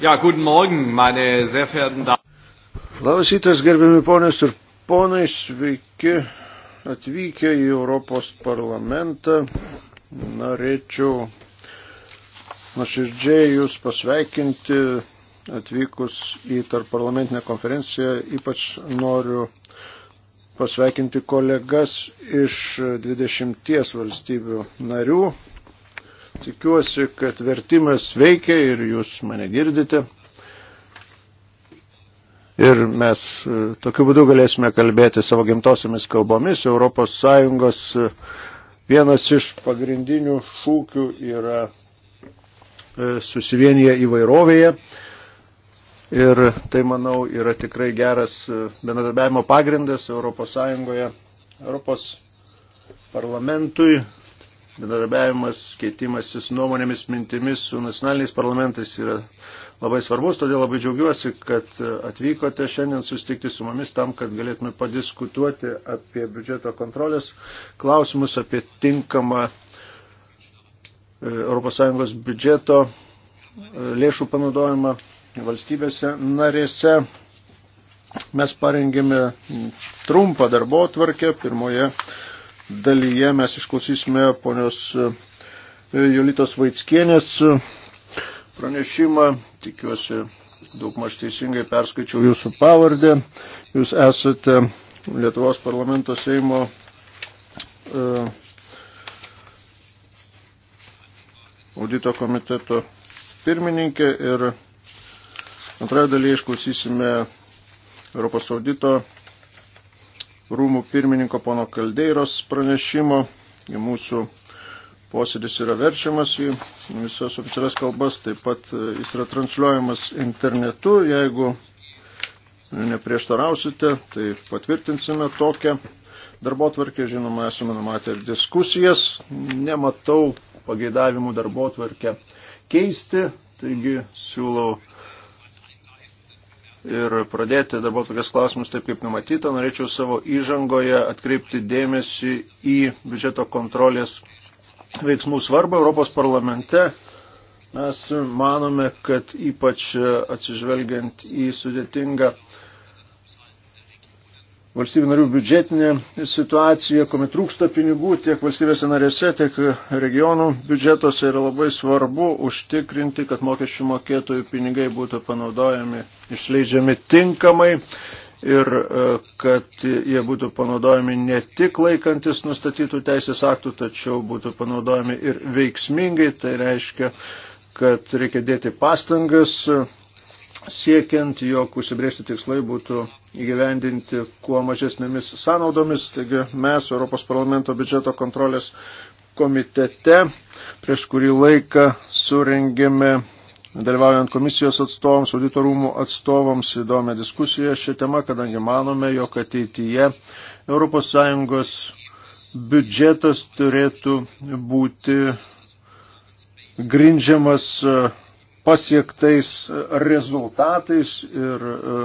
Ja, guten Morgen, meine sehr verehrten Damen. Labas rytas, gerbiami ponės ir ponai, sveiki atvykę į Europos parlamentą. Norėčiau nuoširdžiai Jūs pasveikinti atvykus į tarparlamentinę konferenciją. Ypač noriu pasveikinti kolegas iš 20 valstybių narių, Tikiuosi, kad vertimas veikia ir jūs mane girdite. Ir mes e, tokiu būdu galėsime kalbėti savo gimtosiamis kalbomis. Europos Sąjungos e, vienas iš pagrindinių šūkių yra e, susivienyje įvairovėje. Ir tai, manau, yra tikrai geras bendradarbiavimo pagrindas Europos Sąjungoje, Europos parlamentui bendarbiavimas, keitimasis nuomonėmis, mintimis su nacionaliniais parlamentais yra labai svarbus, todėl labai džiaugiuosi, kad atvykote šiandien sustikti su mumis tam, kad galėtume padiskutuoti apie biudžeto kontrolės klausimus, apie tinkamą e, ES biudžeto e, lėšų panaudojimą valstybėse narėse. Mes parengėme trumpą darbo tvarkę. Pirmoje dalyje mes išklausysime ponios e, Jolitos Vaitskienės e, pranešimą. Tikiuosi, daugmaž teisingai perskaičiau jūsų pavardę. Jūs esate Lietuvos parlamento Seimo e, audito komiteto pirmininkė ir antroje dalyje išklausysime Europos audito rūmų pirmininko pono Kaldeiros pranešimo. Mūsų posėdis yra verčiamas į visas oficialias kalbas, taip pat e, jis yra transliuojamas internetu. Jeigu neprieštarausite, tai patvirtinsime tokią darbo tvarkę. Žinoma, esame numatę ir diskusijas. Nematau pageidavimų darbo tvarkę keisti, taigi siūlau ir pradėti darbo tokias klausimus taip kaip numatyta, norėčiau savo įžangoje atkreipti dėmesį į biudžeto kontrolės veiksmų svarbą Europos parlamente. Mes manome, kad ypač atsižvelgiant į sudėtingą valstybių narių biudžetinė situacija, kuomet trūksta pinigų tiek valstybėse narėse, tiek regionų biudžetuose yra labai svarbu užtikrinti, kad mokesčių mokėtojų pinigai būtų panaudojami, išleidžiami tinkamai ir e, kad jie būtų panaudojami ne tik laikantis nustatytų teisės aktų, tačiau būtų panaudojami ir veiksmingai. Tai reiškia, kad reikia dėti pastangas siekiant, jog užsibriežti tikslai būtų įgyvendinti kuo mažesnėmis sąnaudomis. Taigi mes Europos parlamento biudžeto kontrolės komitete prieš kurį laiką surengėme, dalyvaujant komisijos atstovams, auditorumų atstovams įdomią diskusiją šią temą, kadangi manome, jog ateityje ES biudžetas turėtų būti grindžiamas pasiektais rezultatais ir e,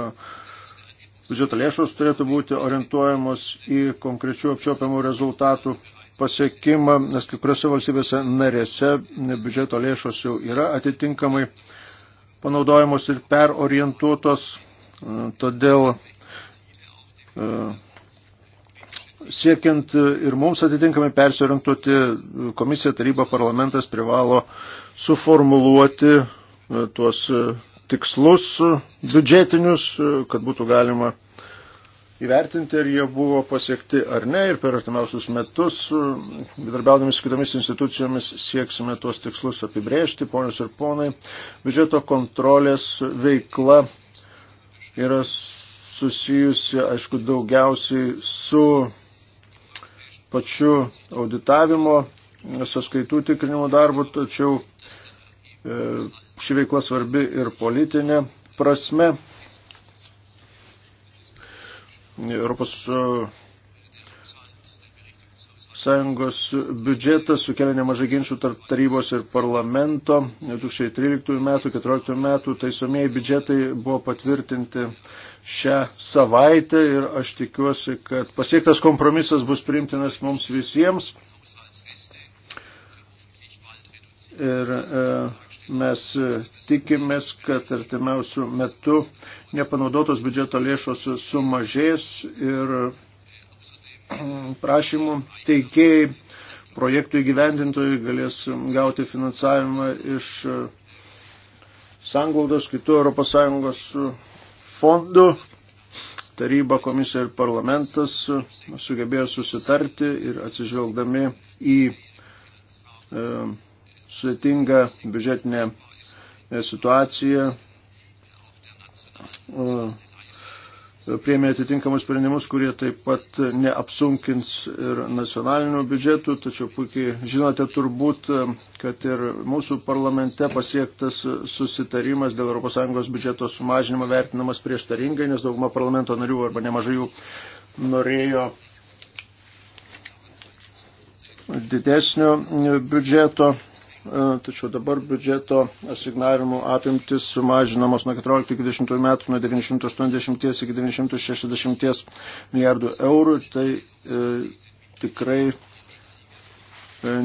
biudžeto lėšos turėtų būti orientuojamos į konkrečių apčiopiamų rezultatų pasiekimą, nes kai kuriuose valstybėse narėse biudžeto lėšos jau yra atitinkamai panaudojamos ir perorientuotos, e, todėl e, siekiant ir mums atitinkamai persiorientuoti, komisija, taryba, parlamentas privalo suformuluoti E, tuos e, tikslus e, biudžetinius, kad būtų galima įvertinti, ar jie buvo pasiekti ar ne. Ir per artimiausius metus, darbiaudami su kitomis institucijomis, sieksime tuos tikslus apibrėžti. Ponios ir ponai, biudžeto kontrolės veikla yra susijusi, aišku, daugiausiai su pačiu auditavimo, sąskaitų tikrinimo darbu, tačiau ši veikla svarbi ir politinė prasme. Europos e, Sąjungos biudžetas sukelia nemažai ginčių tarp tarybos ir parlamento. 2013 metų, 2014 metų taisomieji biudžetai buvo patvirtinti šią savaitę ir aš tikiuosi, kad pasiektas kompromisas bus priimtinas mums visiems. Ir e, Mes e, tikimės, kad artimiausių metų nepanaudotos biudžeto lėšos sumažės ir prašymų teikėjai, projektų įgyvendintojai galės gauti finansavimą iš e, sanglaudos kitų ES fondų. Taryba, komisija ir parlamentas e, sugebėjo susitarti ir atsižvelgdami į e, sudėtinga biudžetinė e, situacija. E, Priemė atitinkamus sprendimus, kurie taip pat neapsunkins ir nacionalinių biudžetų, tačiau puikiai žinote turbūt, e, kad ir mūsų parlamente pasiektas susitarimas dėl ES biudžeto sumažinimo vertinamas prieštaringai, nes dauguma parlamento narių arba nemažai jų norėjo didesnio biudžeto E, tačiau dabar biudžeto asignavimų apimtis sumažinamos nuo 14-20 metų nuo 980 iki 960 milijardų eurų. Tai e, tikrai e,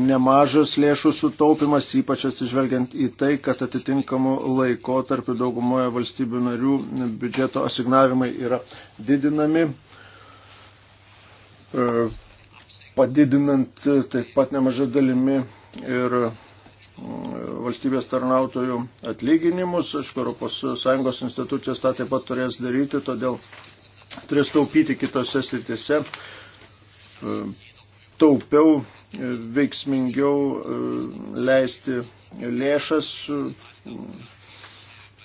nemažas lėšų sutaupimas, ypač atsižvelgiant į tai, kad atitinkamų laikotarpių daugumoje valstybių narių biudžeto asignavimai yra didinami. E, padidinant taip pat nemažai dalimi ir valstybės tarnautojų atlyginimus. Aišku, ES institucijos tą taip pat turės daryti, todėl turės taupyti kitose sritise. E, taupiau, e, veiksmingiau e, leisti lėšas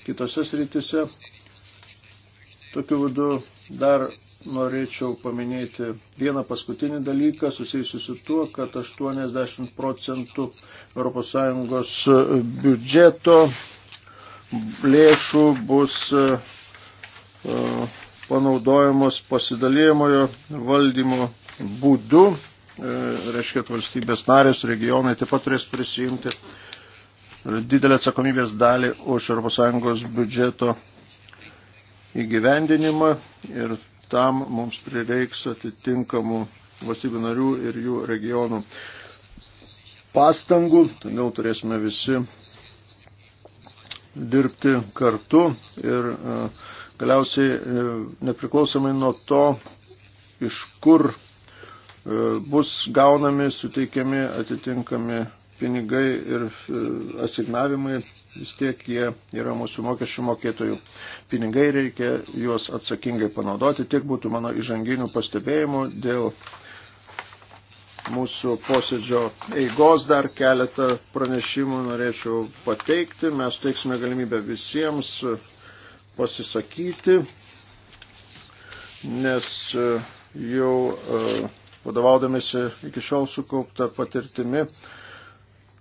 kitose sritise. Tokiu būdu dar norėčiau paminėti vieną paskutinį dalyką susijusiu su tuo, kad 80 procentų ES biudžeto lėšų bus e, e, panaudojamos pasidalėjamojo valdymo būdu. E, reiškia, kad valstybės narės, regionai taip pat turės prisijimti didelę atsakomybės dalį už ES biudžeto įgyvendinimą ir tam mums prireiks atitinkamų valstybių narių ir jų regionų pastangų, todėl turėsime visi dirbti kartu ir e, galiausiai e, nepriklausomai nuo to, iš kur e, bus gaunami, suteikiami atitinkami pinigai ir e, asignavimai, vis tiek jie yra mūsų mokesčių mokėtojų pinigai, reikia juos atsakingai panaudoti. Tiek būtų mano įžanginių pastebėjimų dėl mūsų posėdžio eigos dar keletą pranešimų norėčiau pateikti. Mes teiksime galimybę visiems pasisakyti, nes e, jau e, vadovaudamėsi iki šiol sukaupta patirtimi, uh,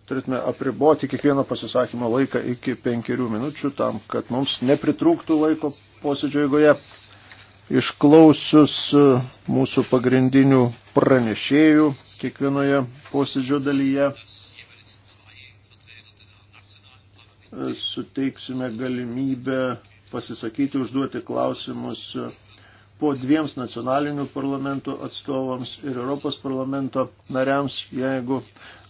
turėtume apriboti kiekvieno pasisakymo laiką iki penkerių minučių tam, kad mums nepritrūktų laiko posėdžio eigoje. Išklausius e, mūsų pagrindinių pranešėjų kiekvienoje posėdžio dalyje e, suteiksime galimybę pasisakyti, užduoti klausimus e, po dviems nacionalinių parlamentų atstovams ir Europos parlamento nariams, jeigu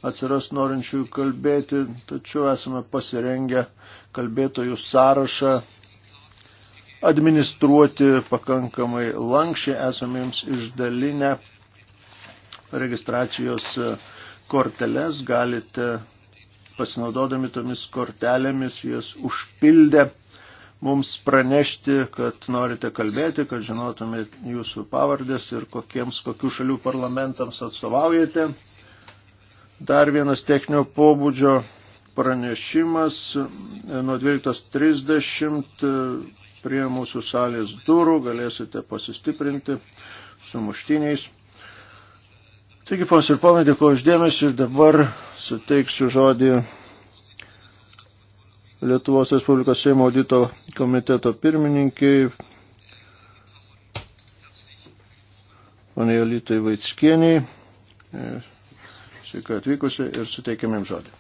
atsiras norinčių kalbėti, tačiau esame pasirengę kalbėtojų sąrašą administruoti pakankamai lankščiai, esame jums išdalinę registracijos korteles, galite pasinaudodami tomis kortelėmis jas užpildę mums pranešti, kad norite kalbėti, kad žinotume jūsų pavardės ir kokiems, kokių šalių parlamentams atstovaujate. Dar vienas techninio pobūdžio pranešimas nuo 12.30 prie mūsų salės durų galėsite pasistiprinti su muštiniais. Taigi, pas ir ponai, dėkuoju uždėmesi ir dabar suteiksiu žodį Lietuvos Respublikos Seimo audito komiteto pirmininkiai, manai Alitai Vaitskieniai, e, sveika atvykusi ir suteikiam jums žodį.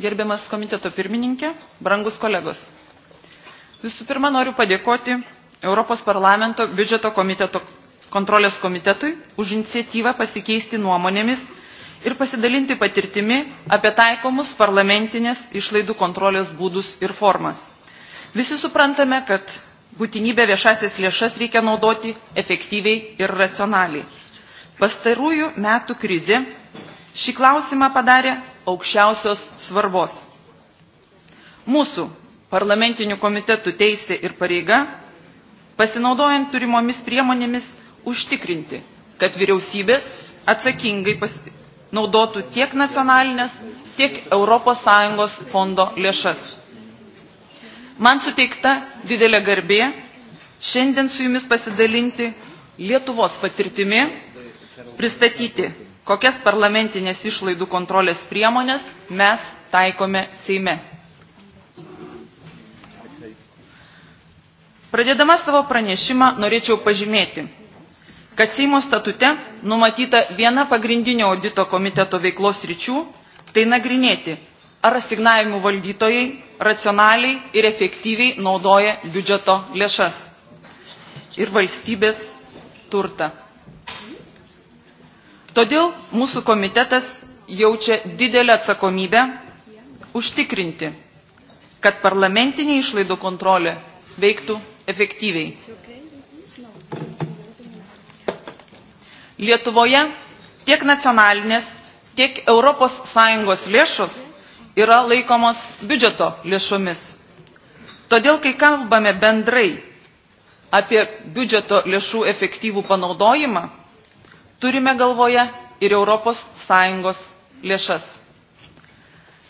Gerbiamas komiteto pirmininkė, brangus kolegos. Visų pirma, noriu padėkoti Europos parlamento biudžeto komiteto kontrolės komitetui už iniciatyvą pasikeisti nuomonėmis ir pasidalinti patirtimi apie taikomus parlamentinės išlaidų kontrolės būdus ir formas. Visi suprantame, kad būtinybę viešasias lėšas reikia naudoti efektyviai ir racionaliai. Pastarųjų metų krizė šį klausimą padarė aukščiausios svarbos. Mūsų parlamentinių komitetų teisė ir pareiga, pasinaudojant turimomis priemonėmis, užtikrinti, kad vyriausybės atsakingai naudotų tiek nacionalinės, tiek ES fondo lėšas. Man suteikta didelė garbė šiandien su jumis pasidalinti Lietuvos patirtimi, pristatyti, kokias parlamentinės išlaidų kontrolės priemonės mes taikome Seime. Pradėdama savo pranešimą norėčiau pažymėti, kad Seimo statute numatyta viena pagrindinio audito komiteto veiklos ryčių, tai nagrinėti, ar asignavimų valdytojai racionaliai ir efektyviai naudoja biudžeto lėšas ir valstybės turtą. Todėl mūsų komitetas jaučia didelę atsakomybę užtikrinti, kad parlamentinė išlaidų kontrolė veiktų efektyviai. Lietuvoje tiek nacionalinės, tiek ES lėšos yra laikomos biudžeto lėšomis. Todėl, kai kalbame bendrai apie biudžeto lėšų efektyvų panaudojimą, turime galvoje ir ES lėšas.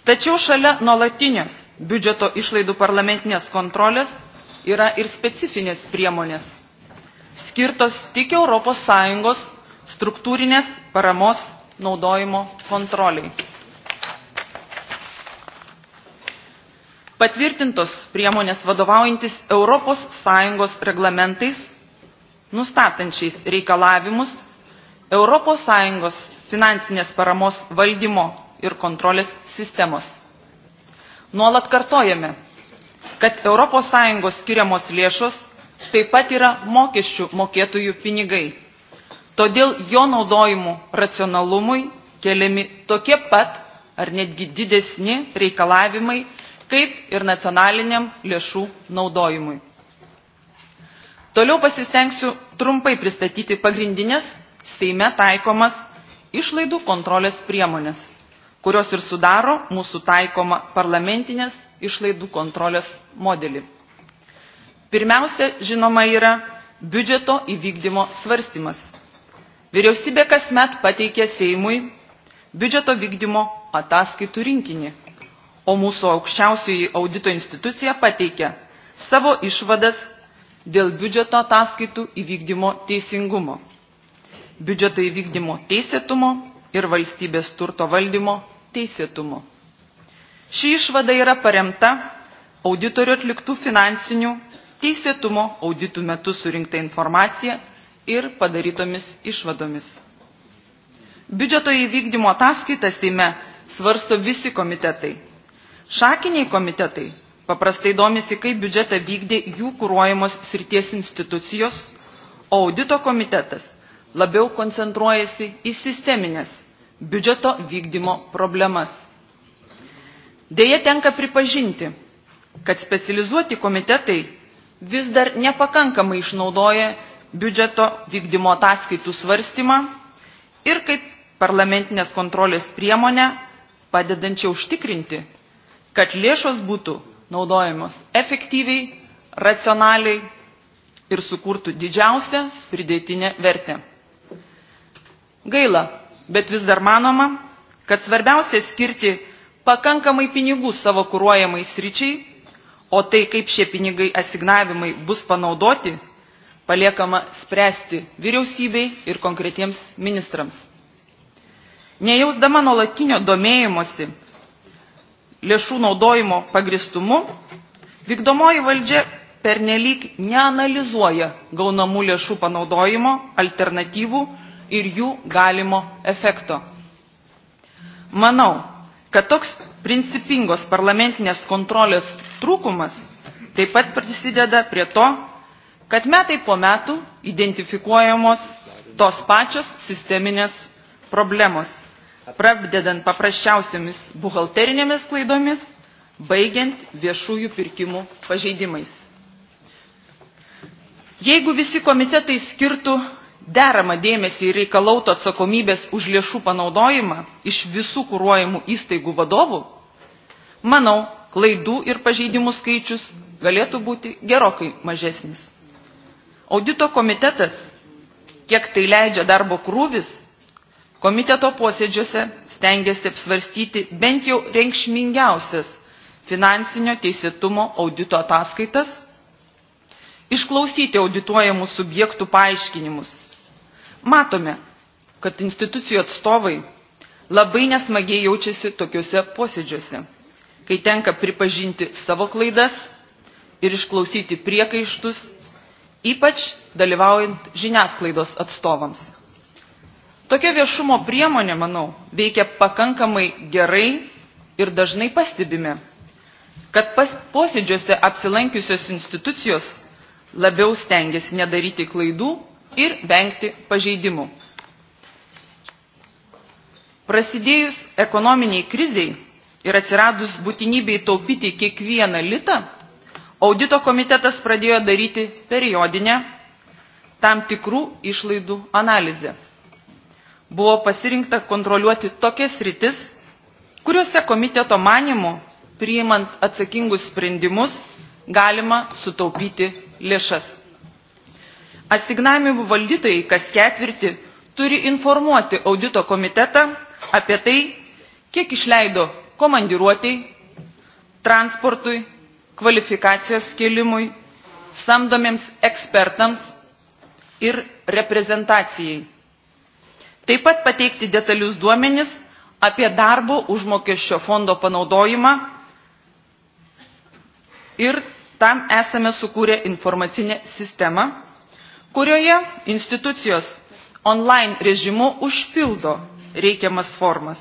Tačiau šalia nuolatinės biudžeto išlaidų parlamentinės kontrolės yra ir specifinės priemonės, skirtos tik ES struktūrinės paramos naudojimo kontroliai. Patvirtintos priemonės vadovaujantis ES reglamentais, nustatančiais reikalavimus ES finansinės paramos valdymo ir kontrolės sistemos. Nuolat kartojame, kad ES skiriamos lėšos taip pat yra mokesčių mokėtojų pinigai Todėl jo naudojimu racionalumui keliami tokie pat ar netgi didesni reikalavimai, kaip ir nacionaliniam lėšų naudojimui. Toliau pasistengsiu trumpai pristatyti pagrindinės Seime taikomas išlaidų kontrolės priemonės, kurios ir sudaro mūsų taikoma parlamentinės išlaidų kontrolės modelį. Pirmiausia, žinoma, yra biudžeto įvykdymo svarstymas – vyriausybė kasmet pateikia Seimui biudžeto vykdymo ataskaitų rinkinį, o mūsų aukščiausioji audito institucija pateikia savo išvadas dėl biudžeto ataskaitų įvykdymo teisingumo, biudžeto įvykdymo teisėtumo ir valstybės turto valdymo teisėtumo. Ši išvada yra paremta auditorių atliktų finansinių teisėtumo auditų metu surinkta informacija ir padarytomis išvadomis. Biudžeto įvykdymo ataskaitą Seime svarsto visi komitetai. Šakiniai komitetai paprastai domisi, kaip biudžetą vykdė jų kūruojamos srities institucijos, o audito komitetas labiau koncentruojasi į sisteminės biudžeto vykdymo problemas. Deja tenka pripažinti, kad specializuoti komitetai vis dar nepakankamai išnaudoja biudžeto vykdymo ataskaitų svarstymą ir kaip parlamentinės kontrolės priemonę padedančią užtikrinti, kad lėšos būtų naudojamos efektyviai, racionaliai ir sukurtų didžiausią pridėtinę vertę. Gaila, bet vis dar manoma, kad svarbiausia skirti pakankamai pinigų savo kūruojamai sričiai, o tai kaip šie pinigai asignavimai bus panaudoti, paliekama spręsti vyriausybei ir konkretiems ministrams. Nejausdama nuolatinio domėjimosi lėšų naudojimo pagristumu, vykdomoji valdžia pernelyg neanalizuoja gaunamų lėšų panaudojimo alternatyvų ir jų galimo efekto. Manau, kad toks principingos parlamentinės kontrolės trūkumas taip pat prisideda prie to, kad metai po metų identifikuojamos tos pačios sisteminės problemos, pradedant paprasčiausiamis buhalterinėmis klaidomis, baigiant viešųjų pirkimų pažeidimais. Jeigu visi komitetai skirtų deramą dėmesį ir reikalautų atsakomybės už lėšų panaudojimą iš visų kūruojamų įstaigų vadovų, manau, klaidų ir pažeidimų skaičius galėtų būti gerokai mažesnis. Audito komitetas, kiek tai leidžia darbo krūvis, komiteto posėdžiuose stengiasi apsvarstyti bent jau reikšmingiausias finansinio teisėtumo audito ataskaitas, išklausyti audituojamų subjektų paaiškinimus. Matome, kad institucijų atstovai labai nesmagiai jaučiasi tokiuose posėdžiuose, kai tenka pripažinti savo klaidas ir išklausyti priekaištus ypač dalyvaujant žiniasklaidos atstovams. Tokia viešumo priemonė, manau, veikia pakankamai gerai ir dažnai pastebime, kad pas posėdžiuose apsilankiusios institucijos labiau stengiasi nedaryti klaidų ir vengti pažeidimų. Prasidėjus ekonominiai kriziai ir atsiradus būtinybei taupyti kiekvieną litą, audito komitetas pradėjo daryti periodinę tam tikrų išlaidų analizę. Buvo pasirinkta kontroliuoti tokias rytis, kuriuose komiteto manimu, priimant atsakingus sprendimus, galima sutaupyti lėšas. Asignavimų valdytojai kas ketvirtį turi informuoti audito komitetą apie tai, kiek išleido komandiruotėjai, transportui kvalifikacijos kelimui, samdomiems ekspertams ir reprezentacijai. Taip pat pateikti detalius duomenis apie darbo užmokesčio fondo panaudojimą ir tam esame sukūrę informacinę sistemą, kurioje institucijos online režimu užpildo reikiamas formas,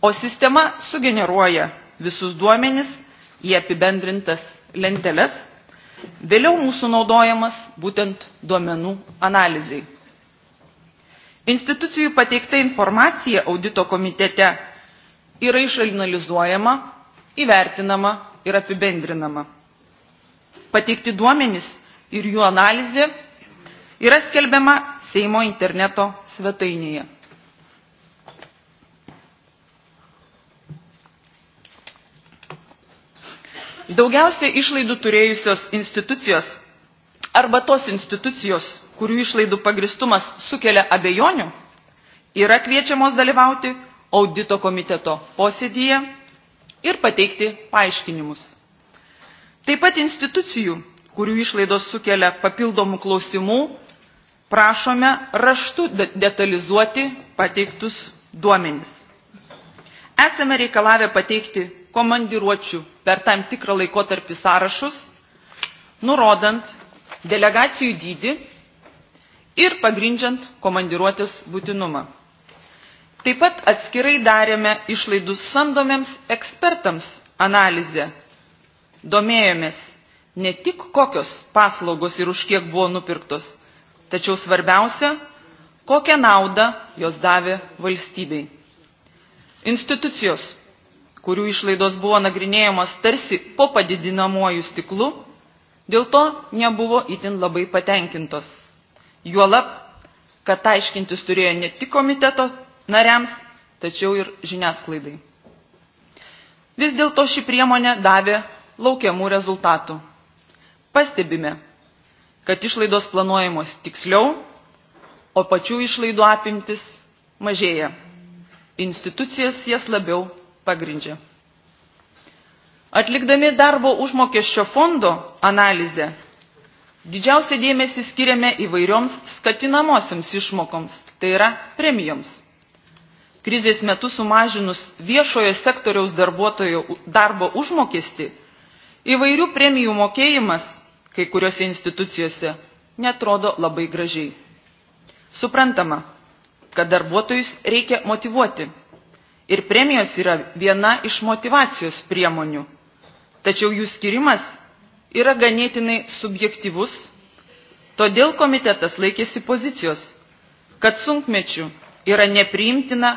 o sistema sugeneruoja visus duomenis į apibendrintas lenteles, vėliau mūsų naudojamas būtent duomenų analizai. Institucijų pateikta informacija audito komitete yra išanalizuojama, įvertinama ir apibendrinama. Pateikti duomenys ir jų analizė yra skelbiama Seimo interneto svetainėje. Daugiausia išlaidų turėjusios institucijos arba tos institucijos, kurių išlaidų pagristumas sukelia abejonių, yra kviečiamos dalyvauti audito komiteto posėdyje ir pateikti paaiškinimus. Taip pat institucijų, kurių išlaidos sukelia papildomų klausimų, prašome raštu detalizuoti pateiktus duomenis. Esame reikalavę pateikti komandiruočių per tam tikrą laikotarpį sąrašus, nurodant delegacijų dydį ir pagrindžiant komandiruotės būtinumą. Taip pat atskirai darėme išlaidų samdomiems ekspertams analizę. Domėjomės ne tik kokios paslaugos ir už kiek buvo nupirktos, tačiau svarbiausia, kokią naudą jos davė valstybei. Institucijos kurių išlaidos buvo nagrinėjamos tarsi po padidinamuoju stiklu, dėl to nebuvo itin labai patenkintos. Juolab, kad aiškintis turėjo ne tik komiteto nariams, tačiau ir žiniasklaidai. Vis dėlto ši priemonė davė laukiamų rezultatų. Pastebime, kad išlaidos planuojamos tiksliau, o pačių išlaidų apimtis mažėja. Institucijas jas labiau pagrindžia. Atlikdami darbo užmokesčio fondo analizę, didžiausią dėmesį skiriame įvairioms skatinamosioms išmokoms, tai yra premijoms. Krizės metu sumažinus viešojo sektoriaus darbuotojo darbo užmokesti, įvairių premijų mokėjimas kai kuriuose institucijose netrodo labai gražiai. Suprantama, kad darbuotojus reikia motivuoti – ir premijos yra viena iš motivacijos priemonių, tačiau jų skirimas yra ganėtinai subjektivus, todėl komitetas laikėsi pozicijos, kad sunkmečių yra nepriimtina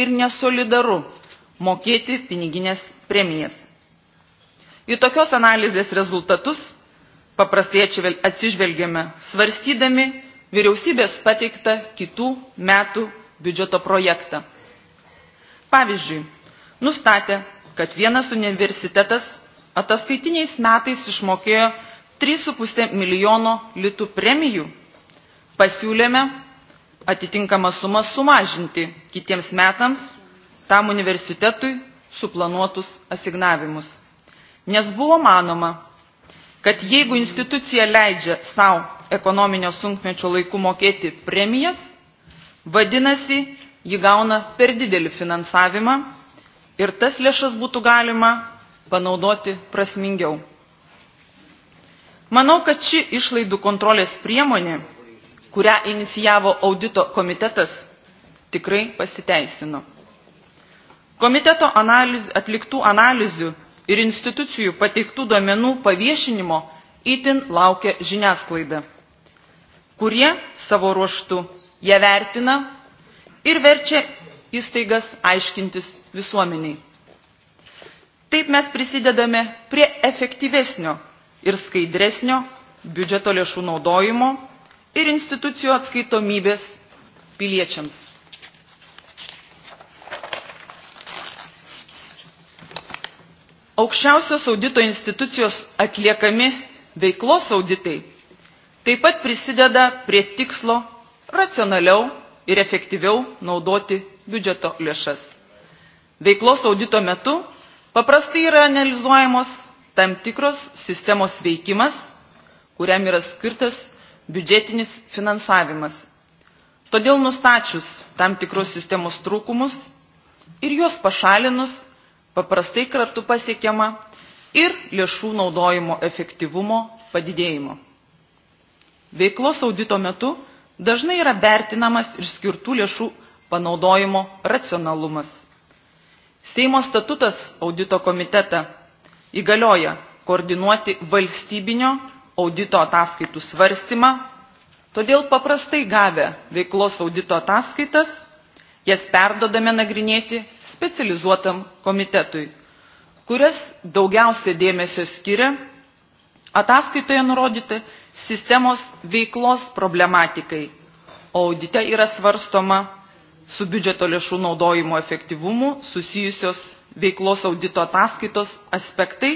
ir nesolidaru mokėti piniginės premijas. Į tokios analizės rezultatus paprastai atsižvelgiame svarstydami vyriausybės pateiktą kitų metų biudžeto projektą. Pavyzdžiui, nustatė, kad vienas universitetas ataskaitiniais metais išmokėjo 3,5 milijono litų premijų. Pasiūlėme atitinkamą sumą sumažinti kitiems metams tam universitetui suplanuotus asignavimus. Nes buvo manoma, kad jeigu institucija leidžia savo ekonominio sunkmečio laiku mokėti premijas, vadinasi, ji gauna per didelį finansavimą ir tas lėšas būtų galima panaudoti prasmingiau. Manau, kad ši išlaidų kontrolės priemonė, kurią inicijavo audito komitetas, tikrai pasiteisino. Komiteto analiz, atliktų analizių ir institucijų pateiktų duomenų paviešinimo itin laukia žiniasklaida, kurie savo ruoštų ją vertina ir verčia įstaigas aiškintis visuomeniai. Taip mes prisidedame prie efektyvesnio ir skaidresnio biudžeto lėšų naudojimo ir institucijų atskaitomybės piliečiams. Aukščiausios audito institucijos atliekami veiklos auditai taip pat prisideda prie tikslo racionaliau ir efektyviau naudoti biudžeto lėšas. Veiklos audito metu paprastai yra analizuojamos tam tikros sistemos veikimas, kuriam yra skirtas biudžetinis finansavimas. Todėl nustačius tam tikros sistemos trūkumus ir juos pašalinus, paprastai kartu pasiekiama ir lėšų naudojimo efektyvumo padidėjimo. Veiklos audito metu dažnai yra vertinamas ir skirtų lėšų panaudojimo racionalumas. Seimo statutas audito komitetą įgalioja koordinuoti valstybinio audito ataskaitų svarstymą, todėl paprastai gavę veiklos audito ataskaitas, jas perdodame nagrinėti specializuotam komitetui, kurias daugiausia dėmesio skiria ataskaitoje nurodyti sistemos veiklos problematikai, o audite yra svarstoma su biudžeto lėšų naudojimo efektyvumu susijusios veiklos audito ataskaitos aspektai,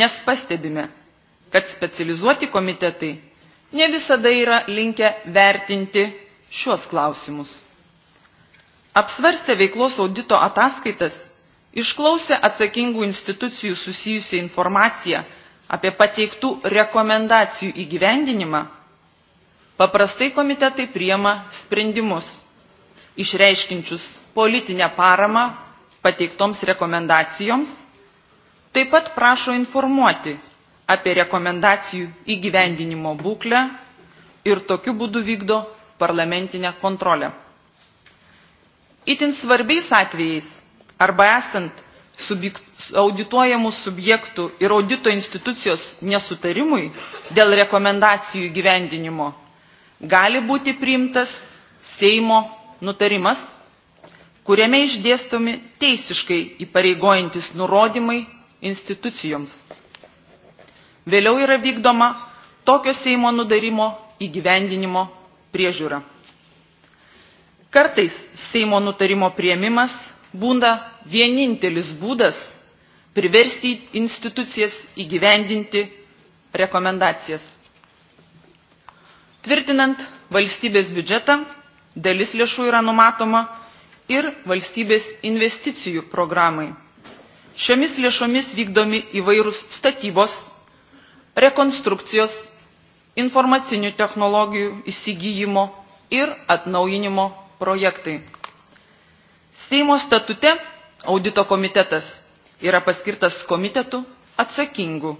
nes pastebime, kad specializuoti komitetai ne visada yra linkę vertinti šiuos klausimus. Apsvarstę veiklos audito ataskaitas, išklausę atsakingų institucijų susijusią informaciją apie pateiktų rekomendacijų įgyvendinimą, paprastai komitetai priema sprendimus, išreiškinčius politinę paramą pateiktoms rekomendacijoms, taip pat prašo informuoti apie rekomendacijų įgyvendinimo būklę ir tokiu būdu vykdo parlamentinę kontrolę. Itin svarbiais atvejais arba esant audituojamų subjektų ir audito institucijos nesutarimui dėl rekomendacijų gyvendinimo gali būti priimtas Seimo nutarimas, kuriame išdėstomi teisiškai įpareigojantis nurodymai institucijoms. Vėliau yra vykdoma tokio Seimo nudarimo įgyvendinimo priežiūra. Kartais Seimo nutarimo prieimimas būna vienintelis būdas priversti institucijas įgyvendinti rekomendacijas. Tvirtinant valstybės biudžetą, dalis lėšų yra numatoma ir valstybės investicijų programai. Šiomis lėšomis vykdomi įvairūs statybos, rekonstrukcijos, informacinių technologijų įsigijimo ir atnaujinimo projektai. Seimo statute audito komitetas yra paskirtas komitetų atsakingų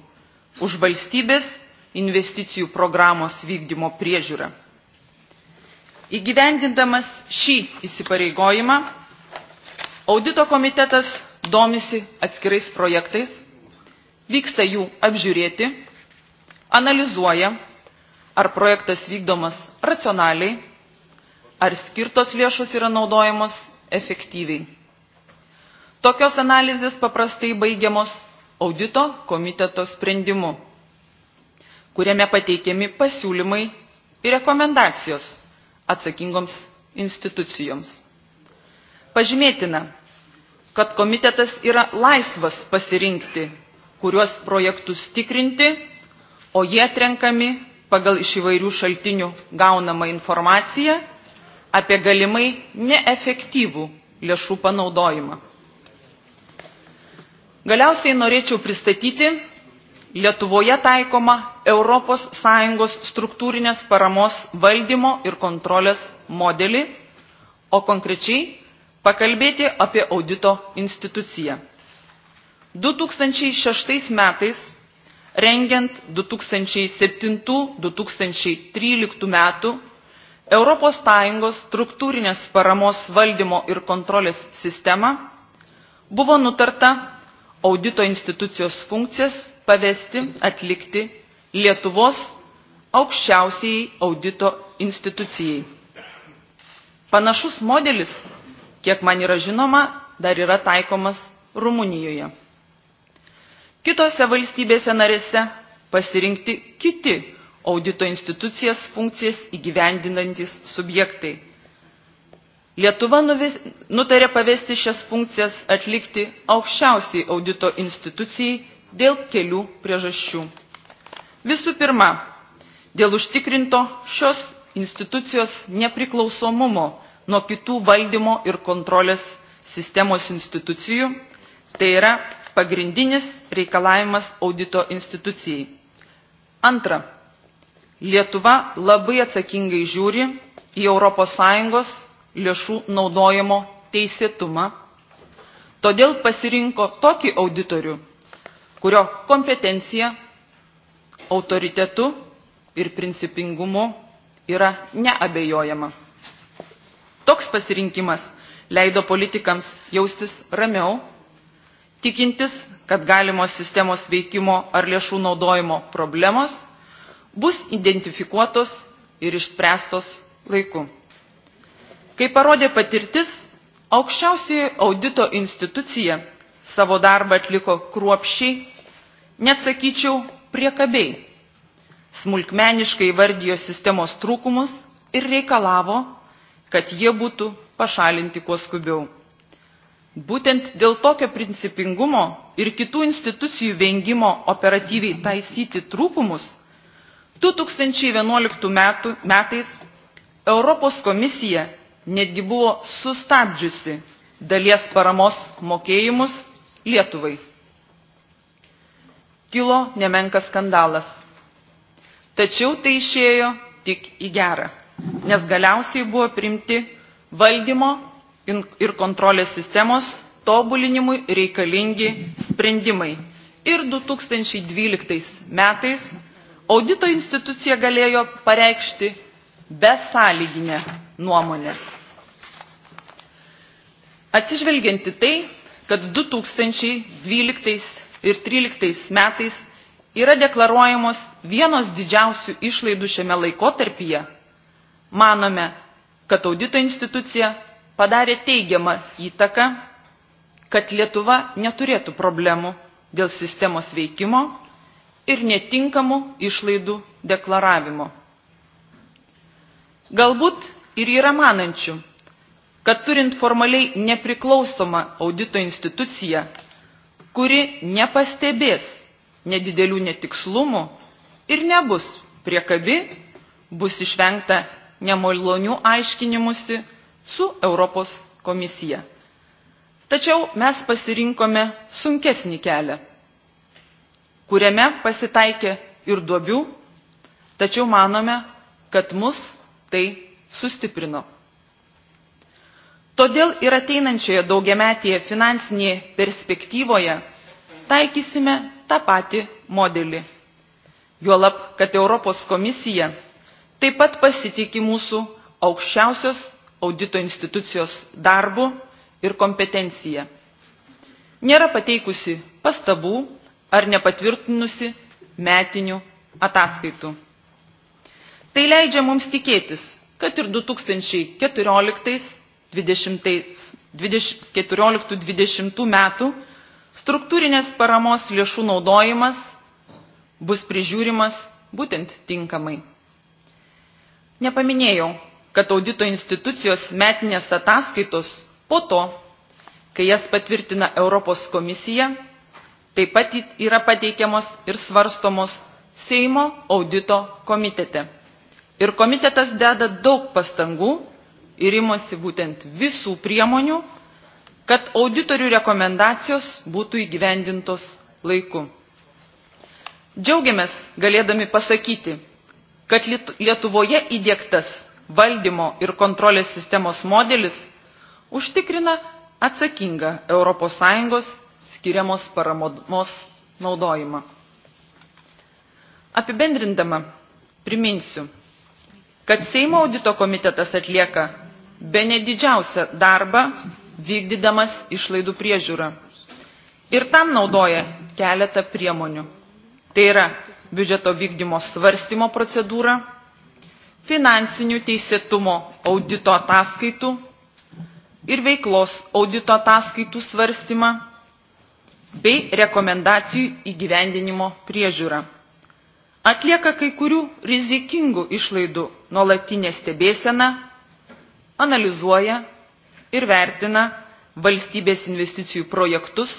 už valstybės investicijų programos vykdymo priežiūrą. Įgyvendindamas šį įsipareigojimą, audito komitetas domisi atskirais projektais, vyksta jų apžiūrėti, analizuoja, ar projektas vykdomas racionaliai, ar skirtos lėšos yra naudojamos efektyviai. Tokios analizės paprastai baigiamos audito komiteto sprendimu, kuriame pateikiami pasiūlymai ir rekomendacijos atsakingoms institucijoms. Pažymėtina, kad komitetas yra laisvas pasirinkti, kuriuos projektus tikrinti, o jie atrenkami pagal iš įvairių šaltinių gaunamą informaciją apie galimai neefektyvų lėšų panaudojimą. Galiausiai norėčiau pristatyti Lietuvoje taikoma ES struktūrinės paramos valdymo ir kontrolės modelį, o konkrečiai pakalbėti apie audito instituciją. 2006 metais, rengiant 2007-2013 metų ES struktūrinės paramos valdymo ir kontrolės sistemą, buvo nutarta audito institucijos funkcijas pavesti atlikti Lietuvos aukščiausiai audito institucijai. Panašus modelis, kiek man yra žinoma, dar yra taikomas Rumunijoje. Kitose valstybėse narėse pasirinkti kiti audito institucijas funkcijas įgyvendinantis subjektai Lietuva nutarė pavesti šias funkcijas atlikti aukščiausiai audito institucijai dėl kelių priežasčių. Visų pirma, dėl užtikrinto šios institucijos nepriklausomumo nuo kitų valdymo ir kontrolės sistemos institucijų, tai yra pagrindinis reikalavimas audito institucijai. Antra, Lietuva labai atsakingai žiūri į ES lėšų naudojimo teisėtumą, todėl pasirinko tokį auditorių, kurio kompetencija, autoritetu ir principingumu yra neabejojama. Toks pasirinkimas leido politikams jaustis ramiau, tikintis, kad galimos sistemos veikimo ar lėšų naudojimo problemos bus identifikuotos ir išspręstos laiku. Kaip parodė patirtis, aukščiausioji audito institucija savo darbą atliko kruopščiai, net sakyčiau, priekabiai, smulkmeniškai vardijo sistemos trūkumus ir reikalavo, kad jie būtų pašalinti kuo skubiau. Būtent dėl tokio principingumo ir kitų institucijų vengimo operatyviai taisyti trūkumus, 2011 metais Europos komisija netgi buvo sustabdžiusi dalies paramos mokėjimus Lietuvai. Kilo nemenkas skandalas. Tačiau tai išėjo tik į gerą, nes galiausiai buvo primti valdymo ir kontrolės sistemos tobulinimui reikalingi sprendimai. Ir 2012 metais audito institucija galėjo pareikšti besąlyginę nuomonę atsižvelgianti tai, kad 2012 ir 2013 metais yra deklaruojamos vienos didžiausių išlaidų šiame laikotarpyje, manome, kad audito institucija padarė teigiamą įtaką, kad Lietuva neturėtų problemų dėl sistemos veikimo ir netinkamų išlaidų deklaravimo. Galbūt ir yra manančių, kad turint formaliai nepriklausomą audito instituciją, kuri nepastebės nedidelių netikslumų ir nebus priekabi, bus išvengta nemalonių aiškinimusi su Europos komisija. Tačiau mes pasirinkome sunkesnį kelią, kuriame pasitaikė ir duobių, tačiau manome, kad mus tai sustiprino. Todėl ir ateinančioje daugiametėje finansinėje perspektyvoje taikysime tą patį modelį. Juolab, kad Europos komisija taip pat pasitikė mūsų aukščiausios audito institucijos darbu ir kompetencija. Nėra pateikusi pastabų ar nepatvirtinusi metinių ataskaitų. Tai leidžia mums tikėtis, kad ir 2014 2014-2020 metų struktūrinės paramos lėšų naudojimas bus prižiūrimas būtent tinkamai. Nepaminėjau, kad audito institucijos metinės ataskaitos po to, kai jas patvirtina Europos komisija, taip pat yra pateikiamos ir svarstomos Seimo audito komitete. Ir komitetas deda daug pastangų ir imasi būtent visų priemonių, kad auditorių rekomendacijos būtų įgyvendintos laiku. Džiaugiamės galėdami pasakyti, kad Lietuvoje įdėktas valdymo ir kontrolės sistemos modelis užtikrina atsakingą ES skiriamos paramos naudojimą. Apibendrindama priminsiu, kad Seimo audito komitetas atlieka be nedidžiausią darbą vykdydamas išlaidų priežiūrą. Ir tam naudoja keletą priemonių. Tai yra biudžeto vykdymo svarstymo procedūra, finansinių teisėtumo audito ataskaitų ir veiklos audito ataskaitų svarstymą bei rekomendacijų įgyvendinimo priežiūrą. Atlieka kai kurių rizikingų išlaidų nuolatinę stebėseną analizuoja ir vertina valstybės investicijų projektus,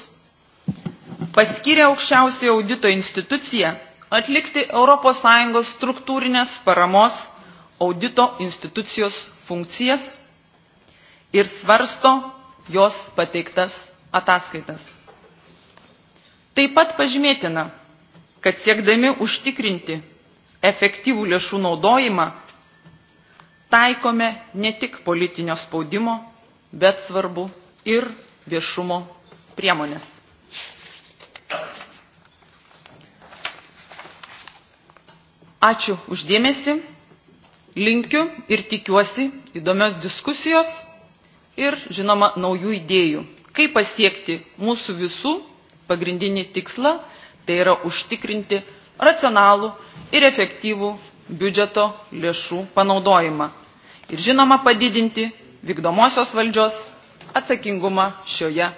paskiria aukščiausiai audito instituciją atlikti ES struktūrinės paramos audito institucijos funkcijas ir svarsto jos pateiktas ataskaitas. Taip pat pažymėtina, kad siekdami užtikrinti efektyvų lėšų naudojimą taikome ne tik politinio spaudimo, bet svarbu ir viešumo priemonės. Ačiū uždėmesi, linkiu ir tikiuosi įdomios diskusijos ir, žinoma, naujų idėjų, kaip pasiekti mūsų visų pagrindinį tikslą, tai yra užtikrinti racionalų ir efektyvų biudžeto lėšų panaudojimą ir žinoma padidinti vykdomosios valdžios atsakingumą šioje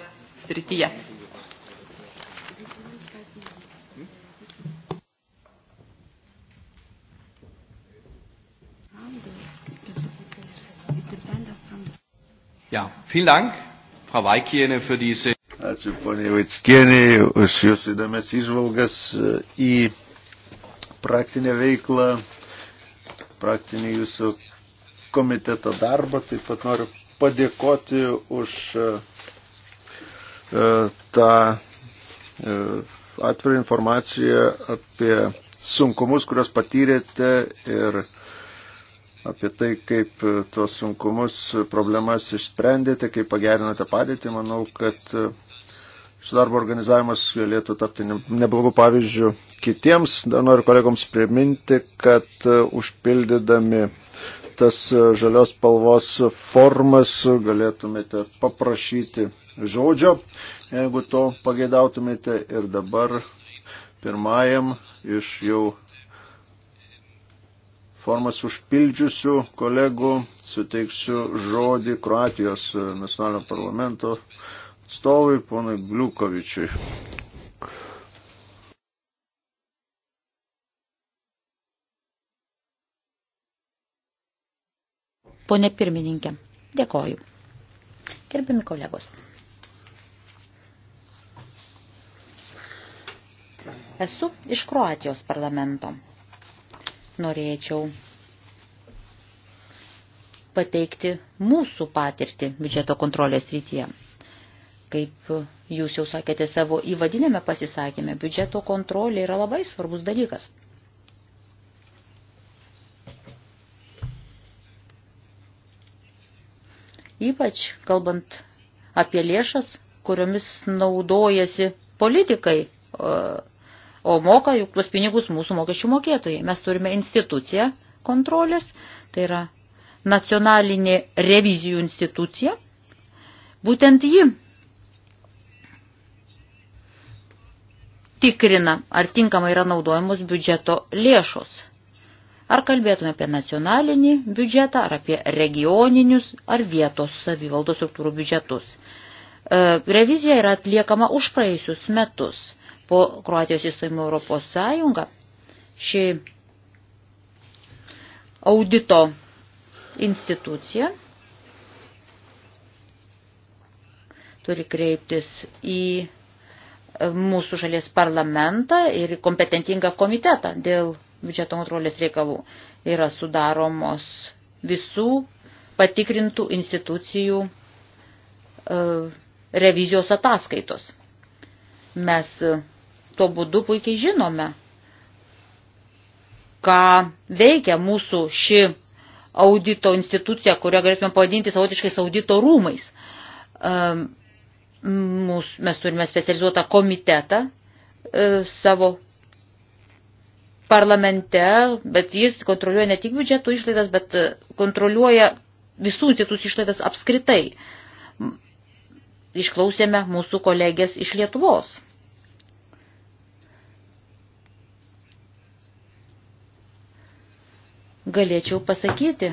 srityje. Ja, vielen Dank, Frau Weikiene, für diese. Ačiū poniai Vaitskieniai už jūsų įdomias išvalgas e, į praktinę veiklą praktinį jūsų komiteto darbą. Taip pat noriu padėkoti už e, e, tą e, atvirą informaciją apie sunkumus, kuriuos patyrėte ir apie tai, kaip tuos sunkumus, problemas išsprendėte, kaip pagerinote padėtį. Manau, kad šis darbo organizavimas galėtų tapti neblogų pavyzdžių kitiems. Dar noriu kolegoms priminti, kad e, užpildydami tas e, žalios spalvos formas galėtumėte paprašyti žodžio, jeigu to pageidautumėte. Ir dabar pirmajam iš jau formas užpildžiusių kolegų suteiksiu žodį Kroatijos nacionalinio parlamento atstovui, ponui Bliukovičiui. Pone pirmininkė, dėkoju. Gerbiami kolegos. Esu iš Kroatijos parlamento. Norėčiau pateikti mūsų patirtį biudžeto kontrolės rytyje. Kaip jūs jau sakėte savo įvadinėme pasisakymė, biudžeto kontrolė yra labai svarbus dalykas. Ypač kalbant apie lėšas, kuriomis naudojasi politikai, o moka juk tuos pinigus mūsų mokesčių mokėtojai. Mes turime instituciją kontrolės, tai yra nacionalinė revizijų institucija. Būtent ji tikrina, ar tinkamai yra naudojamos biudžeto lėšos. Ar kalbėtume apie nacionalinį biudžetą, ar apie regioninius, ar vietos savivaldos struktūrų biudžetus. E, revizija yra atliekama už praėjusius metus po Kroatijos įstojimo Europos Sąjungą. Ši audito institucija turi kreiptis į mūsų šalies parlamentą ir kompetentingą komitetą dėl biudžeto kontrolės reikalų. Yra sudaromos visų patikrintų institucijų e, revizijos ataskaitos. Mes e, tuo būdu puikiai žinome, ką veikia mūsų ši audito institucija, kurią galėtume pavadinti savotiškais audito rūmais mūsų, mes turime specializuotą komitetą e, savo parlamente, bet jis kontroliuoja ne tik biudžeto išlaidas, bet e, kontroliuoja visų institucijų išlaidas apskritai. Išklausėme mūsų kolegės iš Lietuvos. Galėčiau pasakyti,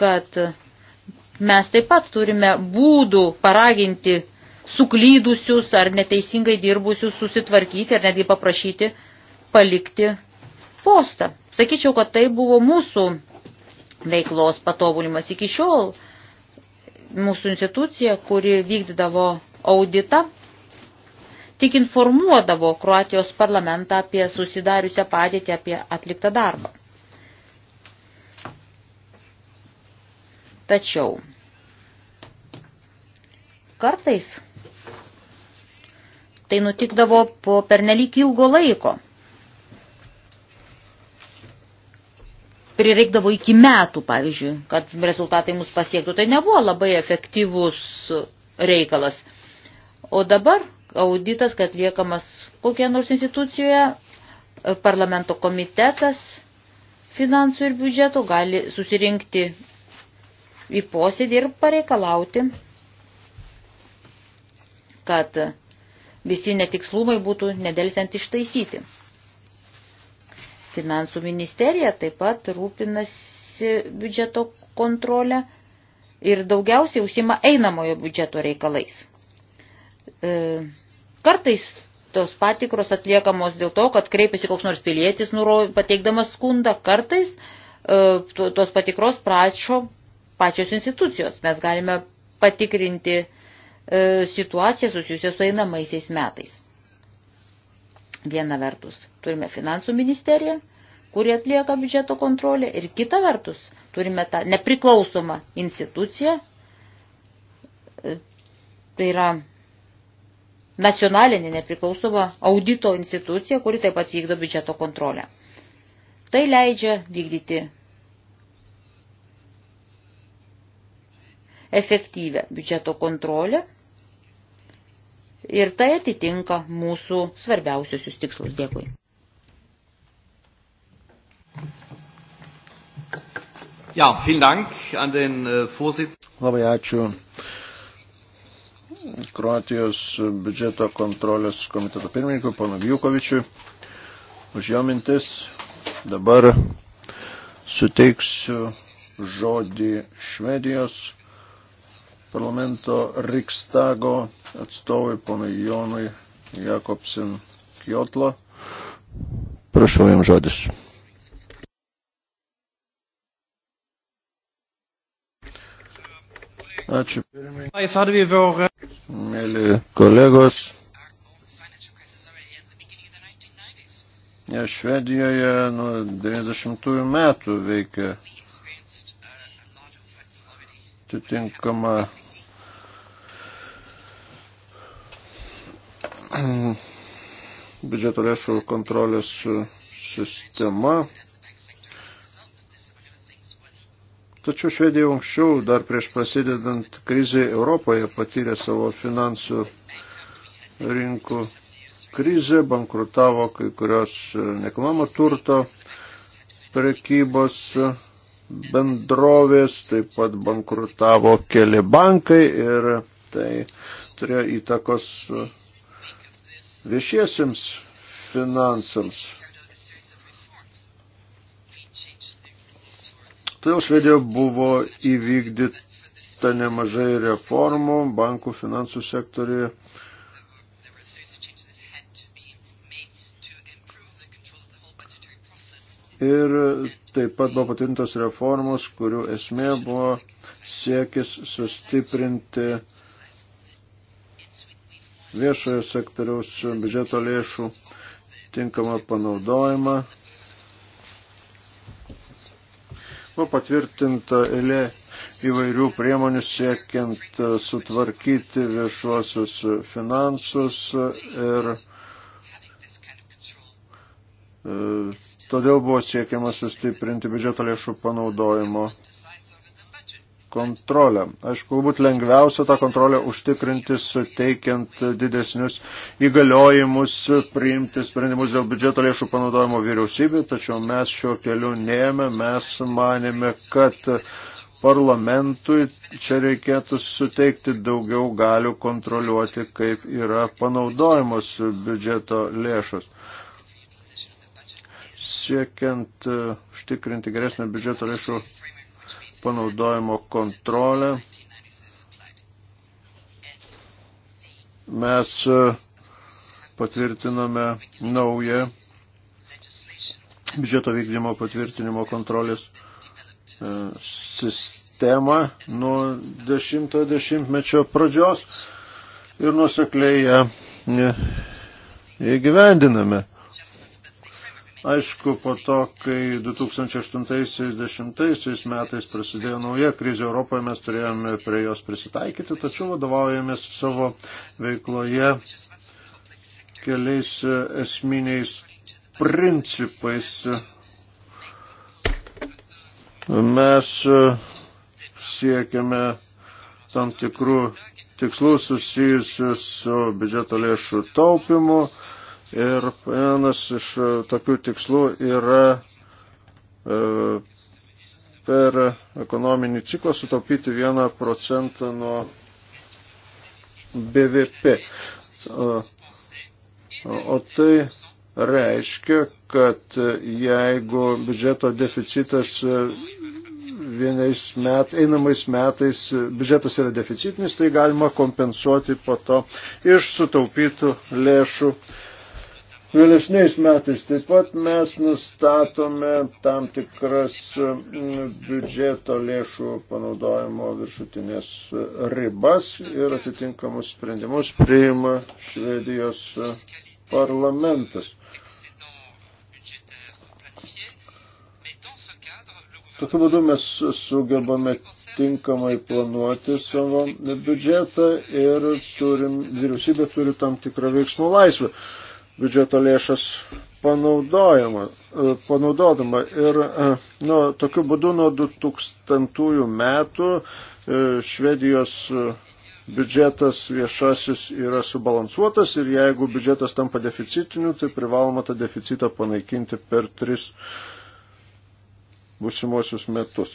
kad Mes taip pat turime būdų paraginti suklydusius ar neteisingai dirbusius susitvarkyti ir netgi paprašyti palikti postą. Sakyčiau, kad tai buvo mūsų veiklos patobulimas iki šiol. Mūsų institucija, kuri vykdydavo auditą, tik informuodavo Kroatijos parlamentą apie susidariusią padėtį, apie atliktą darbą. Tačiau kartais tai nutikdavo po pernelyg ilgo laiko. Prireikdavo iki metų, pavyzdžiui, kad rezultatai mus pasiektų. Tai nebuvo labai efektyvus reikalas. O dabar auditas, kad liekamas kokie nors institucijoje, parlamento komitetas finansų ir biudžeto gali susirinkti į posėdį ir pareikalauti, kad visi netikslumai būtų nedelsiant ištaisyti. Finansų ministerija taip pat rūpinasi biudžeto kontrolę ir daugiausiai užsima einamojo biudžeto reikalais. E, kartais tos patikros atliekamos dėl to, kad kreipiasi koks nors pilietis, pateikdamas skundą, kartais e, tos patikros prašo pačios institucijos. Mes galime patikrinti e, situaciją susijusią su einamaisiais metais. Viena vertus turime finansų ministeriją, kuri atlieka biudžeto kontrolę, ir kita vertus turime tą nepriklausomą instituciją, e, tai yra nacionalinė nepriklausoma audito institucija, kuri taip pat vykdo biudžeto kontrolę. Tai leidžia vykdyti efektyvę biudžeto kontrolę ir tai atitinka mūsų svarbiausius tikslus. Dėkui. Ja, vielen Dank an den äh, Vorsitz. Labai ačiū Kroatijos biudžeto kontrolės komiteto pirmininkui, panu Vjukovičiui, už jo mintis. Dabar suteiksiu žodį Švedijos parlamento Rikstago atstovui ponui Jonui Jakobsin Kiotlo. Prašau jam žodis. Ačiū. Mėly kolegos, ja, Švedijoje nuo 90-ųjų metų veikia atitinkamą biudžeto lėšų kontrolės sistema. Tačiau Švedija anksčiau, dar prieš prasidedant krizai Europoje, patyrė savo finansų rinkų krizę, bankrutavo kai kurios nekilnojamo turto prekybos bendrovės, taip pat bankrutavo keli bankai ir tai turėjo įtakos viešiesiems finansams. Todėl Švedijoje buvo įvykdyta nemažai reformų bankų finansų sektoriuje Ir taip pat buvo patintos reformos, kurių esmė buvo siekis sustiprinti viešojo sektoriaus biudžeto lėšų tinkamą panaudojimą. Buvo patvirtinta eilė įvairių priemonių siekiant sutvarkyti viešuosius finansus ir e, Todėl buvo siekiama sustiprinti biudžeto lėšų panaudojimo kontrolę. Aišku, galbūt lengviausia tą kontrolę užtikrinti, suteikiant didesnius įgaliojimus, priimti sprendimus dėl biudžeto lėšų panaudojimo vyriausybė, tačiau mes šiuo keliu neėmė, mes manėme, kad parlamentui čia reikėtų suteikti daugiau galių kontroliuoti, kaip yra panaudojamos biudžeto lėšos siekiant e, užtikrinti geresnę biudžeto lėšų panaudojimo kontrolę. Mes e, patvirtinome naują biudžeto vykdymo patvirtinimo kontrolės e, sistemą nuo 10-mečio pradžios ir nusekliai ją įgyvendiname. Aišku, po to, kai 2008-2010 metais prasidėjo nauja krizė Europoje, mes turėjome prie jos prisitaikyti, tačiau vadovaujamės savo veikloje keliais esminiais principais. Mes siekiame tam tikrų tikslų susijusių su biudžeto lėšų taupimu Ir vienas iš e, tokių tikslų yra e, per ekonominį ciklą sutaupyti 1 procentą nuo BVP. O, o tai reiškia, kad jeigu biudžeto deficitas e, vienais met, einamais metais biudžetas yra deficitinis, tai galima kompensuoti po to iš sutaupytų lėšų uh, Vėlesniais metais taip pat mes nustatome tam tikras mm, biudžeto lėšų panaudojimo viršutinės ribas ir atitinkamus sprendimus priima Švedijos parlamentas. Tokiu būdu mes sugebame tinkamai planuoti savo biudžetą ir turim, vyriausybė turi tam tikrą veiksmų laisvę biudžeto lėšas e, panaudodama. Ir e, nu, tokiu būdu nuo 2000 metų e, Švedijos biudžetas viešasis yra subalansuotas ir jeigu biudžetas tampa deficitiniu, tai privaloma tą deficitą panaikinti per tris būsimuosius metus.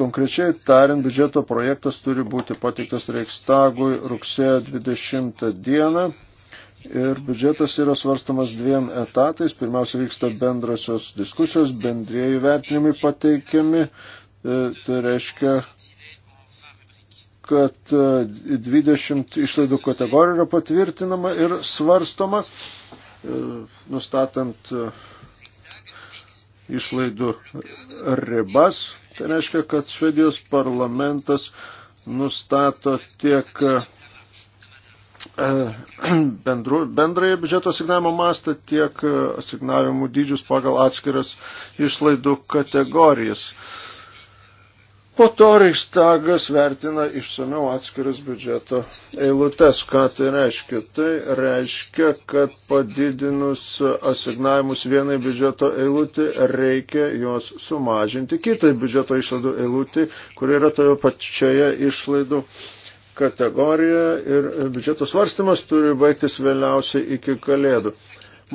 Konkrečiai tariant, biudžeto projektas turi būti pateiktas Reikstagui rugsėjo 20 dieną. Ir biudžetas yra svarstamas dviem etatais. Pirmiausia, vyksta bendrasios diskusijos, bendrieji vertinimai pateikiami. E, tai reiškia, kad 20 e, išlaidų kategorijų yra patvirtinama ir svarstoma, e, nustatant išlaidų ribas. Tai reiškia, kad Švedijos parlamentas nustato tiek e, bendru, bendrąją biudžeto asignavimo mastą, tiek e, asignavimų dydžius pagal atskiras išlaidų kategorijas. Po to Reichstagas vertina išsameu atskiras biudžeto eilutes. Ką tai reiškia? Tai reiškia, kad padidinus asignavimus vienai biudžeto eilutį reikia juos sumažinti kitai biudžeto išlaidų eilutį, kuri yra toje pačioje išlaidų kategorijoje ir biudžeto svarstymas turi baigtis vėliausiai iki kalėdų.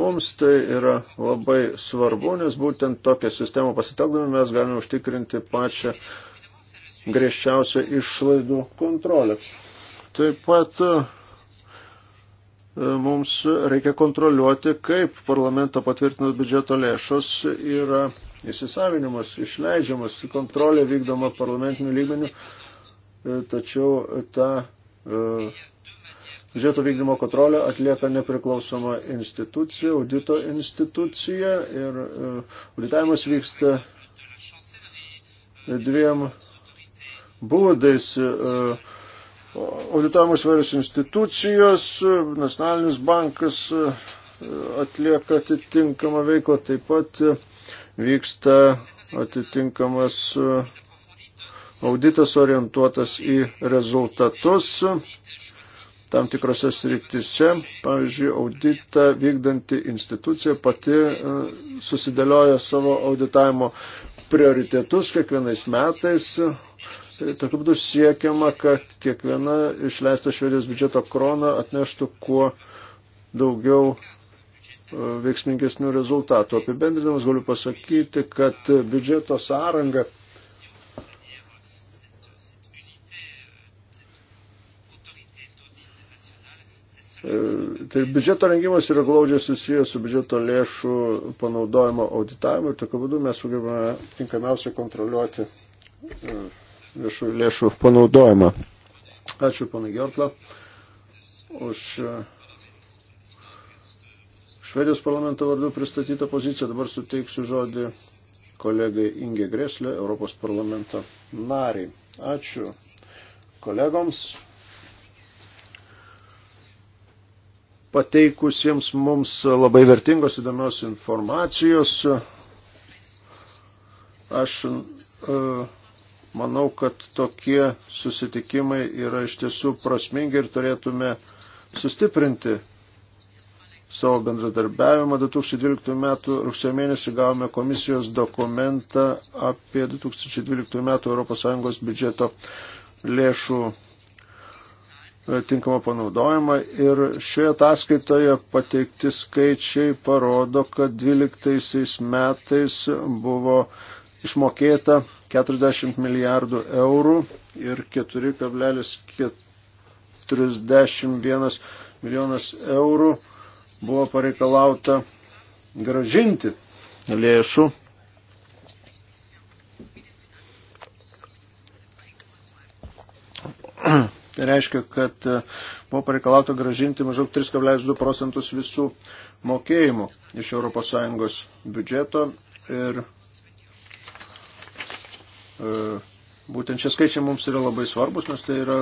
Mums tai yra labai svarbu, nes būtent tokią sistemą pasitelkdami mes galime užtikrinti pačią griežčiausią išlaidų kontrolę. Taip pat e, mums reikia kontroliuoti, kaip parlamento patvirtinus biudžeto lėšos yra įsisavinimas, išleidžiamas, kontrolė vykdoma parlamentiniu lygmeniu, e, tačiau ta e, biudžeto vykdymo kontrolę atlieka nepriklausoma institucija, audito institucija ir auditavimas vyksta dviem būdais. E, auditavimo svarios institucijos, nacionalinis bankas e, atlieka atitinkamą veiklą, taip pat vyksta atitinkamas e, auditas orientuotas į rezultatus tam tikrose sriktise. Pavyzdžiui, auditą vykdanti institucija pati susidėlioja savo auditavimo prioritetus kiekvienais metais, Tokiu būdu siekiama, kad kiekviena išleista švedijos biudžeto krona atneštų kuo daugiau e, veiksmingesnių rezultatų. Apibendrinimas galiu pasakyti, kad biudžeto sąranga e, Tai biudžeto rengimas yra glaudžiai susijęs su biudžeto lėšų panaudojimo auditavimu ir tokiu būdu mes sugebame tinkamiausiai kontroliuoti e, viešųjų lėšų panaudojimą. Ačiū pana Gertla už e, Švedijos parlamento vardu pristatytą poziciją. Dabar suteiksiu žodį kolegai Inge Greslė, Europos parlamento nariai. Ačiū kolegoms pateikusiems mums labai vertingos įdomios informacijos. Aš uh, Manau, kad tokie susitikimai yra iš tiesų prasmingi ir turėtume sustiprinti savo bendradarbiavimą. 2012 m. rugsėjo mėnesį gavome komisijos dokumentą apie 2012 m. ES biudžeto lėšų e, tinkamą panaudojimą ir šioje ataskaitoje pateikti skaičiai parodo, kad 12 metais buvo išmokėta 40 milijardų eurų ir 4,41 milijonas eurų buvo pareikalauta gražinti lėšų. Tai reiškia, kad e, buvo pareikalauta gražinti maždaug 3,2 procentus visų mokėjimų iš ES biudžeto ir E, būtent šie skaičiai mums yra labai svarbus, nes tai yra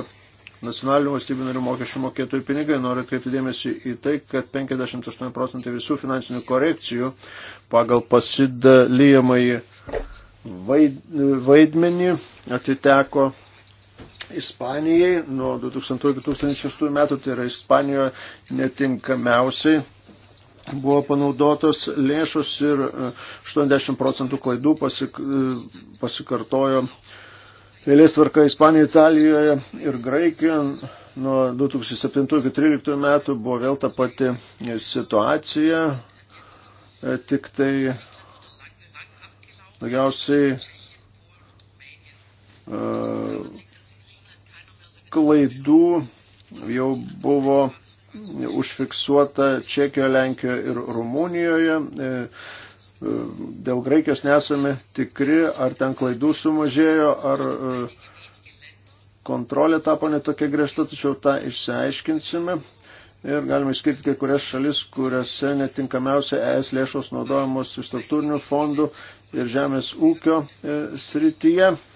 nacionalinių valstybių narių mokesčių mokėtojų pinigai. Noriu atkreipti dėmesį į tai, kad 58 procentai visų finansinių korekcijų pagal pasidalyjamąjį vaidmenį atiteko Ispanijai nuo 2000 iki 2006 metų, tai yra Ispanijoje netinkamiausiai buvo panaudotos lėšos ir 80 e, procentų klaidų pasik, e, pasikartojo eilės tvarka Ispanijoje, Italijoje ir Graikijoje. Nuo 2007 iki 2013 metų buvo vėl ta pati situacija, e, tik tai daugiausiai klaidų jau buvo užfiksuota Čekijoje, Lenkijoje ir Rumunijoje. E, e, dėl Graikijos nesame tikri, ar ten klaidų sumažėjo, ar e, kontrolė tapo netokia griežta, tačiau tą išsiaiškinsime. Ir galime išskirti kai kurias šalis, kuriuose netinkamiausia ES lėšos naudojamos struktūrinių fondų ir žemės ūkio srityje. E,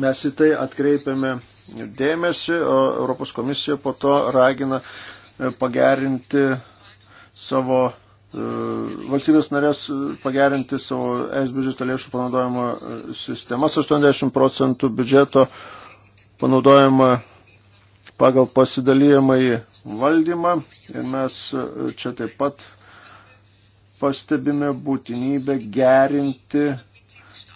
Mes į tai atkreipiame dėmesį, o Europos komisija po to ragina e, pagerinti savo e, valstybės narės e, pagerinti savo es biudžeto lėšų panaudojimo sistemas. 80 procentų biudžeto panaudojama pagal pasidalyjamąjį valdymą ir mes čia taip pat pastebime būtinybę gerinti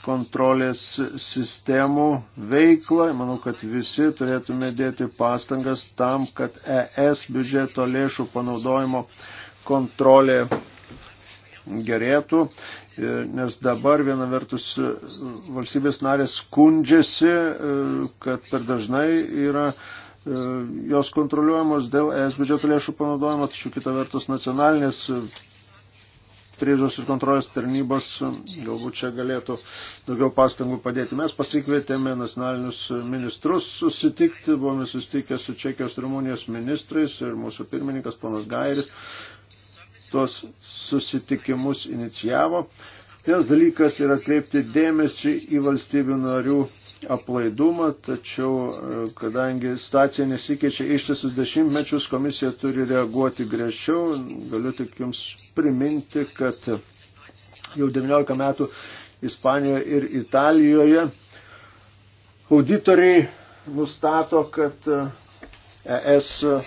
kontrolės sistemų veiklą. Manau, kad visi turėtume dėti pastangas tam, kad ES biudžeto lėšų panaudojimo kontrolė gerėtų, nes dabar viena vertus valstybės narės skundžiasi, kad per dažnai yra e, jos kontroliuojamos dėl ES biudžeto lėšų panaudojimo, tačiau kita vertus nacionalinės priežos ir kontrolės tarnybos galbūt čia galėtų daugiau pastangų padėti. Mes pasikvietėme nacionalinius ministrus susitikti, buvome susitikę su Čekijos ir Rumunijos ministrais ir mūsų pirmininkas ponas Gairis tuos susitikimus inicijavo. Vienas dalykas yra atkreipti dėmesį į valstybių narių aplaidumą, tačiau e, kadangi situacija nesikeičia ištisus dešimtmečius, komisija turi reaguoti greičiau. Galiu tik Jums priminti, kad jau 19 metų Ispanijoje ir Italijoje auditoriai nustato, kad ES e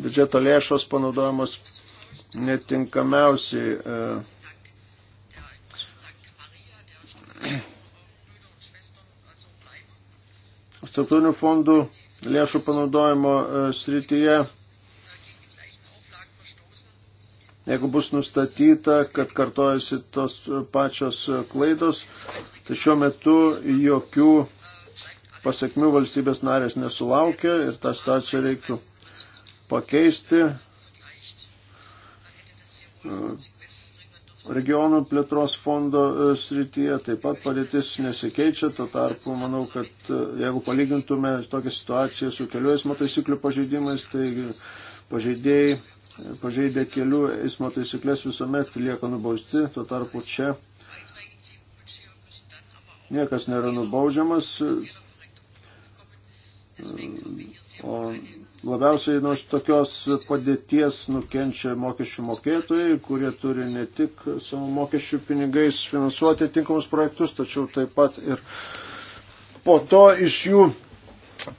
biudžeto lėšos panaudojamos netinkamiausiai e, Statūrinių fondų lėšų panaudojimo e, srityje, jeigu bus nustatyta, kad kartojasi tos pačios klaidos, tai šiuo metu jokių pasiekmių valstybės narės nesulaukia ir tą situaciją reiktų pakeisti. E, regionų plėtros fondo e, srityje taip pat padėtis nesikeičia, to tarpu manau, kad e, jeigu palygintume tokią situaciją su kelių eismo taisyklių pažeidimais, tai pažeidėjai pažeidę kelių eismo taisyklės visuomet lieka nubausti, to tarpu čia niekas nėra nubaudžiamas, e, o Labiausiai nuo tokios padėties nukenčia mokesčių mokėtojai, kurie turi ne tik savo mokesčių pinigais finansuoti tinkamus projektus, tačiau taip pat ir po to iš jų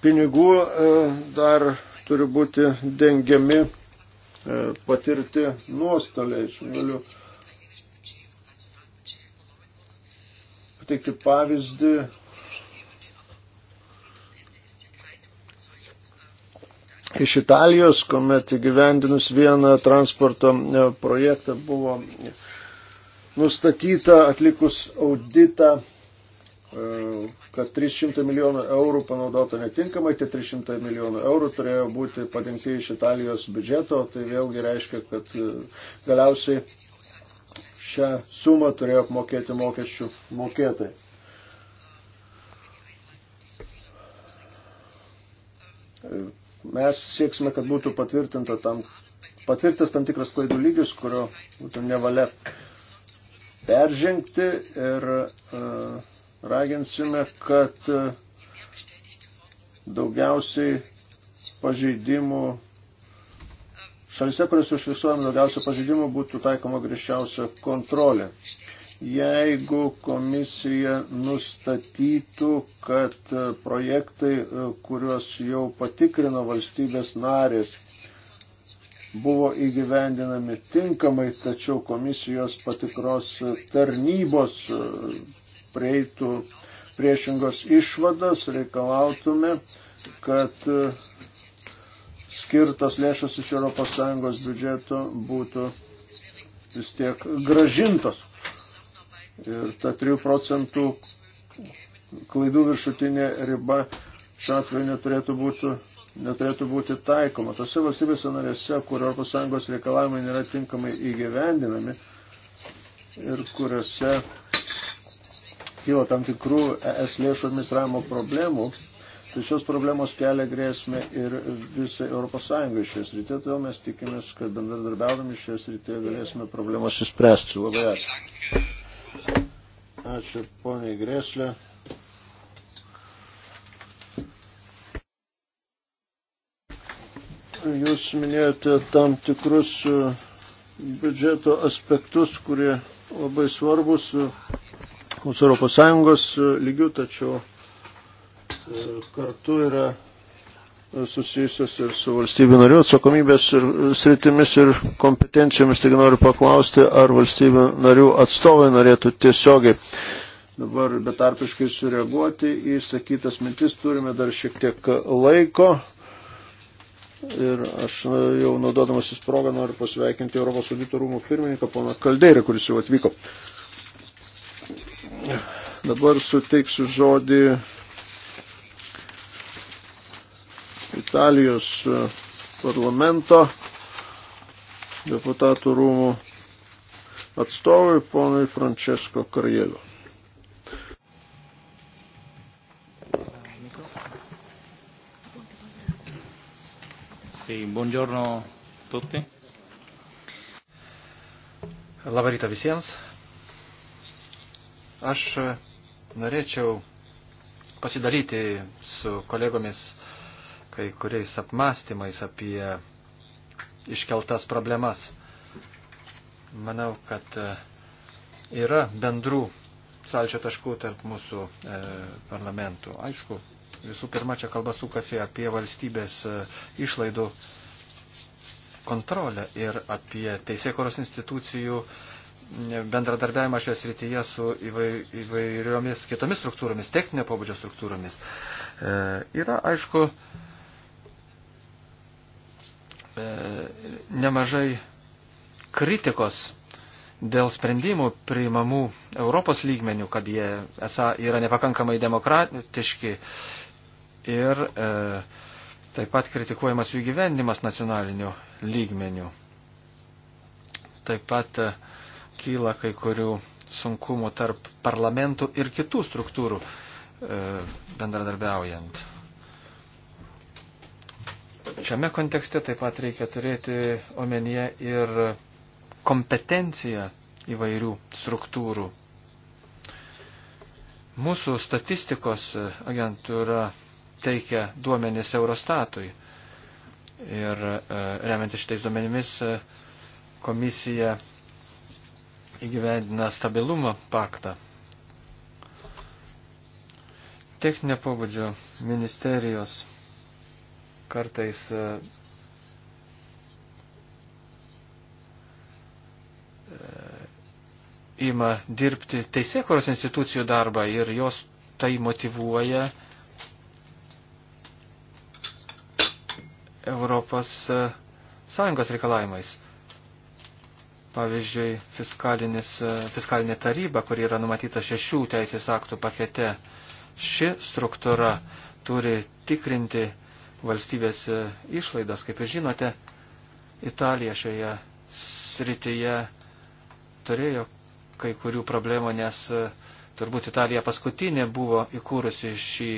pinigų e, dar turi būti dengiami e, patirti nuostoliai. Galiu pateikti pavyzdį iš Italijos, kuomet gyvendinus vieną transporto e, projektą buvo nustatyta atlikus auditą e, kad 300 milijonų eurų panaudota netinkamai, tie 300 milijonų eurų turėjo būti padengti iš Italijos biudžeto, tai vėlgi reiškia, kad e, galiausiai šią sumą turėjo apmokėti mokesčių mokėtai. Mes sieksime, kad būtų patvirtinta tam, patvirtas tam tikras klaidų lygis, kurio būtų nevalia peržengti ir uh, raginsime, kad uh, daugiausiai pažeidimų šalise, kuriuose užfiksuojama daugiausia pažeidimų, būtų taikoma grįžčiausia kontrolė. Uh, jeigu komisija nustatytų, kad e, projektai, e, kuriuos jau patikrino valstybės narės, buvo įgyvendinami tinkamai, tačiau komisijos patikros e, tarnybos prieitų priešingos išvados, reikalautume, kad skirtos lėšos iš ES biudžeto būtų vis tiek gražintos. Ir ta 3 procentų klaidų viršutinė riba šiuo atveju neturėtų būti, neturėtų būti taikoma. Tose valstybėse narėse, kur ES reikalavimai nėra tinkamai įgyvendinami ir kuriuose kyla tam tikrų ES lėšų administravimo problemų, tai šios problemos kelia grėsmę ir visai ES šioje srityje, todėl mes tikimės, kad bendradarbiaudami šioje srityje galėsime problemas išspręsti. Labai ačiū. Ačiū poniai Greslė. Jūs minėjote tam tikrus e, biudžeto aspektus, kurie labai svarbus e, mūsų Europos Sąjungos e, lygių, tačiau kartu yra susijusios ir su valstybių narių atsakomybės ir sritimis ir kompetencijomis, tik noriu paklausti, ar valstybių narių atstovai norėtų tiesiogiai dabar betarpiškai sureaguoti į sakytas mintis, turime dar šiek tiek laiko. Ir aš jau naudodamas į sprogą noriu pasveikinti Europos audito rūmų pirmininką, poną Kaldeirį, kuris jau atvyko. Dabar suteiksiu žodį Italijos e, parlamento deputatų rūmų atstovui ponui Francesco Karjeliu. Sì, buongiorno tutti. Labą rytą visiems. Aš norėčiau pasidalyti su kolegomis uh, kai kuriais apmąstymais apie iškeltas problemas. Manau, kad e, yra bendrų salčio taškų tarp mūsų e, parlamentų. Aišku, visų pirma, čia kalba sukasi apie valstybės e, išlaidų kontrolę ir apie teisėkoros institucijų e, bendradarbiavimą šioje srityje su įvairiomis kitomis struktūromis, techninio pobūdžio struktūromis. E, yra, aišku, e, E, nemažai kritikos dėl sprendimų priimamų Europos lygmenių, kad jie esą yra nepakankamai demokratiški ir e, taip pat kritikuojamas jų gyvendimas nacionaliniu lygmeniu. Taip pat e, kyla kai kurių sunkumų tarp parlamentų ir kitų struktūrų e, bendradarbiaujant. Šiame kontekste taip pat reikia turėti omenyje ir kompetenciją įvairių struktūrų. Mūsų statistikos agentūra teikia duomenis Eurostatui ir e, remiantis šitais duomenimis e, komisija įgyvendina stabilumo paktą. Techninio pobūdžio ministerijos kartais e, e, ima dirbti teisėkuros institucijų darbą ir jos tai motivuoja Europos e, Sąjungos reikalavimais. Pavyzdžiui, fiskalinė taryba, kuri yra numatyta šešių teisės aktų pakete, ši struktūra turi tikrinti valstybės e, išlaidas. Kaip ir žinote, Italija šioje srityje turėjo kai kurių problemų, nes e, turbūt Italija paskutinė buvo įkūrusi šį,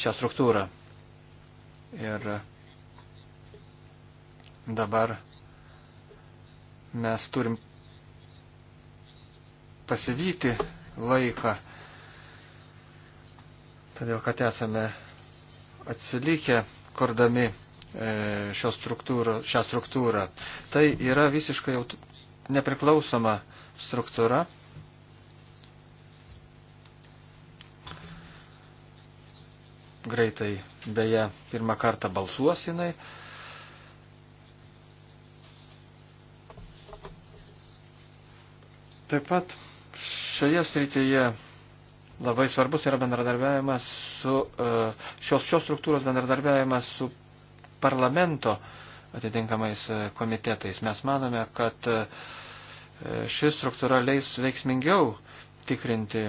šią struktūrą. Ir e, dabar mes turim pasivyti laiką, todėl kad esame atsilikę kurdami e, struktūrą, šią struktūrą. Tai yra visiškai jau nepriklausoma struktūra. Greitai, beje, pirmą kartą balsuos jinai. Taip pat šioje srityje labai svarbus yra bendradarbiavimas su e, šios, šios struktūros bendradarbiavimas su parlamento atitinkamais e, komitetais. Mes manome, kad e, ši struktūra leis veiksmingiau tikrinti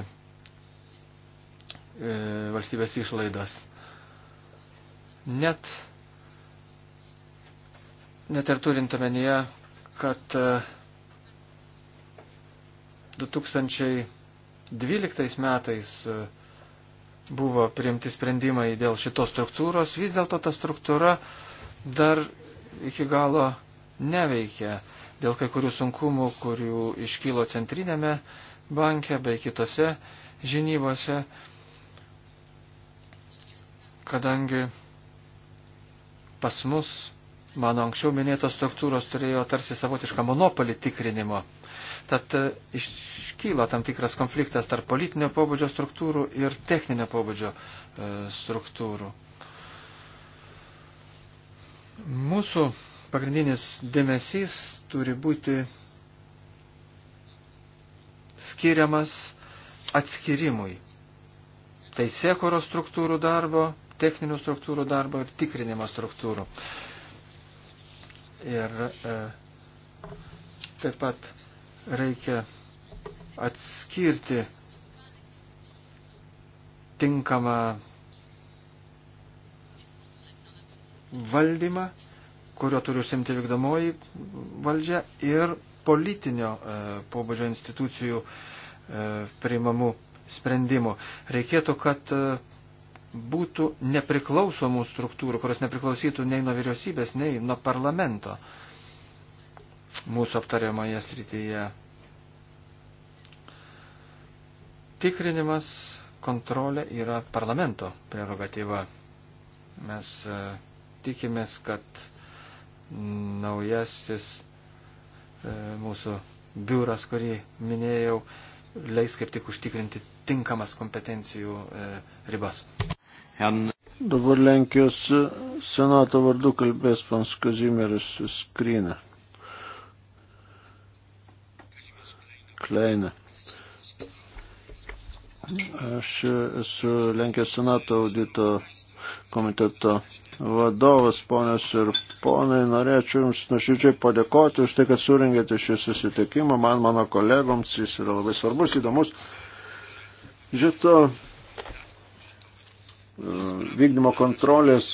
valstybės išlaidas. Net, net ir turint omenyje, kad 2000 12 metais e, buvo priimti sprendimai dėl šitos struktūros, vis dėlto ta struktūra dar iki galo neveikia dėl kai kurių sunkumų, kurių iškylo centrinėme banke bei kitose žinybose, kadangi pas mus mano anksčiau minėtos struktūros turėjo tarsi savotišką monopolį tikrinimo Tad e, iškyla tam tikras konfliktas tarp politinio pobūdžio struktūrų ir techninio pobūdžio e, struktūrų. Mūsų pagrindinis dėmesys turi būti skiriamas atskirimui teisėkoros struktūrų darbo, techninių struktūrų darbo ir tikrinimo struktūrų. Ir e, taip pat reikia atskirti tinkamą valdymą, kurio turi užsimti vykdomoji valdžia ir politinio e, pobūdžio institucijų e, priimamų sprendimų. Reikėtų, kad e, būtų nepriklausomų struktūrų, kurios nepriklausytų nei nuo vyriausybės, nei nuo parlamento. E, mūsų aptariamoje srityje. Tikrinimas, kontrolė yra parlamento prerogatyva. Mes e, tikimės, kad naujasis e, mūsų biuras, kurį minėjau, leis kaip tik užtikrinti tinkamas kompetencijų e, ribas. Dabar Lenkijos senato vardu kalbės pans Kazimieras Skryna. Kleine. Aš esu Lenkijos senato audito komiteto vadovas, ponės ir ponai, norėčiau Jums nuoširdžiai padėkoti už tai, kad suringėte šį susitikimą. Man, mano kolegoms, jis yra labai svarbus, įdomus. Žito e, vykdymo kontrolės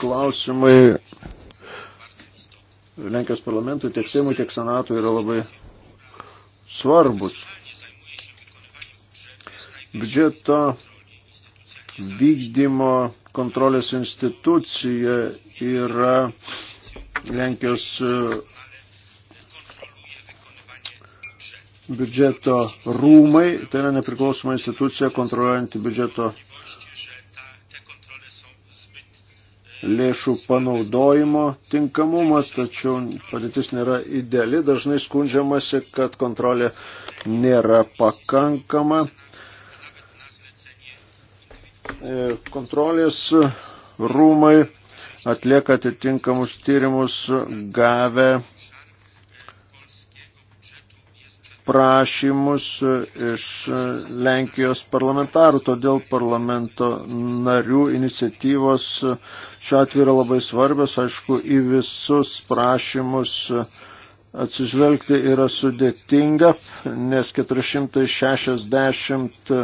klausimai Lenkijos parlamentui, tiek Seimui, tiek Senatui yra labai svarbus. Biudžeto vykdymo kontrolės institucija yra Lenkijos e, biudžeto rūmai, tai yra nepriklausoma institucija kontroliuojanti biudžeto lėšų panaudojimo tinkamumą, tačiau padėtis nėra ideali, dažnai skundžiamasi, kad kontrolė nėra pakankama. E, kontrolės rūmai atlieka atitinkamus tyrimus gavę prašymus iš Lenkijos parlamentarų, todėl parlamento narių iniciatyvos šiuo atveju yra labai svarbios, aišku, į visus prašymus atsižvelgti yra sudėtinga, nes 460 e,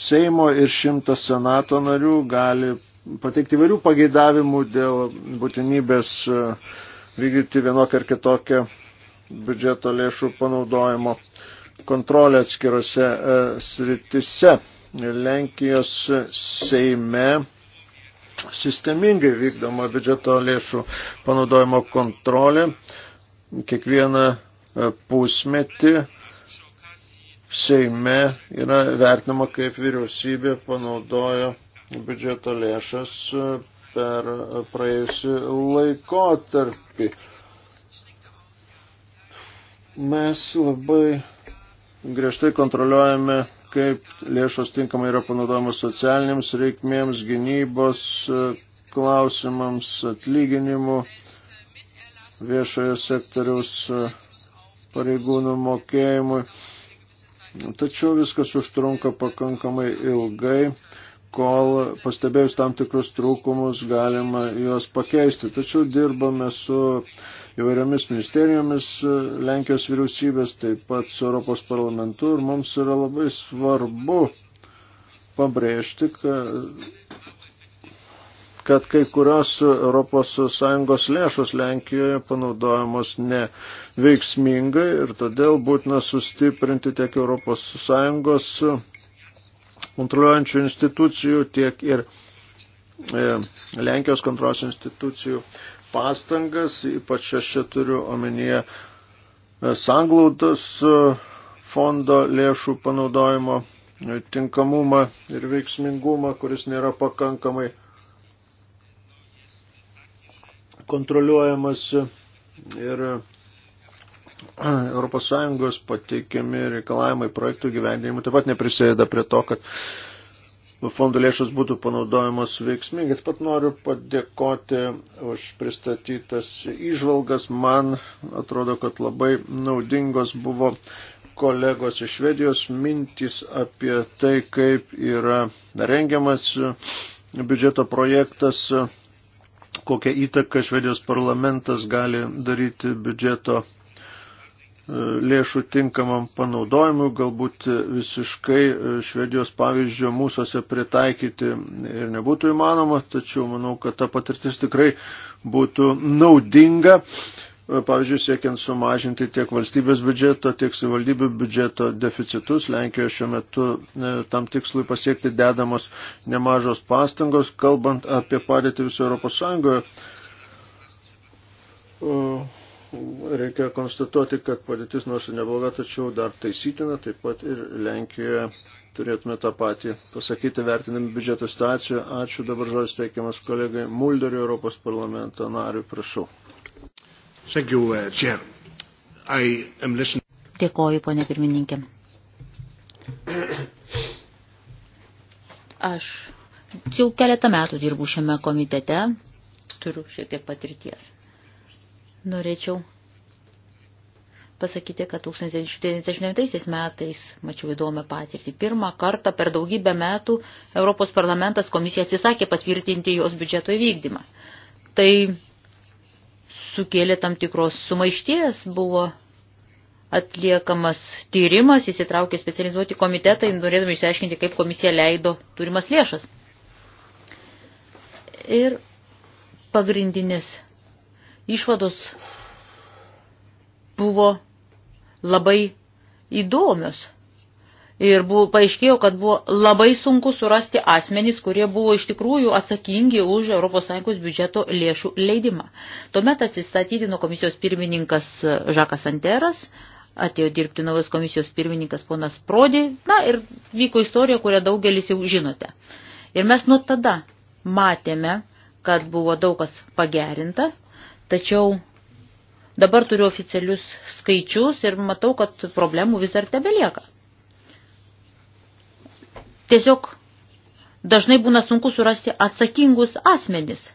Seimo ir 100 Senato narių gali pateikti vairių pageidavimų dėl būtinybės e, vykdyti vienokią ar kitokią biudžeto lėšų panaudojimo kontrolę atskirose e, sritise. Lenkijos Seime sistemingai vykdoma biudžeto lėšų panaudojimo kontrolė. Kiekvieną e, pusmetį Seime yra vertinama, kaip vyriausybė panaudojo biudžeto lėšas e, per praėjusių laikotarpį. Mes labai griežtai kontroliuojame, kaip lėšos tinkamai yra panaudojamos socialiniams reikmėms, gynybos e, klausimams, atlyginimų, viešojo sektoriaus e, pareigūnų mokėjimui. Tačiau viskas užtrunka pakankamai ilgai, kol pastebėjus tam tikrus trūkumus galima juos pakeisti. Tačiau dirbame su įvairiomis ministerijomis e, Lenkijos vyriausybės, taip pat su Europos parlamentu ir mums yra labai svarbu pabrėžti, kad, kad kai kurios ES lėšos Lenkijoje panaudojamos neveiksmingai ir todėl būtina sustiprinti tiek ES kontroliuojančių institucijų, tiek ir e, Lenkijos kontrolos institucijų pastangas, ypač aš čia turiu omenyje e, sanglaudos e, fondo lėšų panaudojimo e, tinkamumą ir veiksmingumą, kuris nėra pakankamai kontroliuojamas ir ES pateikiami reikalavimai projektų gyvendinimu taip pat neprisėda prie to, kad fondų lėšos būtų panaudojamos veiksmingai. Taip pat noriu padėkoti už pristatytas įžvalgas. Man atrodo, kad labai naudingos buvo kolegos iš Švedijos mintys apie tai, kaip yra rengiamas biudžeto projektas, kokią įtaką Švedijos parlamentas gali daryti biudžeto lėšų tinkamam panaudojimui, galbūt visiškai e, Švedijos pavyzdžio mūsųse pritaikyti ir nebūtų įmanoma, tačiau manau, kad ta patirtis tikrai būtų naudinga, e, pavyzdžiui, siekiant sumažinti tiek valstybės biudžeto, tiek savivaldybių biudžeto deficitus. Lenkijoje šiuo metu e, tam tikslui pasiekti dedamos nemažos pastangos, kalbant apie padėtį viso Europos Sąjungoje. Uh reikia konstatuoti, kad padėtis nors ir nebloga, tačiau dar taisytina, taip pat ir Lenkijoje turėtume tą patį pasakyti, vertinami biudžeto situaciją. Ačiū, dabar žodis teikiamas kolegai Mulderiu, Europos parlamento nariu, prašau. Thank you, uh, chair. I am listening. Dėkoju, ponė pirmininkė. Aš jau keletą metų dirbu šiame komitete, turiu šiek tiek patirties. Norėčiau pasakyti, kad 1999 metais mačiau įdomią patirtį. Pirmą kartą per daugybę metų Europos parlamentas komisija atsisakė patvirtinti jos biudžeto įvykdymą. Tai sukėlė tam tikros sumaišties, buvo atliekamas tyrimas, įsitraukė specializuoti komitetai, norėdami išsiaiškinti, kaip komisija leido turimas lėšas. Ir pagrindinės Išvados buvo labai įdomios. Ir buvo, paaiškėjo, kad buvo labai sunku surasti asmenys, kurie buvo iš tikrųjų atsakingi už ES biudžeto lėšų leidimą. Tuomet atsistatydino komisijos pirmininkas Žakas Anteras, atėjo dirbti naujas komisijos pirmininkas ponas Prodė, na ir vyko istorija, kurią daugelis jau žinote. Ir mes nuo tada matėme, kad buvo daug kas pagerinta, Tačiau dabar turiu oficialius skaičius ir matau, kad problemų vis dar tebelieka. Tiesiog dažnai būna sunku surasti atsakingus asmenis.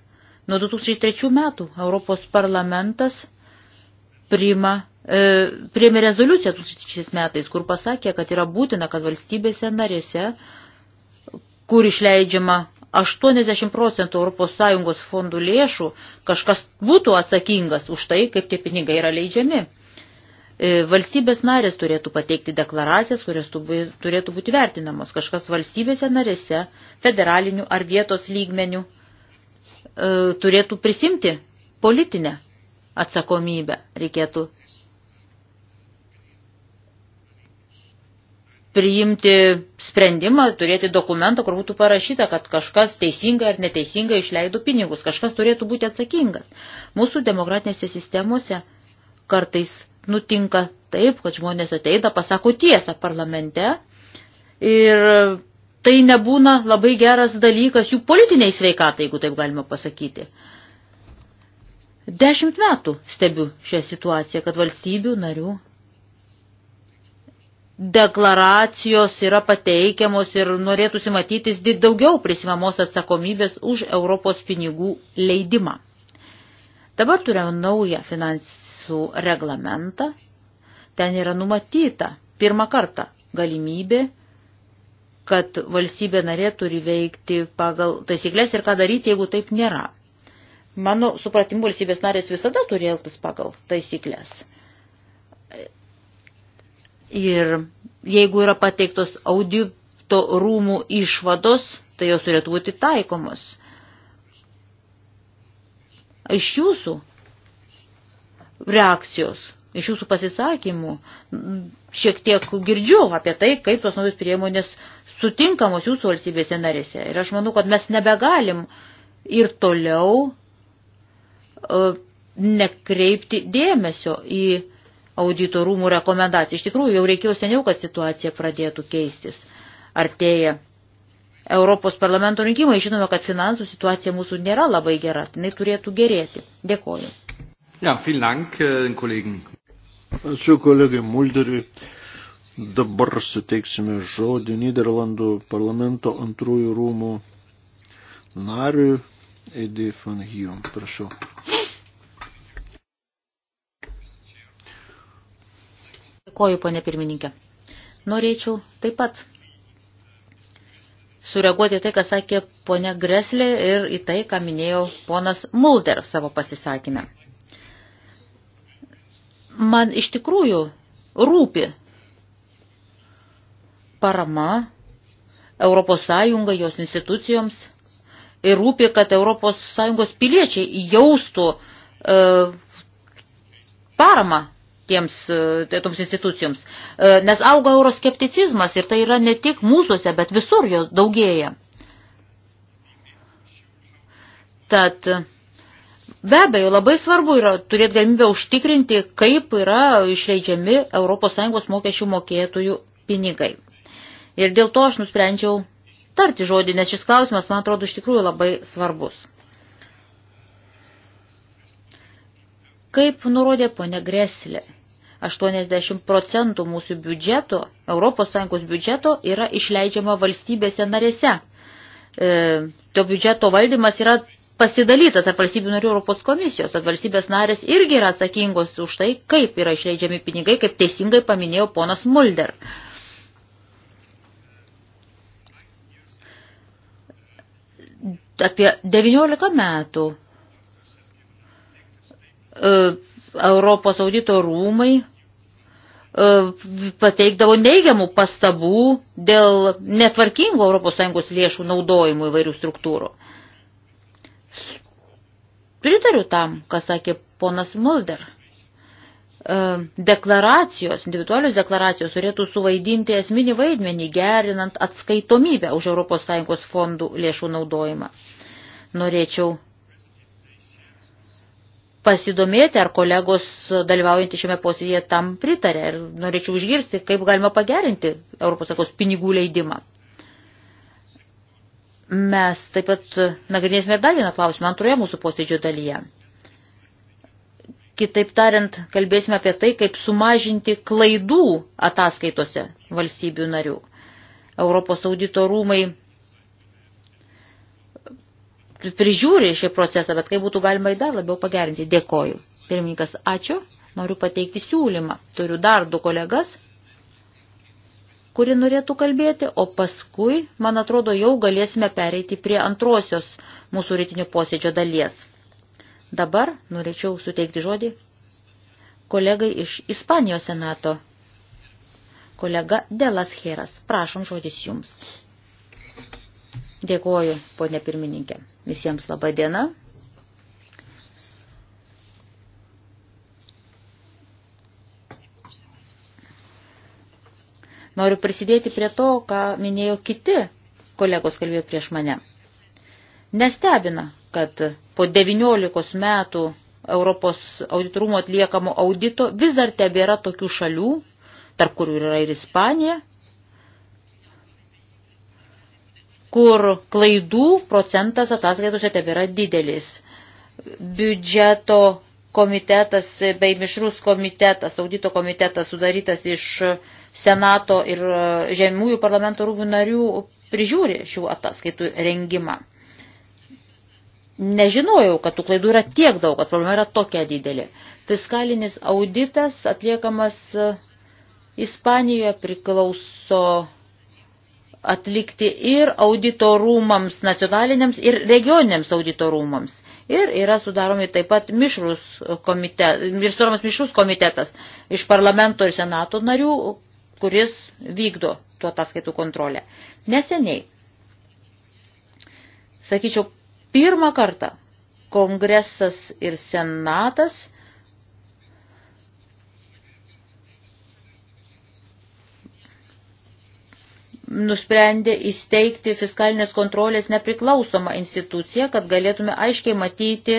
Nuo 2003 metų Europos parlamentas priima, e, priėmė rezoliuciją 2006 metais, kur pasakė, kad yra būtina, kad valstybėse narėse, kur išleidžiama 80 procentų ES fondų lėšų kažkas būtų atsakingas už tai, kaip tie pinigai yra leidžiami. E, valstybės narės turėtų pateikti deklaracijas, kurios turėtų būti vertinamos. Kažkas valstybėse narėse, federalinių ar vietos lygmenių, e, turėtų prisimti politinę atsakomybę. Reikėtų priimti sprendimą, turėti dokumentą, kur būtų parašyta, kad kažkas teisingai ar neteisingai išleido pinigus, kažkas turėtų būti atsakingas. Mūsų demokratinėse sistemose kartais nutinka taip, kad žmonės ateina, pasako tiesą parlamente ir tai nebūna labai geras dalykas jų politiniai sveikatai, jeigu taip galima pasakyti. Dešimt metų stebiu šią situaciją, kad valstybių narių deklaracijos yra pateikiamos ir norėtųsi matytis daugiau prisimamos atsakomybės už Europos pinigų leidimą. Dabar turime naują finansų reglamentą. Ten yra numatyta pirmą kartą galimybė, kad valstybė narė turi veikti pagal taisyklės ir ką daryti, jeigu taip nėra. Mano supratimu, valstybės narės visada turi elgtis pagal taisyklės Ir jeigu yra pateiktos audito rūmų išvados, tai jos turėtų būti taikomos. Iš jūsų reakcijos, iš jūsų pasisakymų šiek tiek girdžiu apie tai, kaip tos naujos priemonės sutinkamos jūsų valstybėse narėse. Ir aš manau, kad mes nebegalim ir toliau e, nekreipti dėmesio į auditorumų rekomendacija. Iš tikrųjų, jau reikėjo seniau, kad situacija pradėtų keistis. Artėja Europos parlamento rinkimai, žinome, kad finansų situacija mūsų nėra labai gera, jinai turėtų gerėti. Dėkoju. Ja, dank, äh, kolegin. Ačiū kolegai Mulderiui. Dabar suteiksime žodį Niderlandų parlamento antrųjų rūmų nariui Edi van Hijom. Prašau. Dėkoju, ponė pirmininkė. Norėčiau taip pat sureaguoti tai, ką sakė ponė Greslė ir į tai, ką minėjo ponas Mulder savo pasisakymę. Man iš tikrųjų rūpi parama Europos Sąjunga, jos institucijoms ir rūpi, kad Europos Sąjungos piliečiai jaustų e, paramą tiems, e, toms institucijoms. E, nes auga euroskepticizmas ir tai yra ne tik mūsųse, bet visur jo daugėja. Tad be abejo labai svarbu yra turėti galimybę užtikrinti, kaip yra išleidžiami ES mokesčių mokėtojų pinigai. Ir dėl to aš nusprendžiau tarti žodį, nes šis klausimas, man atrodo, iš tikrųjų labai svarbus. Kaip nurodė ponė Greslė, 80 procentų mūsų biudžeto, ES biudžeto yra išleidžiama valstybėse narėse. E, to biudžeto valdymas yra pasidalytas ar valstybių narių Europos komisijos, tad valstybės narės irgi yra atsakingos už tai, kaip yra išleidžiami pinigai, kaip teisingai paminėjo ponas Mulder. Apie 19 metų e, Europos audito rūmai E, pateikdavo neigiamų pastabų dėl netvarkingo ES lėšų naudojimų įvairių struktūrų. Pritariu tam, ką sakė ponas Mulder. E, deklaracijos, individualios deklaracijos turėtų suvaidinti esminį vaidmenį, gerinant atskaitomybę už ES fondų lėšų naudojimą. Norėčiau pasidomėti, ar kolegos dalyvaujantys šiame posėdėje tam pritarė ir norėčiau užgirsti, kaip galima pagerinti ES pinigų leidimą. Mes taip pat nagrinėsime dar vieną klausimą antroje mūsų posėdžio dalyje. Kitaip tariant, kalbėsime apie tai, kaip sumažinti klaidų ataskaitose valstybių narių. Europos audito rūmai prižiūri šį procesą, bet kaip būtų galima jį dar labiau pagerinti. Dėkoju. Pirmininkas, ačiū. Noriu pateikti siūlymą. Turiu dar du kolegas, kuri norėtų kalbėti, o paskui, man atrodo, jau galėsime pereiti prie antrosios mūsų rytinio posėdžio dalies. Dabar norėčiau suteikti žodį kolegai iš Ispanijos senato. Kolega Delas Heras, prašom žodis jums. Dėkuoju, ponė pirmininkė. Visiems laba diena. Noriu prisidėti prie to, ką minėjo kiti kolegos kalbėjo prieš mane. Nestebina, kad po 19 metų Europos auditorumo atliekamo audito vis dar tebėra tokių šalių, tarp kurių yra ir Ispanija, kur klaidų procentas ataskaitose tebėra didelis. Biudžeto komitetas bei mišrus komitetas, audito komitetas sudarytas iš Senato ir e, žemųjų parlamento rūmų narių prižiūri šių ataskaitų rengimą. Nežinojau, kad tų klaidų yra tiek daug, kad problema yra tokia didelė. Fiskalinis auditas atliekamas e, Ispanijoje priklauso atlikti ir auditorumams, nacionaliniams ir regioniniams auditorumams. Ir yra sudaromi taip pat mišrus, komite, mišrus komitetas iš parlamento ir senato narių, kuris vykdo tuo ataskaitų kontrolę. Neseniai, sakyčiau, pirmą kartą kongresas ir senatas nusprendė įsteigti fiskalinės kontrolės nepriklausomą instituciją, kad galėtume aiškiai matyti,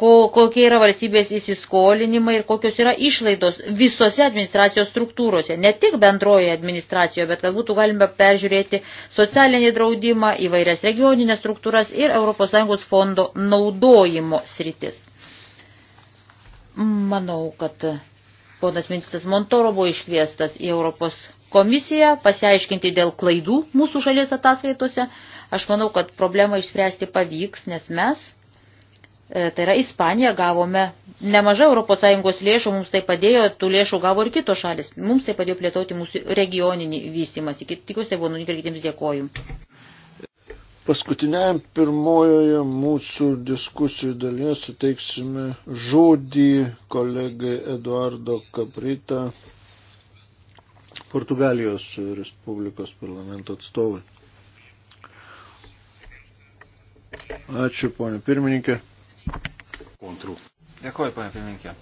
ko, kokie yra valstybės įsiskolinimai ir kokios yra išlaidos visose administracijos struktūrose, ne tik bendroje administracijoje, bet kad būtų galime peržiūrėti socialinį draudimą, įvairias regioninės struktūras ir ES fondo naudojimo sritis. Manau, kad ponas ministras Montoro buvo iškviestas į Europos komisiją pasiaiškinti dėl klaidų mūsų šalies ataskaitose. Aš manau, kad problemą išspręsti pavyks, nes mes, e, tai yra Ispanija, gavome nemažą ES lėšų, mums tai padėjo, tų lėšų gavo ir kitos šalis. Mums tai padėjo plėtoti mūsų regioninį vystimąsi. Tikiuosi, tai buvo nutikėtėms dėkoju. Paskutiniam pirmojoje mūsų diskusijų dalyje suteiksime žodį kolegai Eduardo Kaprita, Portugalijos Respublikos parlamento atstovui. Ačiū, ponė pirmininkė. Kontrų. Dėkuoju, ponė pirmininkė.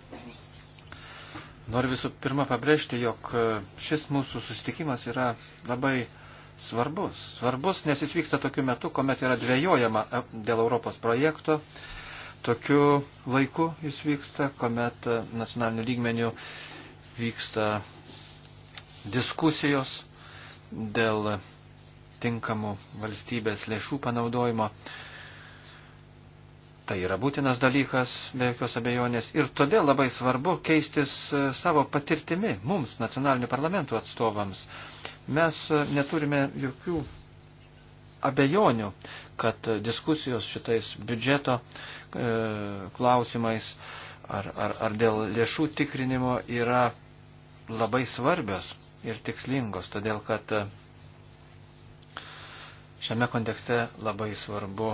Noriu visų pirma pabrėžti, jog šis mūsų susitikimas yra labai svarbus. Svarbus, nes jis vyksta tokiu metu, kuomet yra dvėjojama e, dėl Europos projekto. Tokiu laiku jis vyksta, kuomet e, nacionaliniu lygmeniu vyksta diskusijos dėl tinkamų valstybės lėšų panaudojimo. Tai yra būtinas dalykas, be jokios abejonės. Ir todėl labai svarbu keistis e, savo patirtimi mums, nacionalinių parlamentų atstovams, Mes e, neturime jokių abejonių, kad diskusijos šitais biudžeto e, klausimais ar, ar, ar dėl lėšų tikrinimo yra labai svarbios ir tikslingos, todėl kad e, šiame kontekste labai svarbu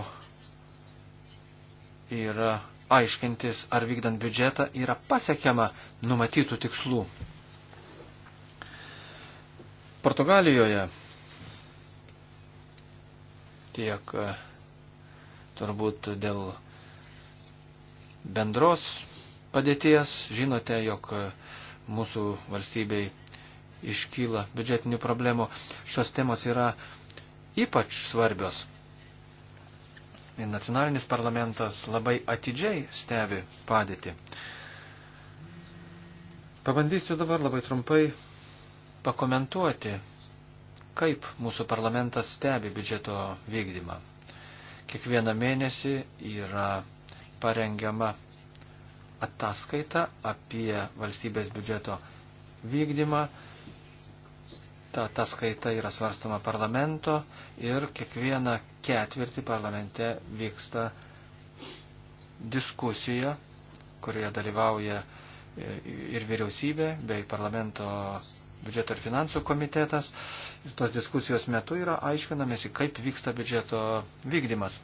yra aiškintis, ar vykdant biudžetą yra pasiekiama numatytų tikslų. Portugalijoje tiek e, turbūt dėl bendros padėties žinote, jog e, mūsų valstybei iškyla biudžetinių problemų. Šios temos yra ypač svarbios. Ir nacionalinis parlamentas labai atidžiai stebi padėtį. Pabandysiu dabar labai trumpai pakomentuoti, kaip mūsų parlamentas stebi biudžeto vykdymą. Kiekvieną mėnesį yra parengiama ataskaita apie valstybės biudžeto vykdymą. Ta ataskaita yra svarstoma parlamento ir kiekvieną ketvirtį parlamente vyksta diskusija, kurioje dalyvauja e, ir vyriausybė bei parlamento biudžeto ir finansų komitetas. Ir tos diskusijos metu yra aiškinamėsi, kaip vyksta biudžeto vykdymas.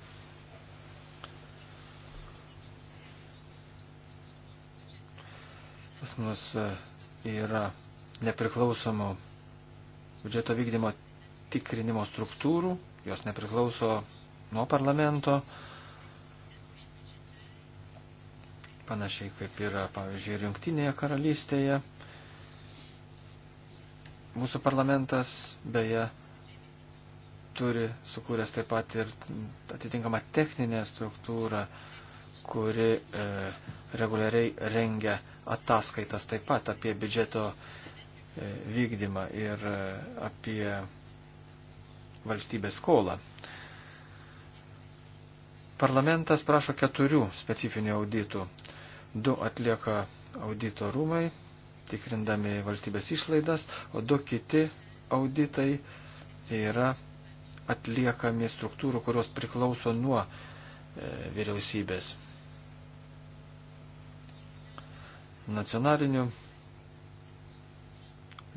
Pas mus e, yra nepriklausomų biudžeto vykdymo tikrinimo struktūrų, jos nepriklauso nuo parlamento, panašiai kaip yra, pavyzdžiui, ir jungtinėje karalystėje. Mūsų parlamentas beje turi sukūręs taip pat ir atitinkamą techninę struktūrą, kuri e, reguliariai rengia ataskaitas taip pat apie biudžeto e, vykdymą ir e, apie valstybės skolą. Parlamentas prašo keturių specifinių auditų. Du atlieka audito rūmai tikrindami valstybės išlaidas, o du kiti auditai yra atliekami struktūrų, kurios priklauso nuo e, vyriausybės. Nacionaliniu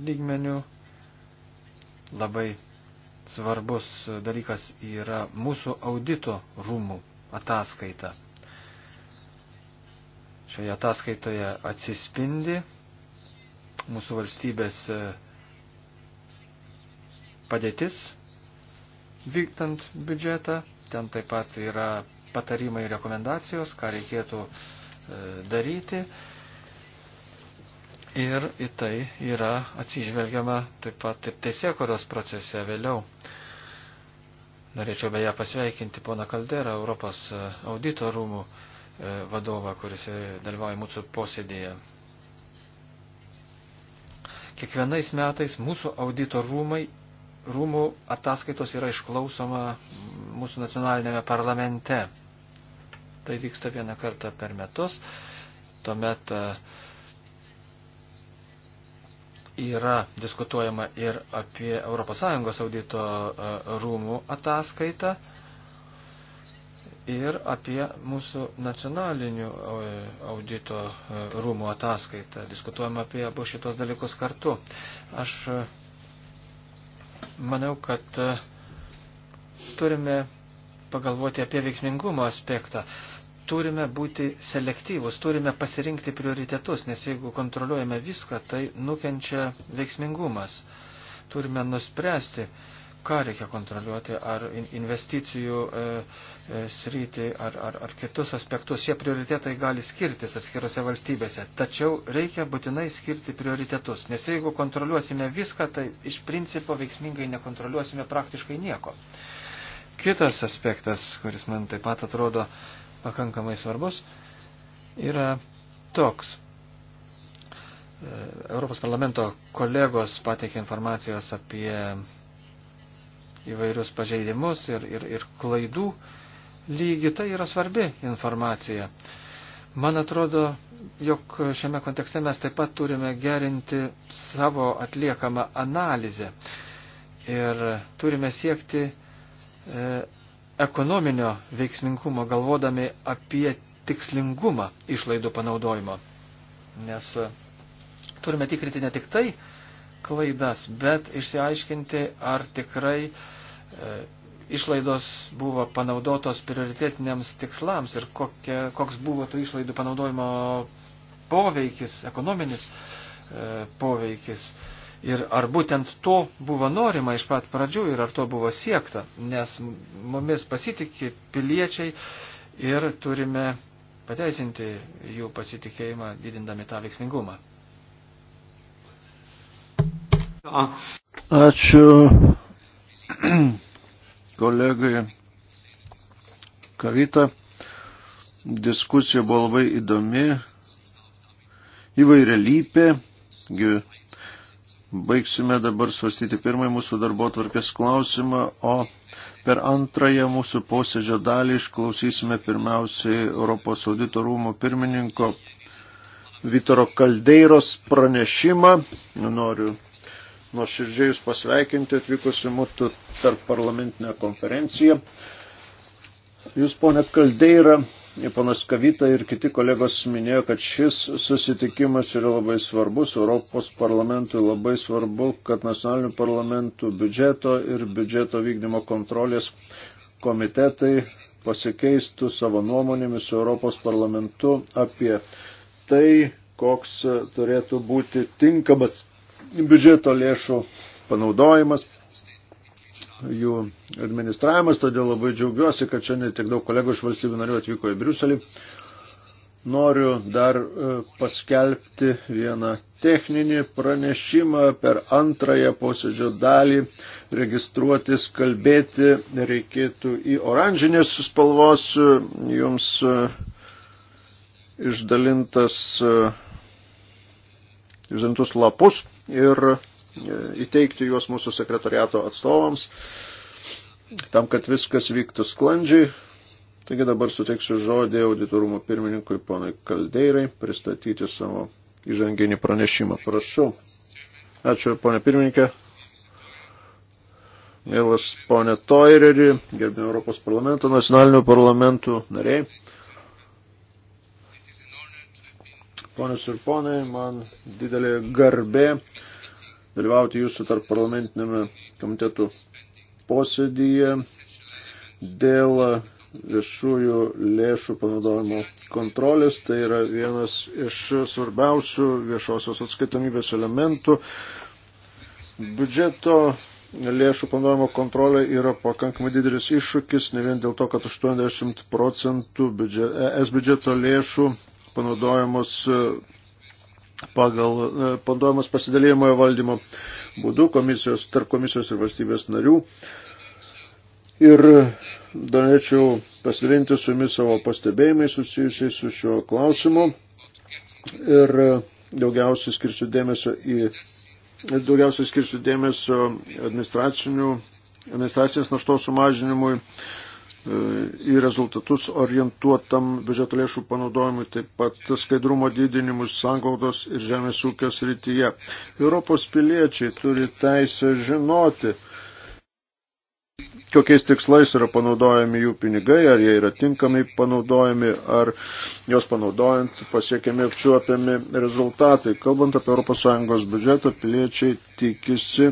lygmeniu labai svarbus dalykas yra mūsų audito rūmų ataskaita. Šioje ataskaitoje atsispindi mūsų valstybės e, padėtis vykdant biudžetą. Ten taip pat yra patarimai ir rekomendacijos, ką reikėtų e, daryti. Ir į tai yra atsižvelgiama taip pat ir teisėkoros procese vėliau. Norėčiau beje pasveikinti poną Kalderą, Europos e, audito rūmų vadovą, kuris dalyvauja mūsų posėdėje. Kiekvienais metais mūsų audito rūmai, rūmų ataskaitos yra išklausoma mūsų nacionalinėme parlamente. Tai vyksta vieną kartą per metus. Tuomet e, yra diskutuojama ir apie ES audito e, rūmų ataskaitą ir apie mūsų nacionalinių e, audito e, rūmų ataskaitą. Diskutuojam apie abu šitos dalykus kartu. Aš e, manau, kad turime pagalvoti apie veiksmingumo aspektą. Turime būti selektyvus, turime pasirinkti prioritetus, nes jeigu kontroliuojame viską, tai nukenčia veiksmingumas. Turime nuspręsti, uh, ką reikia kontroliuoti, ar investicijų e, e, sritį, ar, ar, ar kitus aspektus. Šie prioritetai gali skirtis atskirose valstybėse, tačiau reikia būtinai skirti prioritetus, nes jeigu kontroliuosime viską, tai iš principo veiksmingai nekontroliuosime praktiškai nieko. Kitas aspektas, kuris man taip pat atrodo pakankamai svarbus, yra toks. E, Europos parlamento kolegos pateikė informacijos apie įvairius pažeidimus ir, ir, ir klaidų lygį, tai yra svarbi informacija. Man atrodo, jog šiame kontekste mes taip pat turime gerinti savo atliekamą analizę ir turime siekti e, ekonominio veiksmingumo, galvodami apie tikslingumą išlaidų panaudojimo. Nes turime tikrinti ne tik tai, klaidas, bet išsiaiškinti, ar tikrai e, išlaidos buvo panaudotos prioritetiniams tikslams ir kokie, koks buvo tų išlaidų panaudojimo poveikis, ekonominis e, poveikis. Ir ar būtent to buvo norima iš pat pradžių ir ar to buvo siekta, nes mumis pasitikė piliečiai ir turime pateisinti jų pasitikėjimą didindami tą veiksmingumą. Ačiū kolegai Kavita. Diskusija buvo labai įdomi, įvairialypė. Baigsime dabar svarstyti pirmąjį mūsų darbo tvarkės klausimą, o per antrąją mūsų posėdžio dalį išklausysime pirmiausiai Europos audito rūmų pirmininko Vitoro Kaldeiros pranešimą. Noriu nuoširdžiai Jūs pasveikinti atvykusi mūsų tarp parlamentinę konferenciją. Jūs, ponė Kaldeira, ponas Kavita ir kiti kolegos minėjo, kad šis susitikimas yra labai svarbus, Europos parlamentui labai svarbu, kad nacionalinių parlamentų biudžeto ir biudžeto vykdymo kontrolės komitetai pasikeistų savo nuomonėmis su Europos parlamentu apie tai, koks turėtų būti tinkamas biudžeto lėšų panaudojimas, jų administravimas, todėl labai džiaugiuosi, kad šiandien tiek daug kolegų iš valstybių narių atvyko į Briuselį. Noriu dar e, paskelbti vieną techninį pranešimą per antrąją posėdžio dalį. Registruotis, kalbėti reikėtų į oranžinės spalvos. E, jums e, išdalintas, išdalintus lapus ir e, įteikti juos mūsų sekretoriato atstovams, tam, kad viskas vyktų sklandžiai. Taigi dabar suteiksiu žodį auditorumo pirmininkui ponai Kaldeirai pristatyti savo įžanginį pranešimą. Prašau. Ačiū, ponė pirmininkė. Mielas ponė Toireri, gerbėjom Europos parlamento, nacionalinių parlamentų nariai. Ponius ir ponai, man didelė garbė dalyvauti jūsų tarp parlamentinėme komitetų posėdyje dėl viešųjų lėšų panaudojimo kontrolės. Tai yra vienas iš svarbiausių viešosios atskaitomybės elementų. Biudžeto lėšų panaudojimo kontrolė yra pakankamai didelis iššūkis, ne vien dėl to, kad 80 procentų biudžet, es biudžeto lėšų panaudojamos e, pagal e, panduojamas pasidalėjimojo valdymo būdu komisijos, tarp komisijos ir valstybės narių. Ir dar norėčiau pasidalinti su jumis savo pastebėjimais susijusiais su šiuo klausimu. Ir daugiausiai skirsiu dėmesio į daugiausiai skirsiu dėmesio administracinių administracinės naštos sumažinimui, E, į rezultatus orientuotam biudžeto lėšų panaudojimui, taip pat skaidrumo didinimui sanglaudos ir žemės ūkio srityje. Europos piliečiai turi teisę žinoti, kokiais tikslais yra panaudojami jų pinigai, ar jie yra tinkamai panaudojami, ar juos panaudojant pasiekiami apčiuopiami rezultatai. Kalbant apie ES biudžetą, piliečiai tikisi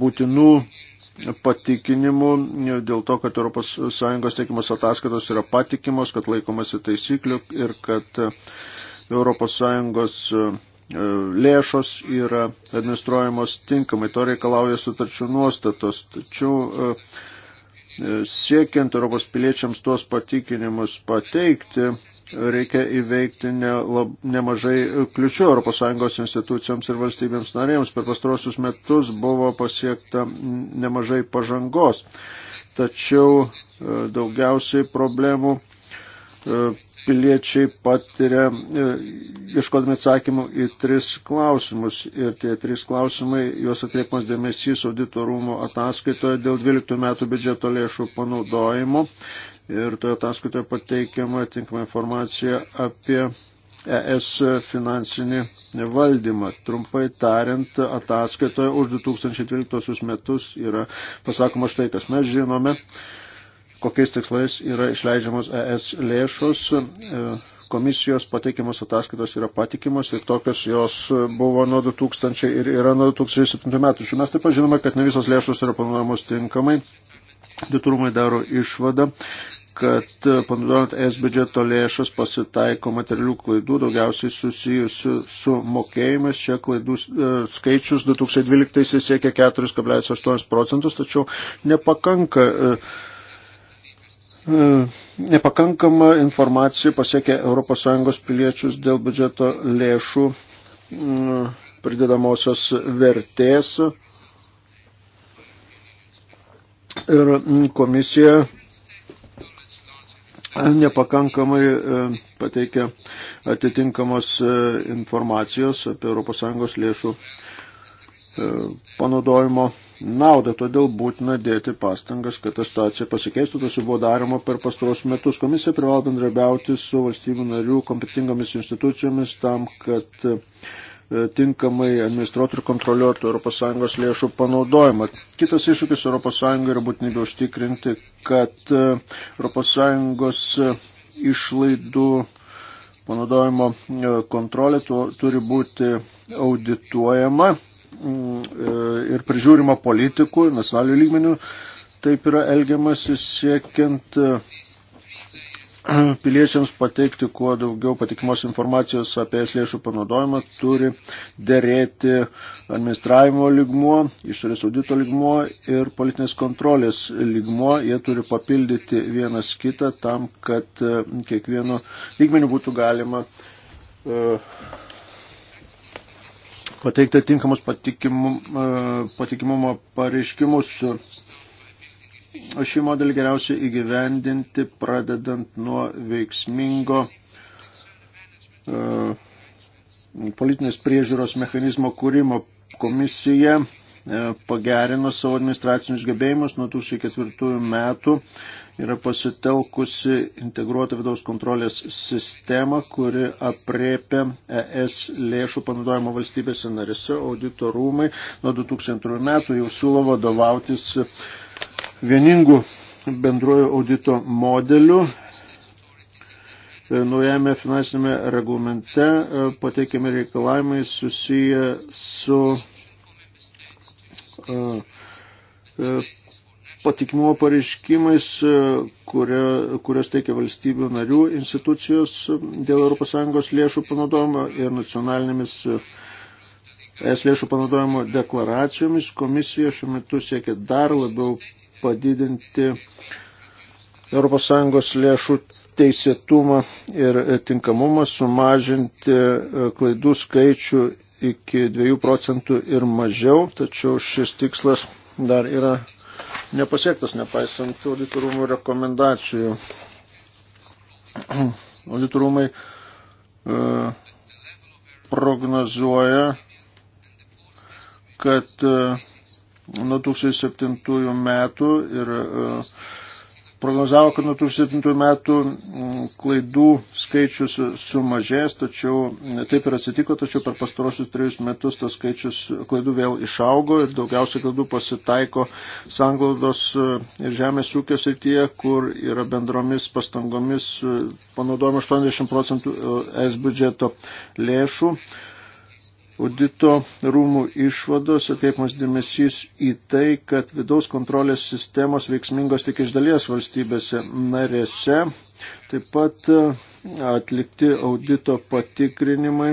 būtinų patikinimu dėl to, kad ES teikimas ataskaitos yra patikimos, kad laikomasi taisyklių ir kad ES e, e, lėšos yra administruojamos tinkamai. To reikalauja sutarčių nuostatos. Tačiau e, siekiant Europos piliečiams tuos patikinimus pateikti, reikia įveikti ne, lab, nemažai kliučių ES institucijoms ir valstybėms narėms. Per pastrosius metus buvo pasiekta nemažai pažangos, tačiau e, daugiausiai problemų e, piliečiai patiria, e, ieškodami atsakymų į tris klausimus. Ir tie trys klausimai, juos atkreipimas dėmesys auditorumo ataskaitoje dėl 12 metų biudžeto lėšų panaudojimo ir toje ataskaitoje pateikiama tinkama informacija apie ES finansinį valdymą. Trumpai tariant, ataskaitoje už 2012 metus yra pasakoma štai, kas mes žinome, kokiais tikslais yra išleidžiamos ES lėšos. E, komisijos pateikiamos ataskaitos yra patikimos ir tokios jos buvo nuo 2000 ir yra nuo 2007 metų. Šiuo mes taip pat žinome, kad ne visos lėšos yra panaudojamos tinkamai. Auditorumai daro išvadą, kad e, panaudojant es biudžeto lėšas pasitaiko materialių klaidų, daugiausiai susijusių su mokėjimais. Čia klaidų e, skaičius 2012 siekia 4,8 procentus, tačiau nepakanka. E, nepakankama informacija pasiekia ES piliečius dėl biudžeto lėšų pridedamosios vertės. Ir komisija nepakankamai e, pateikia atitinkamos e, informacijos apie ES lėšų e, panaudojimo naudą, todėl būtina dėti pastangas, kad ta situacija pasikeistų, tas jau buvo daroma per pastaros metus. Komisija privalo bendrabiauti su valstybių narių kompetingomis institucijomis tam, kad E, tinkamai administruotų ir kontroliuotų ES lėšų panaudojimą. Kitas iššūkis ES yra būtinybė užtikrinti, kad e, ES išlaidų panaudojimo e, kontrolė turi būti audituojama mm, ir prižiūrima politikų nacionalinių lygmenių. Taip yra elgiamasi siekiant piliečiams pateikti kuo daugiau patikimos informacijos apie es lėšų panaudojimą turi dėrėti administravimo ligmuo, išorės audito ligmuo ir politinės kontrolės ligmuo. Jie turi papildyti vienas kitą tam, kad e, kiekvienu lygmeniu būtų galima e, pateikti tinkamus e, patikimumo pareiškimus šį modelį geriausia įgyvendinti, pradedant nuo veiksmingo uh, politinės priežiūros mechanizmo kūrimo komisija e, pagerino savo administracinius gebėjimus nuo 2004 metų, yra pasitelkusi integruotą vidaus kontrolės sistemą, kuri apriepia ES lėšų panaudojimo valstybėse narise, audito rūmai nuo 2002 metų jau siūlo vadovautis vieningų bendrojo audito modelių. E, naujame finansinėme reglamente e, pateikiami reikalavimai susiję su e, patikimumo pareiškimais, kurio, kurios teikia valstybių narių institucijos dėl ES lėšų panaudojimo ir nacionalinėmis es lėšų panaudojimo deklaracijomis. Komisija šiuo metu siekia dar labiau padidinti ES lėšų teisėtumą ir tinkamumą, sumažinti e, klaidų skaičių iki 2 procentų ir mažiau, tačiau šis tikslas dar yra nepasiektas, nepaisant auditorumų rekomendacijų. Auditorumai e, prognozuoja, kad e, nuo 2007 metų ir e, prognozavo, kad nuo 2007 metų klaidų skaičius sumažės, tačiau taip ir atsitiko, tačiau per pastarosius trejus metus tas skaičius klaidų vėl išaugo ir daugiausia klaidų pasitaiko sanglaudos e, ir žemės ūkio srityje, kur yra bendromis pastangomis e, panaudojama 80 procentų S biudžeto lėšų. Audito rūmų išvados atkreipimas dėmesys į tai, kad vidaus kontrolės sistemos veiksmingos tik iš dalies valstybėse narėse. Taip pat e, atlikti audito patikrinimai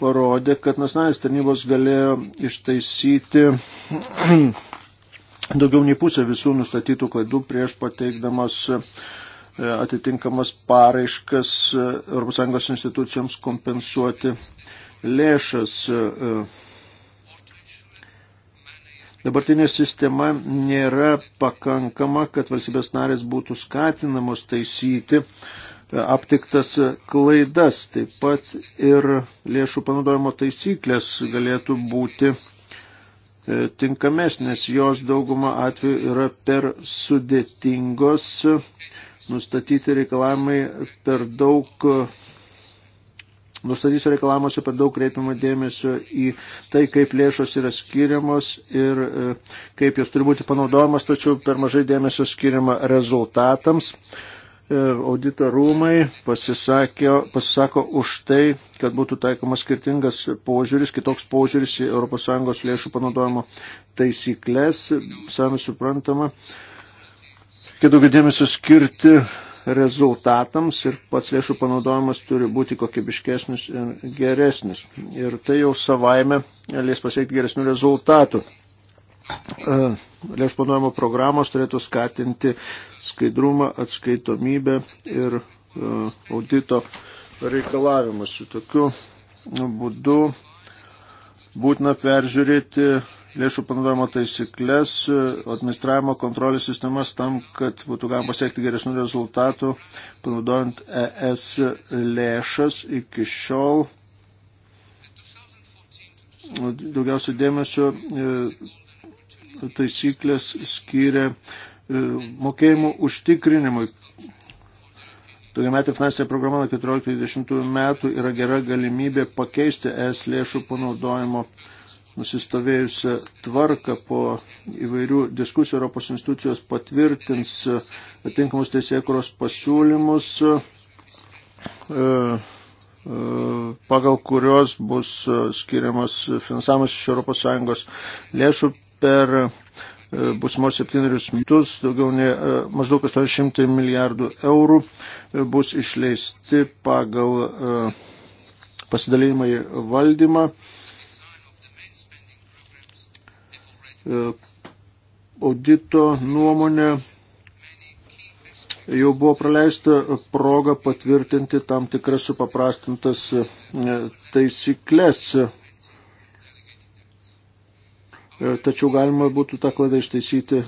parodė, kad nacionalinės tarnybos galėjo ištaisyti daugiau nei pusę visų nustatytų klaidų prieš pateikdamas e, atitinkamas paraiškas ES institucijoms kompensuoti lėšas. E, dabartinė sistema nėra pakankama, kad valstybės narės būtų skatinamos taisyti e, aptiktas klaidas. Taip pat ir lėšų panaudojimo taisyklės galėtų būti e, tinkamesnės, jos dauguma atveju yra per sudėtingos, nustatyti reikalavimai per daug Nustatysiu reikalavimuose per daug kreipiamą dėmesio į tai, kaip lėšos yra skiriamos ir e, kaip jos turi būti panaudojamas, tačiau per mažai dėmesio skiriama rezultatams. E, Audito rūmai pasisako už tai, kad būtų taikomas skirtingas požiūris, kitoks požiūris į ES lėšų panaudojimo taisyklės, savai suprantama, kad daugiau dėmesio skirti rezultatams ir pats lėšų panaudojimas turi būti kokybiškesnis ir geresnis. Ir tai jau savaime leis pasiekti geresnių rezultatų. E, lėšų panaudojimo programos turėtų skatinti skaidrumą, atskaitomybę ir e, audito reikalavimus. Su tokiu būdu būtina peržiūrėti lėšų panaudojimo taisyklės, administravimo kontrolės sistemas tam, kad būtų galima pasiekti geresnių rezultatų, panaudojant ES lėšas iki šiol. Daugiausiai dėmesio e, taisyklės skyrė e, mokėjimų užtikrinimui Daugiametė finansinė programa nuo 14-20 metų yra gera galimybė pakeisti ES lėšų panaudojimo nusistovėjusią tvarką po įvairių diskusijų Europos institucijos patvirtins e, atinkamus teisėkuros pasiūlymus, e, e, pagal kurios bus skiriamas finansavimas iš ES lėšų per busmos septynerius metus daugiau nei e, maždaug 800 milijardų eurų e, bus išleisti pagal e, pasidalymą į valdymą. Audito nuomonė jau buvo praleista proga patvirtinti tam tikras supaprastintas taisyklės E, tačiau galima būtų tą klaidą ištaisyti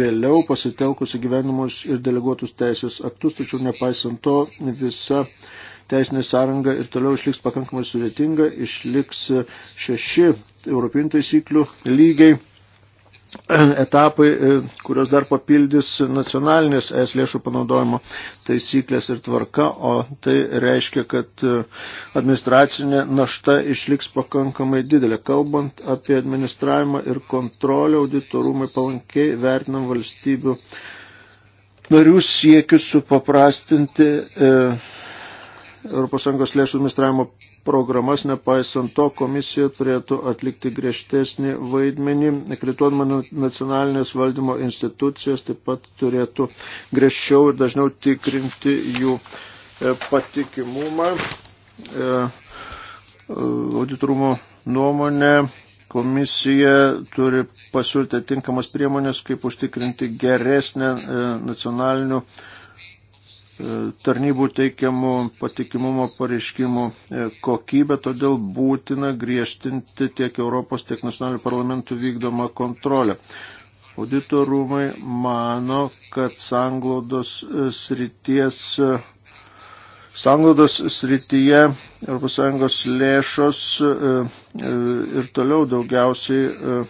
vėliau pasitelkus įgyvenimus ir deleguotus teisės aktus, tačiau nepaisant to visa teisinė sąranga ir toliau išliks pakankamai sudėtinga, išliks šeši europinių taisyklių lygiai etapai, e, kurios dar papildys nacionalinės es lėšų panaudojimo taisyklės ir tvarka, o tai reiškia, kad e, administracinė našta išliks pakankamai didelė. Kalbant apie administravimą ir kontrolę, auditorumai palankiai vertinam valstybių narių siekius supaprastinti. E, ES lėšų administravimo programas, nepaisant to, komisija turėtų atlikti griežtesnį vaidmenį, kredituodama nacionalinės valdymo institucijas, taip pat turėtų griežčiau ir dažniau tikrinti jų e, patikimumą. E, Auditrumo nuomonė komisija turi pasiūlyti tinkamas priemonės, kaip užtikrinti geresnę e, nacionalinių E, tarnybų teikiamų patikimumo pareiškimų e, kokybę, todėl būtina griežtinti tiek Europos, tiek nacionalinių parlamentų vykdomą kontrolę. Audito rūmai mano, kad sanglaudos e, srities. Sanglaudos srityje ES lėšos ir toliau daugiausiai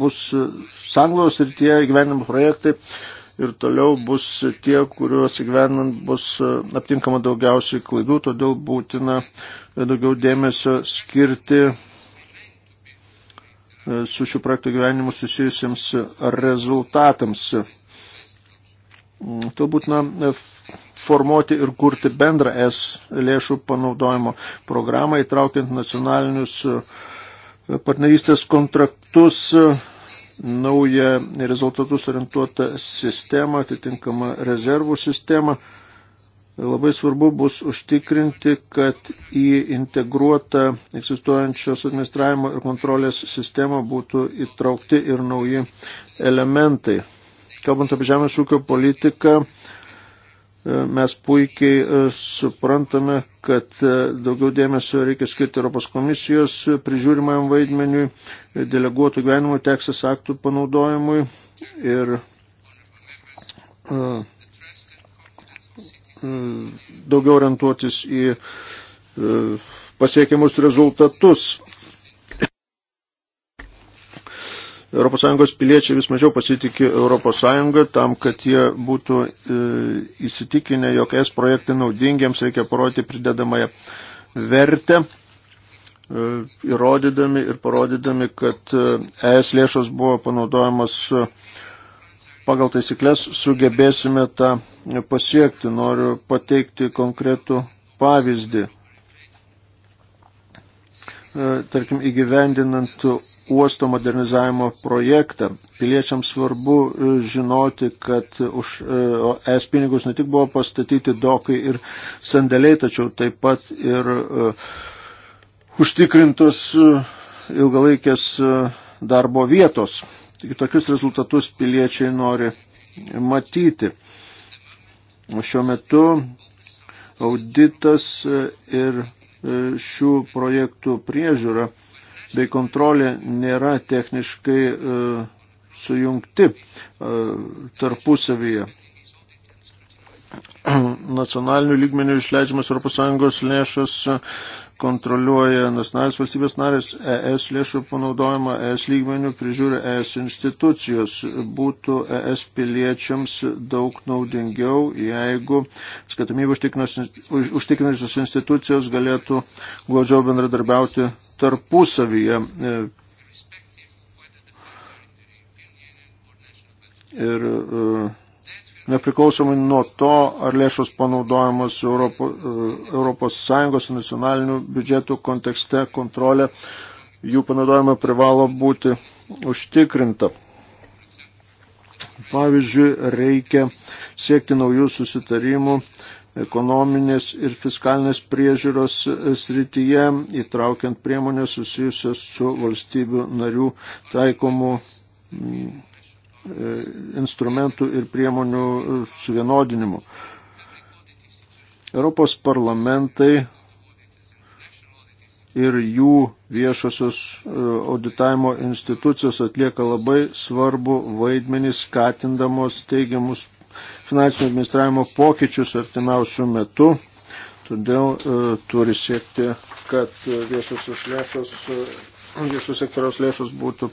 bus sanglaudos srityje gyvenimo projektai ir toliau bus tie, kuriuos įgyvenant bus e, aptinkama daugiausiai klaidų, todėl būtina e, daugiau dėmesio skirti e, su šių projektų gyvenimu susijusiems rezultatams. Mm, to būtina formuoti ir kurti bendrą S lėšų panaudojimo programą, įtraukiant nacionalinius partnerystės kontraktus naują rezultatus orientuotą sistemą, atitinkamą rezervų sistemą. Labai svarbu bus užtikrinti, kad į integruotą egzistuojančios administravimo ir kontrolės sistemą būtų įtraukti ir nauji elementai. Kalbant apie žemės ūkio politiką, mes puikiai e, suprantame, kad e, daugiau dėmesio reikia skirti Europos komisijos prižiūrimajam vaidmeniui, deleguotų gyvenimo teksės aktų panaudojimui ir e, daugiau orientuotis į pasiekiamus rezultatus ES piliečiai vis mažiau pasitikė ES tam, kad jie būtų e, įsitikinę, jog es projektai naudingiems reikia parodyti pridedamąją vertę, e, įrodydami ir parodydami, kad e, es lėšos buvo panaudojamos pagal taisyklės, sugebėsime tą pasiekti. Noriu pateikti konkretų pavyzdį. Tarkim, įgyvendinant uosto modernizavimo projektą. Piliečiams svarbu e, žinoti, kad už e, es pinigus ne tik buvo pastatyti dokai ir sandėliai, tačiau taip pat ir e, užtikrintos ilgalaikės darbo vietos. Taigi tokius rezultatus piliečiai nori matyti. Šiuo metu auditas ir šių projektų priežiūra bei kontrolė nėra techniškai e, sujungti e, tarpusavyje. Nacionalinių lygmenių išleidžiamas ES lėšas e, kontroliuoja nacionalinės valstybės narės ES lėšų panaudojimą, ES lygmenių prižiūri ES institucijos. Būtų ES piliečiams daug naudingiau, jeigu skatomybę užtikrinusios institucijos galėtų glaudžiau bendradarbiauti tarpusavyje. E, ir e, nepriklausomai nuo to, ar lėšos panaudojamos Europo, e, Europos Sąjungos nacionalinių biudžetų kontekste, kontrolė jų panaudojama privalo būti užtikrinta. Pavyzdžiui, reikia siekti naujų susitarimų ekonominės ir fiskalinės priežiūros e, srityje, įtraukiant priemonės susijusios su valstybių narių taikomų mm, e, instrumentų ir priemonių e, suvienodinimu. Europos parlamentai ir jų viešosios auditavimo institucijos atlieka labai svarbu vaidmenį skatindamos teigiamus finansinio administravimo pokyčius artimiausių metų. Todėl e, turi siekti, kad viešosios lėšos, e, viešos sektoriaus lėšos būtų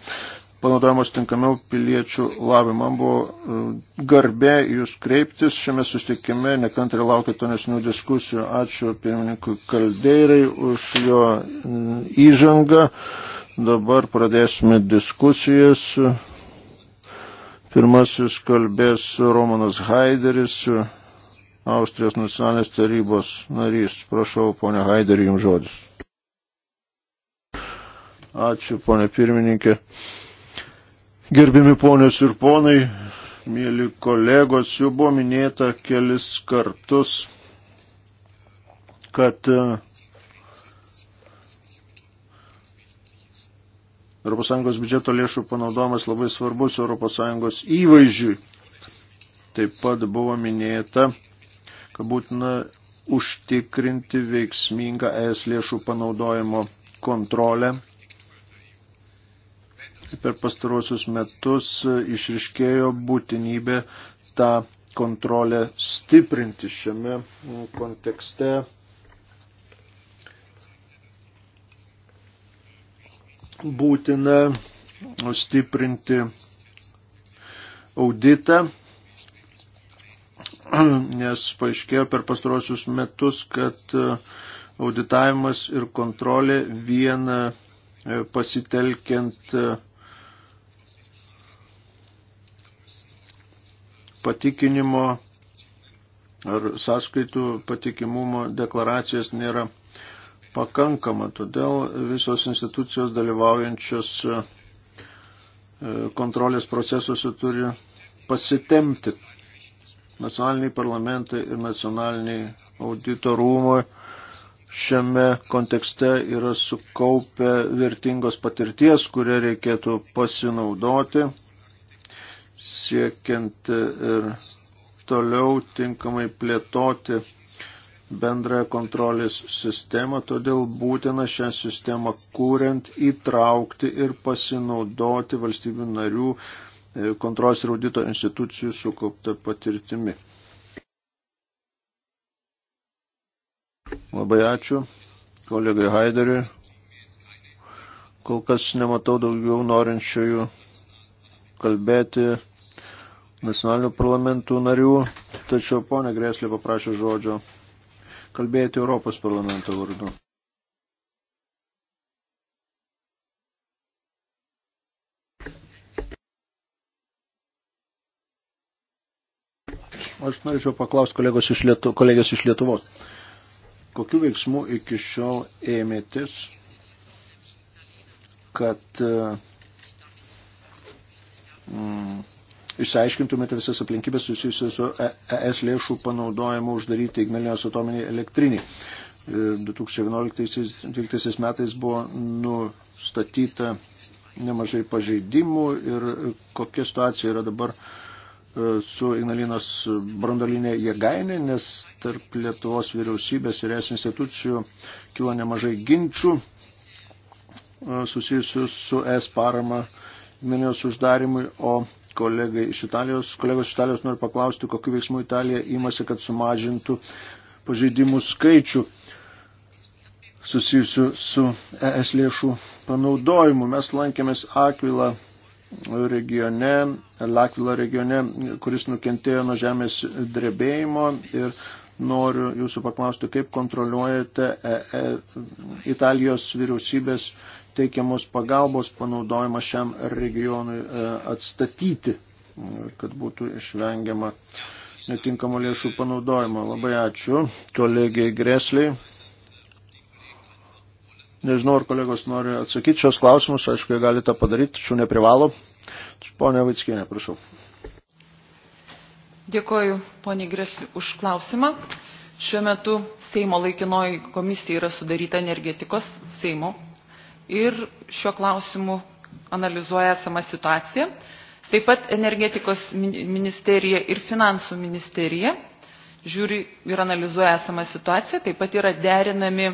panaudojamos tinkamiau piliečių labai. Man buvo e, garbė jūs kreiptis šiame sustikime, nekantrai laukia tonesnių diskusijų. Ačiū pirmininkui Kaldeirai už jo e, įžangą. Dabar pradėsime diskusijas. Pirmasis kalbės Romanas Haideris, Austrijos nacionalinės tarybos narys. Prašau, ponė Haiderį, jums žodis. Ačiū, ponė pirmininkė. Gerbimi ponios ir ponai, mėly kolegos, jau buvo minėta kelis kartus, kad uh, ES biudžeto lėšų panaudojimas labai svarbus ES įvaizdžiui. Taip pat buvo minėta, kad būtina užtikrinti veiksmingą ES lėšų panaudojimo kontrolę. Per pastaruosius metus išriškėjo būtinybė tą kontrolę stiprinti šiame kontekste būtina stiprinti auditą, nes paaiškėjo per pastarosius metus, kad e, auditavimas ir kontrolė viena e, pasitelkiant e, patikinimo ar sąskaitų patikimumo deklaracijas nėra pakankama. Todėl visos institucijos dalyvaujančios e, kontrolės procesuose turi pasitemti. Nacionaliniai parlamentai ir nacionaliniai audito rūmai šiame kontekste yra sukaupę vertingos patirties, kurią reikėtų pasinaudoti, siekiant ir toliau tinkamai plėtoti bendrąją kontrolės sistemą, todėl būtina šią sistemą kūrent įtraukti ir pasinaudoti valstybių narių e, kontrolės ir audito institucijų sukauptą patirtimi. Labai ačiū kolegai Haideriui. Kol kas nematau daugiau norinčiųjų kalbėti nacionalinių parlamentų narių, tačiau ponė Greslė paprašė žodžio kalbėjote Europos parlamento vardu. Aš norėčiau paklausti kolegos iš, Lietu, kolegės iš Lietuvos. Kokiu veiksmu iki šiol ėmėtis, kad mm, išsiaiškintumėte visas aplinkybės susijusios su ES e lėšų panaudojimu uždaryti Ignalinos atominį elektrinį. 2011-2012 e, metais buvo nustatyta nemažai pažeidimų ir kokia situacija yra dabar e, su Ignalinos brandolinė jėgainė, nes tarp Lietuvos vyriausybės ir es institucijų kilo nemažai ginčių susijusių su es parama Ignalinos uždarimui, o kolegai iš Italijos, kolegos iš Italijos noriu paklausti, kokiu veiksmu Italija imasi, kad sumažintų pažeidimų skaičių susijusių su ES lėšų panaudojimu. Mes lankėmės Akvila regione, Lakvila regione, kuris nukentėjo nuo žemės drebėjimo ir noriu jūsų paklausti, kaip kontroliuojate e, e, Italijos vyriausybės teikiamos pagalbos panaudojimą šiam regionui e, atstatyti, kad būtų išvengiama netinkamo lėšų panaudojimo. Labai ačiū kolegijai Gresliai. Nežinau, ar kolegos nori atsakyti šios klausimus, aišku, jie gali tą padaryti, tačiau neprivalo. Pone Vaitskinė, prašau. Dėkoju, poniai Gresliu, už klausimą. Šiuo metu Seimo laikinoji komisija yra sudaryta energetikos Seimo ir šiuo klausimu analizuoja esamą situaciją. Taip pat energetikos ministerija ir finansų ministerija žiūri ir analizuoja esamą situaciją, taip pat yra derinami e,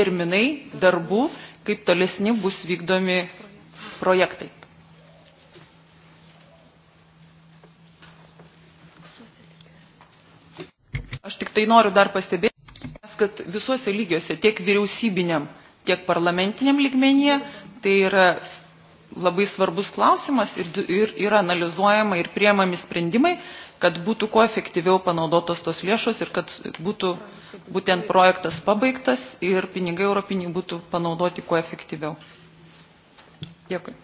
terminai darbų, kaip tolesni bus vykdomi projektai. Aš tik tai noriu dar pastebėti, kad visuose lygiuose, tiek vyriausybiniam, tiek parlamentiniam lygmenyje, tai yra labai svarbus klausimas ir, ir yra analizuojama ir priemami sprendimai, kad būtų kuo efektyviau panaudotos tos lėšos ir kad būtų būtent projektas pabaigtas ir pinigai europiniai būtų panaudoti kuo efektyviau. Dėkui.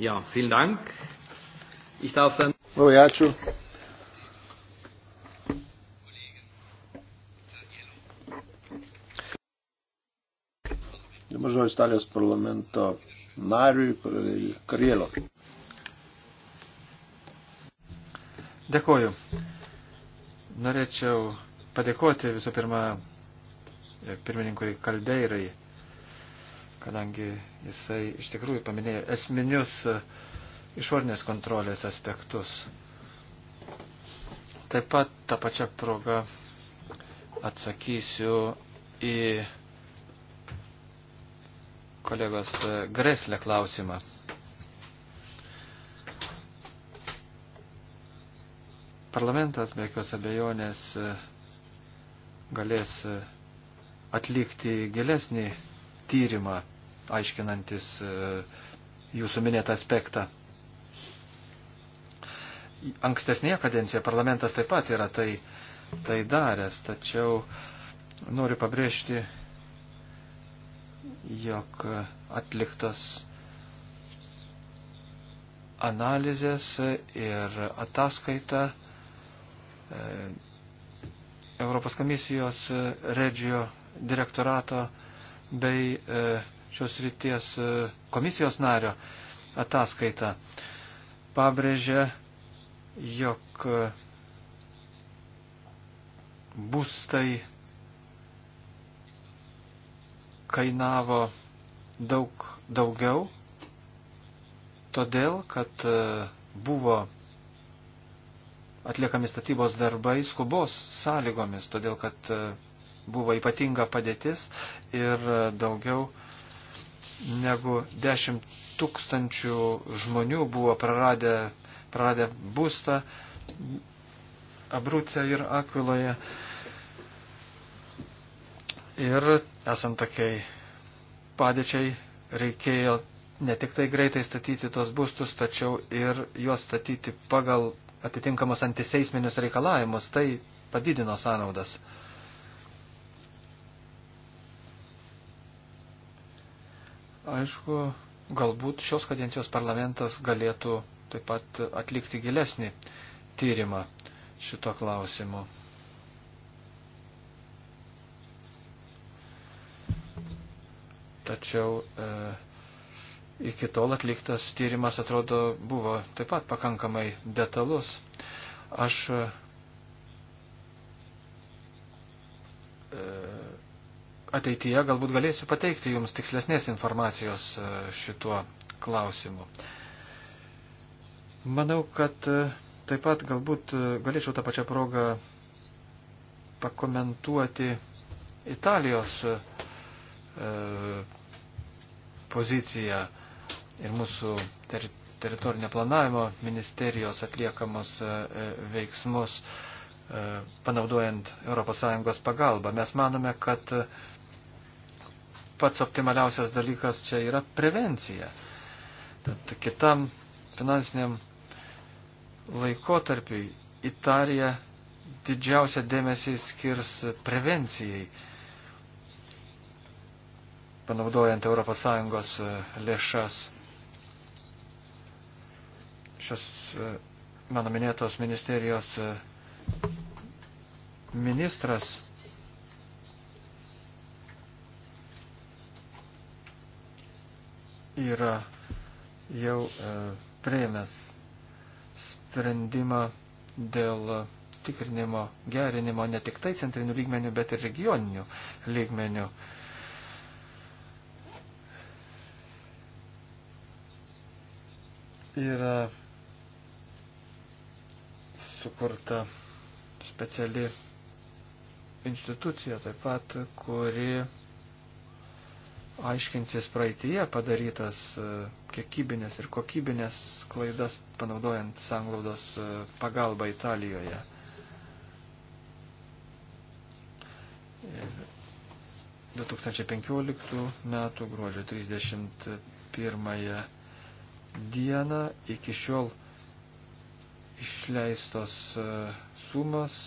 Ja, vielen Dank. Ich darf dann. Labai oh ačiū. Dabar žodis Italijos parlamento nariui Karielo. Dėkoju. Norėčiau padėkoti visų pirma e, pirmininkui Kaldeirai kadangi jisai iš tikrųjų paminėjo esminius e, išorinės kontrolės aspektus. Taip pat tą pačią progą atsakysiu į kolegos Greslė klausimą. Parlamentas be jokios abejonės e, galės e, atlikti gilesnį tyrimą, aiškinantis e, jūsų minėtą aspektą. Ankstesnėje kadencijoje parlamentas taip pat yra tai, tai daręs, tačiau noriu pabrėžti, jog atliktas analizės ir ataskaita e, Europos komisijos e, regio direktorato bei e, šios ryties e, komisijos nario ataskaita pabrėžia, jog e, būstai kainavo daug daugiau, todėl kad buvo atliekami statybos darbai skubos sąlygomis, todėl kad buvo ypatinga padėtis ir daugiau negu 10 tūkstančių žmonių buvo praradę, praradę būstą Abruce ir Akviloje. Ir esant tokiai padėčiai reikėjo ne tik tai greitai statyti tos būstus, tačiau ir juos statyti pagal atitinkamus antiseisminius reikalavimus. Tai padidino sąnaudas. Aišku, galbūt šios kadencijos parlamentas galėtų taip pat atlikti gilesnį tyrimą šito klausimu. Tačiau e, iki tol atliktas tyrimas atrodo buvo taip pat pakankamai detalus. Aš ateityje galbūt galėsiu pateikti jums tikslesnės informacijos e, šituo klausimu. Manau, kad e, taip pat galbūt e, galėčiau tą pačią progą pakomentuoti Italijos poziciją ir mūsų ter teritorinio planavimo ministerijos atliekamos veiksmus panaudojant ES pagalbą. Mes manome, kad pats optimaliausias dalykas čia yra prevencija. Tad kitam finansiniam laikotarpiui Italija didžiausią dėmesį skirs prevencijai, panaudojant ES e, lėšas. Šios e, mano minėtos ministerijos e, ministras yra jau e, prieimęs sprendimą dėl tikrinimo gerinimo ne tik tai centrinių lygmenių, bet ir regioninių lygmenių. Yra sukurta speciali institucija taip pat, kuri aiškinsis praeitie padarytas e, kiekybinės ir kokybinės klaidas, panaudojant sanglaudos e, pagalbą Italijoje. Ir 2015 metų gruodžio 31 dieną iki šiol išleistos e, sumos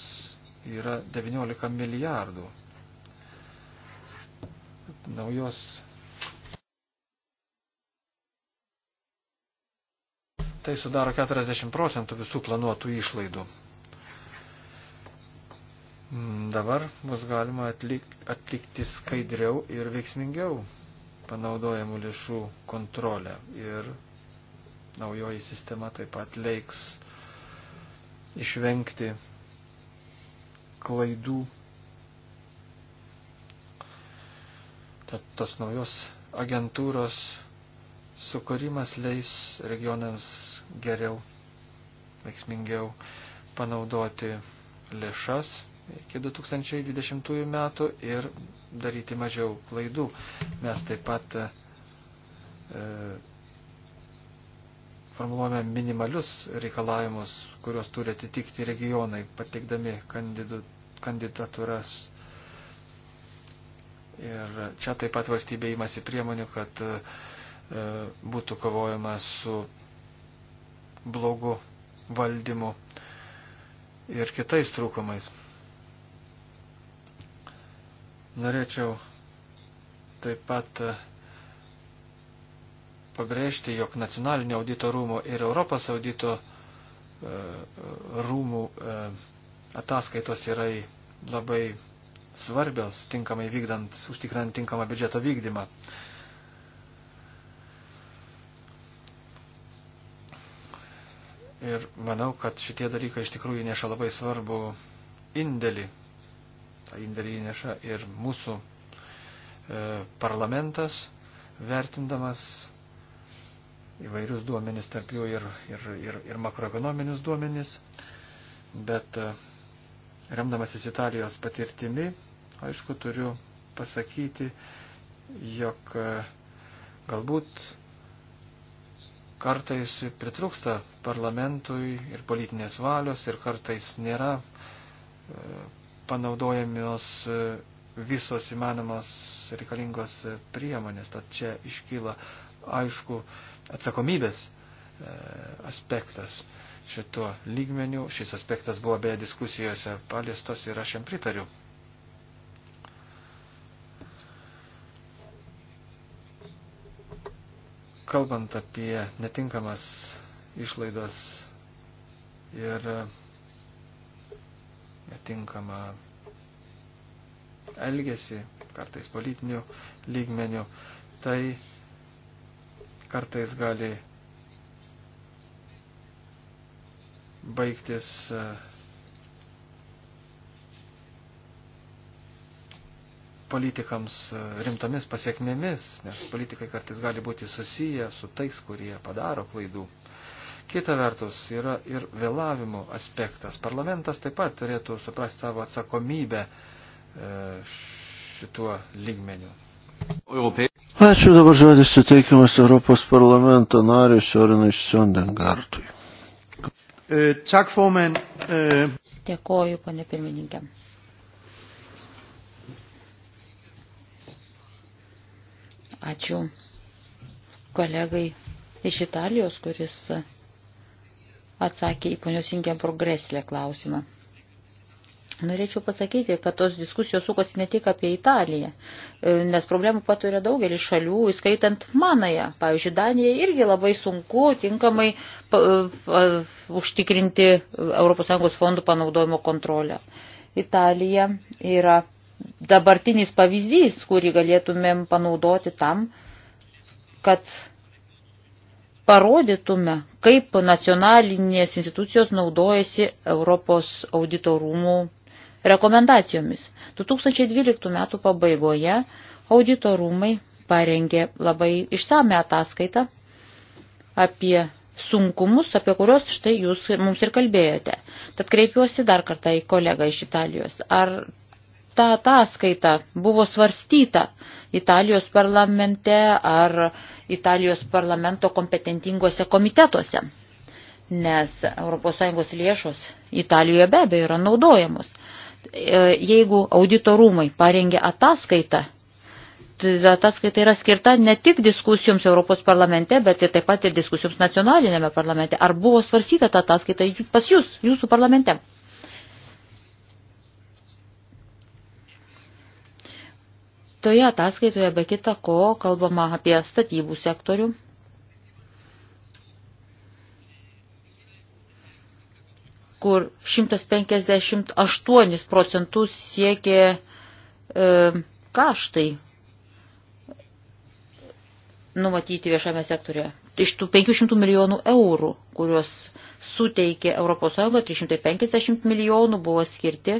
yra 19 milijardų naujos Tai sudaro 40 procentų visų planuotų išlaidų. Mm, dabar bus galima atlik, atlikti skaidriau ir veiksmingiau panaudojamų lėšų kontrolę. Ir naujoji sistema taip pat leiks išvengti klaidų Tad tos naujos agentūros sukūrimas leis regionams geriau, veiksmingiau panaudoti lėšas iki 2020 metų ir daryti mažiau klaidų. Mes taip pat e, formuluojame minimalius reikalavimus, kuriuos turi atitikti regionai, pateikdami kandidatūras Ir čia taip pat valstybė įmasi priemonių, kad e, e, būtų kovojama su blogu valdymu ir kitais trūkumais. Norėčiau taip pat e, pabrėžti, jog nacionalinio audito rūmų ir Europos audito rūmų ataskaitos yra labai svarbios tinkamai vykdant, užtikrinant tinkamą biudžeto vykdymą. Ir manau, kad šitie dalykai iš tikrųjų neša labai svarbu indėlį. Ta indėlį neša ir mūsų e, parlamentas, vertindamas įvairius duomenis, tarp jų ir, ir, ir, ir makroekonominius duomenis. Bet e, remdamasis Italijos patirtimi, aišku, turiu pasakyti, jog e, galbūt kartais pritrūksta parlamentui ir politinės valios ir kartais nėra e, panaudojamios e, visos įmanomos reikalingos priemonės. Tad čia iškyla aišku atsakomybės aspektas šituo lygmeniu. Šis aspektas buvo beje diskusijose paliestas ir aš jam pritariu. Kalbant apie netinkamas išlaidas ir netinkamą elgesį, kartais politinių lygmenių, tai kartais gali baigtis e, politikams e, rimtomis pasiekmėmis, nes politikai kartais gali būti susiję su tais, kurie padaro klaidų. Kita vertus yra ir vėlavimo aspektas. Parlamentas taip pat turėtų suprasti savo atsakomybę e, šituo lygmeniu. Ačiū dabar žodis suteikiamas Europos parlamento nariui Sorinui Sondengartui. E, tak, formen. Dėkoju, ponė pirmininkė. Ačiū kolegai iš Italijos, kuris atsakė į ponios Ingeborg Greslė klausimą. Norėčiau pasakyti, kad tos diskusijos sukosi ne tik apie Italiją, e, nes problemų patiria daugelis šalių, įskaitant manąją. Pavyzdžiui, Danija irgi labai sunku tinkamai e, užtikrinti ES fondų panaudojimo kontrolę. Italija yra dabartinis pavyzdys, kurį galėtumėm panaudoti tam, kad parodytume, kaip nacionalinės institucijos naudojasi Europos auditorumų rekomendacijomis. 2012 metų pabaigoje auditorumai parengė labai išsame ataskaitą apie sunkumus, apie kuriuos štai jūs mums ir kalbėjote. Tad kreipiuosi dar kartą į kolegą iš Italijos. Ar ta ataskaita buvo svarstyta Italijos parlamente ar Italijos parlamento kompetentinguose komitetuose? Nes ES lėšos Italijoje be abejo yra naudojamos. E, jeigu auditorumai parengė ataskaitą, ataskaita yra skirta ne tik diskusijoms Europos parlamente, bet ir taip pat ir diskusijoms nacionalinėme parlamente. Ar buvo svarsyta ta ataskaita pas jūs, jūsų parlamente? Toje ataskaitoje be kita ko kalbama apie statybų sektorių kur 158 procentus siekė e, kaštai numatyti viešame sektorėje. Iš tų 500 milijonų eurų, kuriuos suteikė ES, 350 milijonų buvo skirti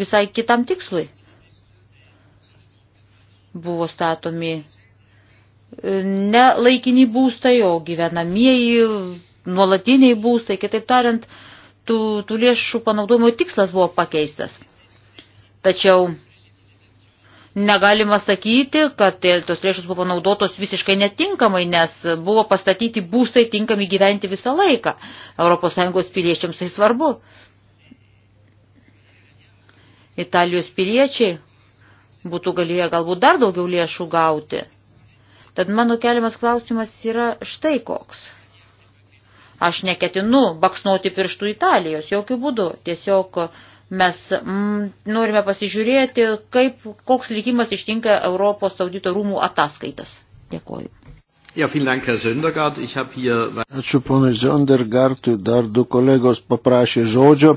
visai kitam tikslui. Buvo statomi e, ne laikini būstai, o gyvenamieji nuolatiniai būstai, kitaip tariant, tų, tų lėšų panaudojimo tikslas buvo pakeistas. Tačiau negalima sakyti, kad tos lėšos buvo panaudotos visiškai netinkamai, nes buvo pastatyti būstai tinkami gyventi visą laiką. ES piliečiams tai svarbu. Italijos piliečiai būtų galėję galbūt dar daugiau lėšų gauti. Tad mano keliamas klausimas yra štai koks. Aš neketinu baksnuoti pirštų Italijos, jokių būdų. Tiesiog mes mm, norime pasižiūrėti, kaip, koks likimas ištinka Europos audito rūmų ataskaitas. Dėkoju. Ja, dank, hier... Ačiū ponui Zondergartui, dar du kolegos paprašė žodžio.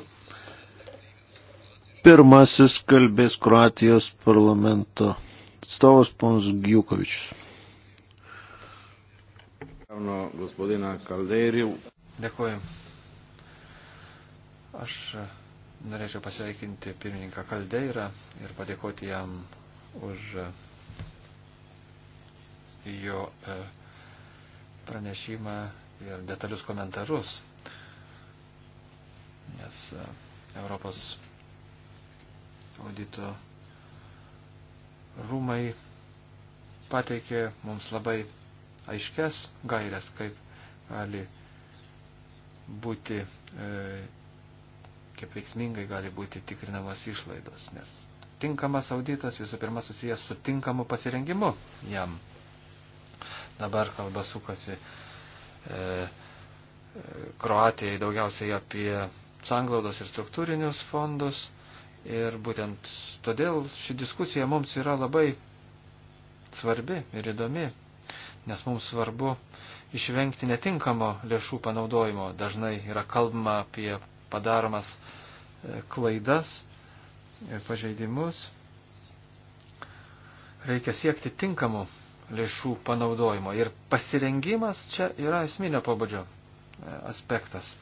Pirmasis kalbės Kroatijos parlamento atstovas ponas Gjukovičius. Ano, gospodina Kalderijų. Dėkuoju. Aš norėčiau pasveikinti pirmininką Kaldeirą ir padėkoti jam už jo e, pranešimą ir detalius komentarus. Nes e, Europos audito rūmai pateikė mums labai aiškes gairias, kaip gali būti, e, kaip veiksmingai gali būti tikrinamos išlaidos, nes tinkamas auditas visų pirma susijęs su tinkamu pasirengimu jam. Dabar kalba sukasi e, e, Kroatijai daugiausiai apie sanglaudos ir struktūrinius fondus. Ir būtent todėl ši diskusija mums yra labai svarbi ir įdomi, nes mums svarbu išvengti netinkamo lėšų panaudojimo. Dažnai yra kalbama apie padaromas e, klaidas ir e, pažeidimus. Reikia siekti tinkamų lėšų panaudojimo ir pasirengimas čia yra esminio pobūdžio e, aspektas.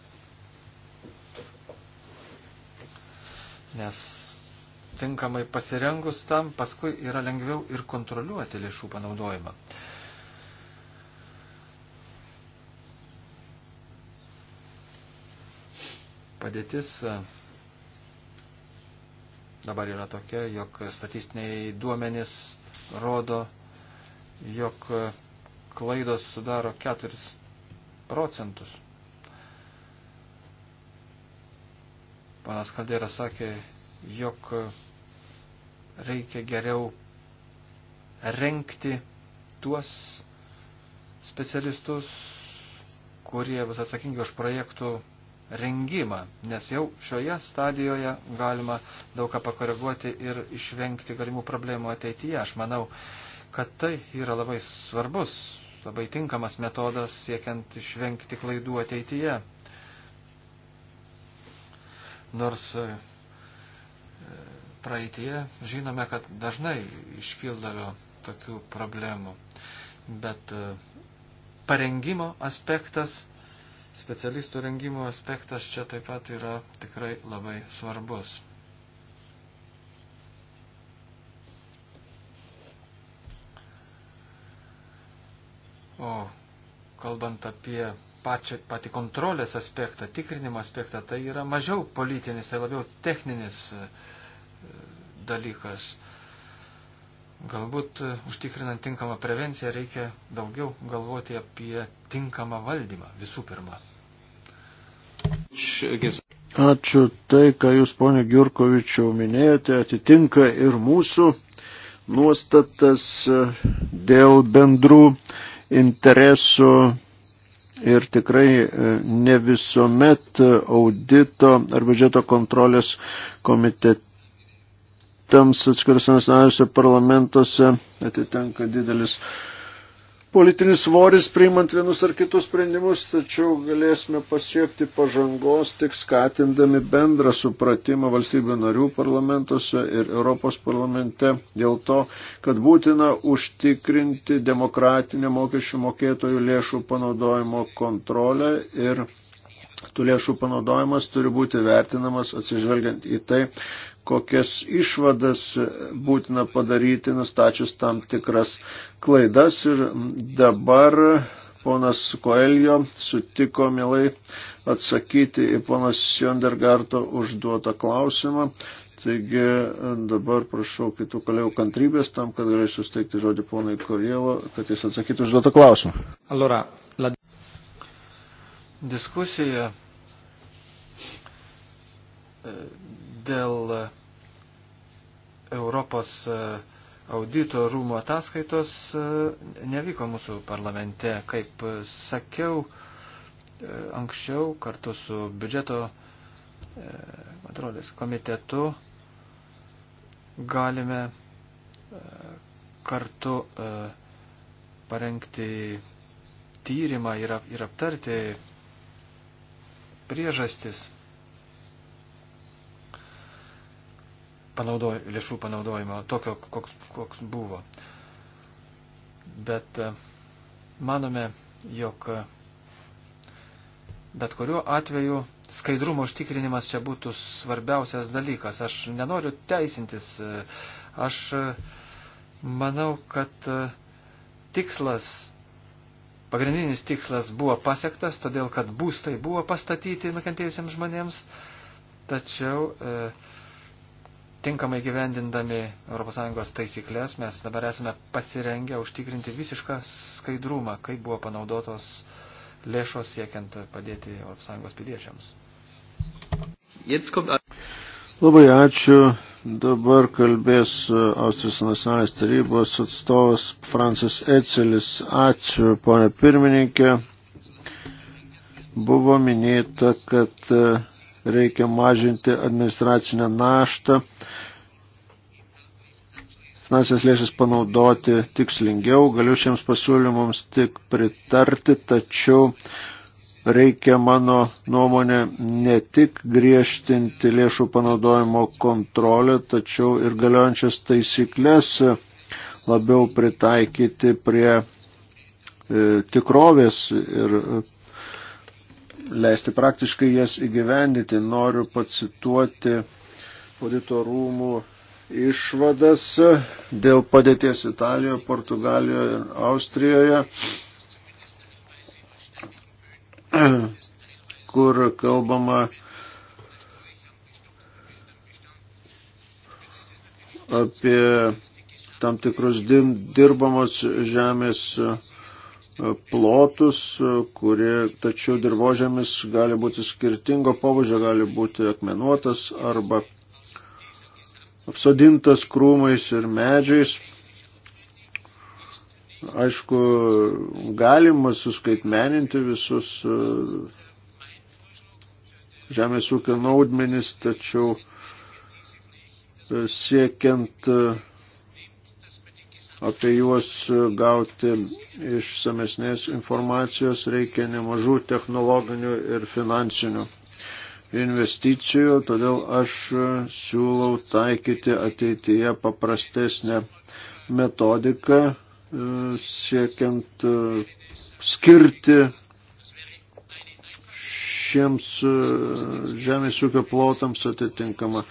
Nes tinkamai pasirengus tam, paskui yra lengviau ir kontroliuoti lėšų panaudojimą. Padėtis e, dabar yra tokia, jog statistiniai duomenys rodo, jog e, klaidos sudaro 4 procentus. Panas Kalderas sakė, jog e, reikia geriau renkti tuos specialistus, kurie bus atsakingi už projektų rengimą, nes jau šioje stadijoje galima daug ką pakoreguoti ir išvengti galimų problemų ateityje. Aš manau, kad tai yra labai svarbus, labai tinkamas metodas siekiant išvengti klaidų ateityje. Nors e, praeitie žinome, kad dažnai iškildavo tokių problemų, bet e, parengimo aspektas specialistų rengimo aspektas čia taip pat yra tikrai labai svarbus. O kalbant apie pačią, patį kontrolės aspektą, tikrinimo aspektą, tai yra mažiau politinis, tai labiau techninis e, dalykas. Galbūt e, užtikrinant tinkamą prevenciją reikia daugiau galvoti apie tinkamą valdymą visų pirma. Ačiū tai, ką jūs, ponė Giurkovičiau, minėjote, atitinka ir mūsų nuostatas e, dėl bendrų interesų ir tikrai e, ne visuomet audito ar biudžeto kontrolės komitete parlamentams, atskirose nacionaliniuose parlamentuose atitenka didelis politinis svoris priimant vienus ar kitus sprendimus, tačiau galėsime pasiekti pažangos tik skatindami bendrą supratimą valstybių narių parlamentuose ir Europos parlamente dėl to, kad būtina užtikrinti demokratinę mokesčių mokėtojų lėšų panaudojimo kontrolę ir tų lėšų panaudojimas turi būti vertinamas atsižvelgiant į tai, kokias išvadas būtina padaryti, nustačius tam tikras klaidas. Ir dabar ponas Koelio sutiko mielai atsakyti į ponas Sjöndergarto užduotą klausimą. Taigi dabar prašau kitų kolegų kantrybės tam, kad galėsiu susteikti žodį ponai Korielo, kad jis atsakytų užduotą klausimą. Allora, la... Diskusija eh, dėl Europos e, audito rūmų ataskaitos e, nevyko mūsų parlamente. Kaip sakiau e, anksčiau, kartu su biudžeto kontrolės komitetu galime kartu parengti tyrimą ir aptarti priežastis panaudoj, lėšų panaudojimo, tokio, koks, koks buvo. Bet e, manome, jog e, bet kuriuo atveju skaidrumo užtikrinimas čia būtų svarbiausias dalykas. Aš nenoriu teisintis. E, aš manau, kad tikslas, pagrindinis tikslas buvo pasiektas, todėl kad būstai buvo pastatyti nukentėjusiems žmonėms, tačiau e, tinkamai gyvendindami ES taisyklės mes dabar esame pasirengę užtikrinti visišką skaidrumą, kaip buvo panaudotos lėšos siekiant padėti ES piliečiams. Labai ačiū. Dabar kalbės Austrijos nacionalinės tarybos atstovas Francis Ecelis. Ačiū, ponė pirmininkė. Buvo minėta, kad reikia mažinti administracinę naštą, finansinės lėšas panaudoti tikslingiau. Galiu šiems pasiūlymams tik pritarti, tačiau reikia mano nuomonė ne tik griežtinti lėšų panaudojimo kontrolę, tačiau ir galiojančias taisyklės labiau pritaikyti prie e, tikrovės ir leisti praktiškai jas įgyvendyti. Noriu pacituoti auditorumų išvadas dėl padėties Italijoje, Portugalijoje ir Austrijoje, kur kalbama apie tam tikrus dirbamos žemės plotus, kurie tačiau dirbožėmis gali būti skirtingo pavadžio, gali būti akmenuotas arba apsodintas krūmais ir medžiais. Aišku, galima suskaitmeninti visus e, žemės ūkio naudmenis, tačiau e, siekiant uh, apie juos gauti išsamesnės informacijos reikia nemažų technologinių ir finansinių investicijų, todėl aš siūlau taikyti ateityje paprastesnę metodiką siekiant e, skirti šiems e, žemės ūkio plotams atitinkamą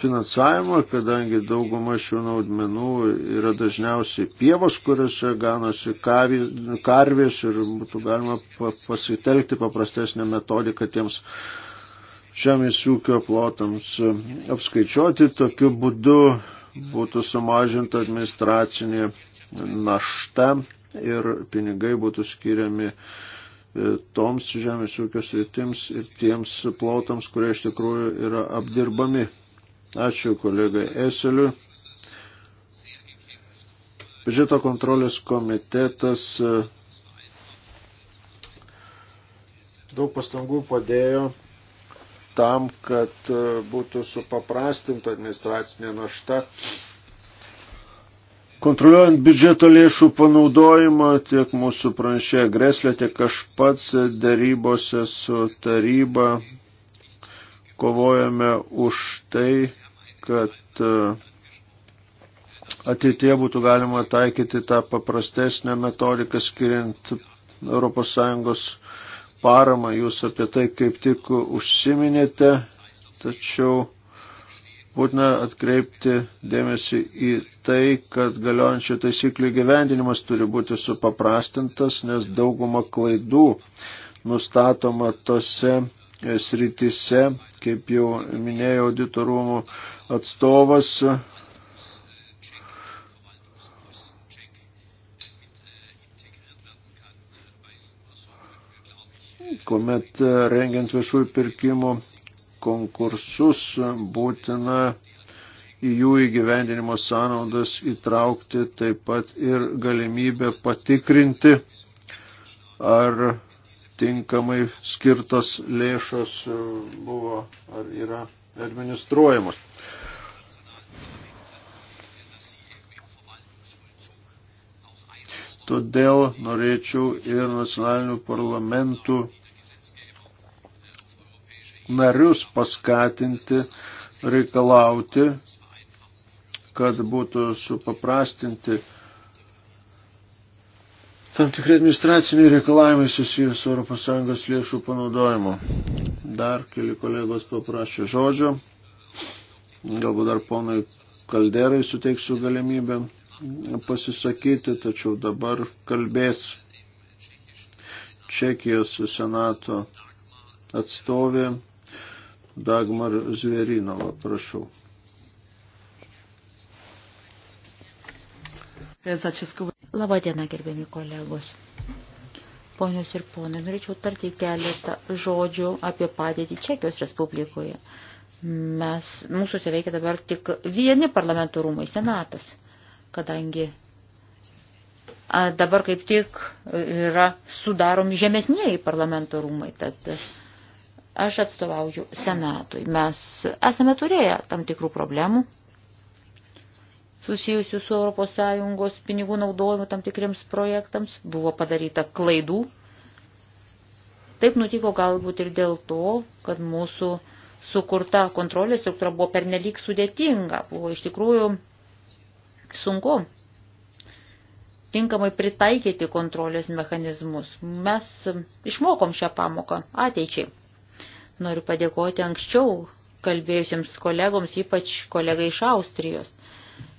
finansavimą, kadangi dauguma šių naudmenų yra dažniausiai pievos, kuriuose ganasi karvės ir būtų galima pasitelkti paprastesnę metodiką tiems žemės ūkio plotams apskaičiuoti. Tokiu būdu būtų sumažinta administracinė našta ir pinigai būtų skiriami e, toms žemės ūkio sritims ir tiems plotams, kurie iš tikrųjų yra apdirbami. Ačiū kolegai Eseliu. Biudžeto kontrolės komitetas e, daug pastangų padėjo tam, kad e, būtų supaprastinta administracinė našta. Kontroliuojant biudžeto lėšų panaudojimą, tiek mūsų pranešė Greslė, tiek aš pats darybose su taryba kovojame už tai, kad e, ateitie būtų galima taikyti tą paprastesnę metodiką skiriant ES paramą. Jūs apie tai kaip tik užsiminėte, tačiau būtina atkreipti dėmesį į tai, kad galiojančių taisyklių gyvendinimas turi būti supaprastintas, nes dauguma klaidų nustatoma tose sritise, kaip jau minėjo auditorumų atstovas. kuomet rengiant viešųjų pirkimų konkursus būtina į jų įgyvendinimo sąnaudas įtraukti taip pat ir galimybę patikrinti, ar tinkamai skirtos lėšos e, buvo ar yra administruojamos. Todėl norėčiau ir nacionalinių parlamentų narius paskatinti, reikalauti, kad būtų supaprastinti tam tikri administraciniai reikalavimai susijęs su ES lėšų panaudojimu. Dar keli kolegos paprašė žodžio. Galbūt dar ponai kalderai suteiksiu galimybę pasisakyti, tačiau dabar kalbės Čekijos senato atstovė Dagmar Zverinova. Prašau. za Českou Labadiena, gerbiami kolegos. Ponios ir ponai, norėčiau tarti keletą žodžių apie padėtį Čekijos Respublikoje. Mes, mūsų veikia dabar tik vieni parlamento rūmai, senatas, kadangi a, dabar kaip tik yra sudaromi žemesnėjai parlamento rūmai. Tad, aš atstovauju senatui. Mes esame turėję tam tikrų problemų susijusių su ES pinigų naudojimu tam tikriams projektams, buvo padaryta klaidų. Taip nutiko galbūt ir dėl to, kad mūsų sukurta kontrolės struktūra buvo pernelyg sudėtinga, buvo iš tikrųjų sunku tinkamai pritaikyti kontrolės mechanizmus. Mes išmokom šią pamoką ateičiai. Noriu padėkoti anksčiau kalbėjusiems kolegoms, ypač kolegai iš Austrijos.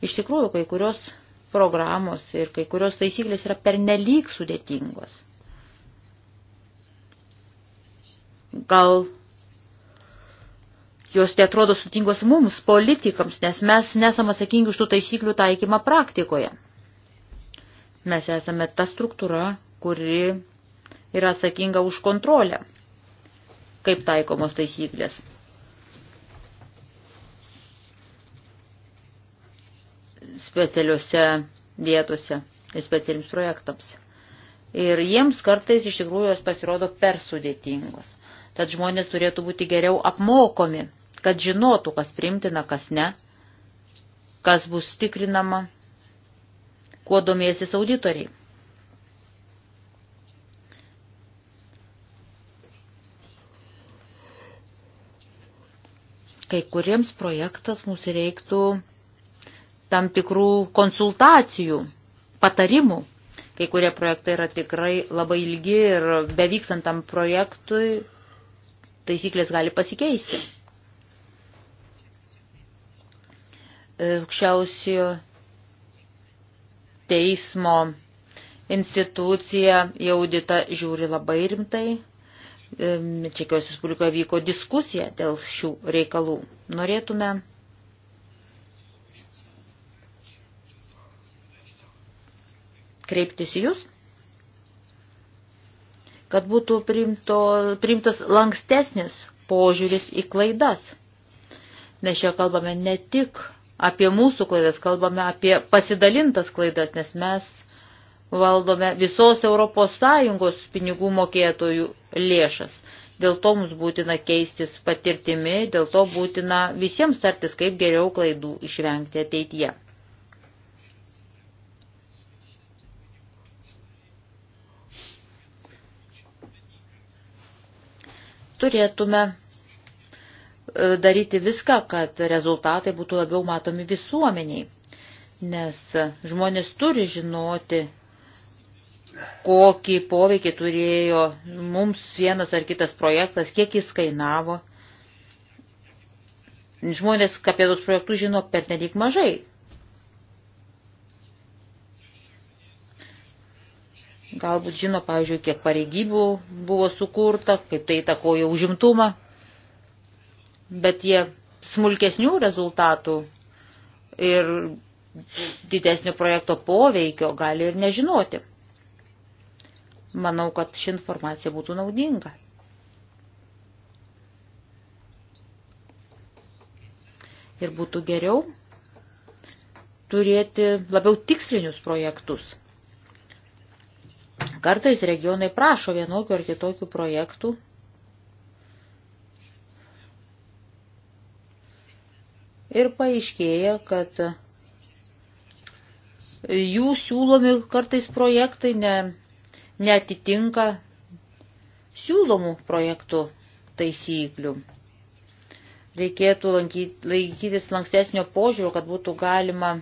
Iš tikrųjų, kai kurios programos ir kai kurios taisyklės yra pernelyg sudėtingos. Gal jos te tai atrodo sutingos mums, politikams, nes mes nesam atsakingi už tų taisyklių taikymą praktikoje. Mes esame ta struktūra, kuri yra atsakinga už kontrolę, kaip taikomos taisyklės. specialiuose vietose, specialiams projektams. Ir jiems kartais iš tikrųjų jos pasirodo per sudėtingos. Tad žmonės turėtų būti geriau apmokomi, kad žinotų, kas primtina, kas ne, kas bus tikrinama, kuo domėsis auditoriai. kai kuriems projektas mums reiktų tam tikrų konsultacijų, patarimų. Kai kurie projektai yra tikrai labai ilgi ir bevykstant tam projektui taisyklės gali pasikeisti. E, aukščiausio teismo institucija į auditą žiūri labai rimtai. E, Čekijos Respublikoje vyko diskusija dėl šių reikalų. Norėtume kreiptis į Jūs, kad būtų primto, primtas lankstesnis požiūris į klaidas. Nes čia kalbame ne tik apie mūsų klaidas, kalbame apie pasidalintas klaidas, nes mes valdome visos Europos Sąjungos pinigų mokėtojų lėšas. Dėl to mums būtina keistis patirtimi, dėl to būtina visiems tartis, kaip geriau klaidų išvengti ateityje. turėtume e, daryti viską, kad rezultatai būtų labiau matomi visuomeniai, nes žmonės turi žinoti, kokį poveikį turėjo mums vienas ar kitas projektas, kiek jis kainavo. Žmonės apie tos projektus žino per nedik mažai. galbūt žino, pavyzdžiui, kiek pareigybių buvo sukurta, kaip tai įtakoja užimtumą, bet jie smulkesnių rezultatų ir didesnio projekto poveikio gali ir nežinoti. Manau, kad ši informacija būtų naudinga. Ir būtų geriau turėti labiau tikslinius projektus Kartais regionai prašo vienokių ar kitokių projektų. Ir paaiškėja, kad jų siūlomi kartais projektai ne, netitinka siūlomų projektų taisyklių. Reikėtų lankyti, laikytis lankstesnio požiūrio, kad būtų galima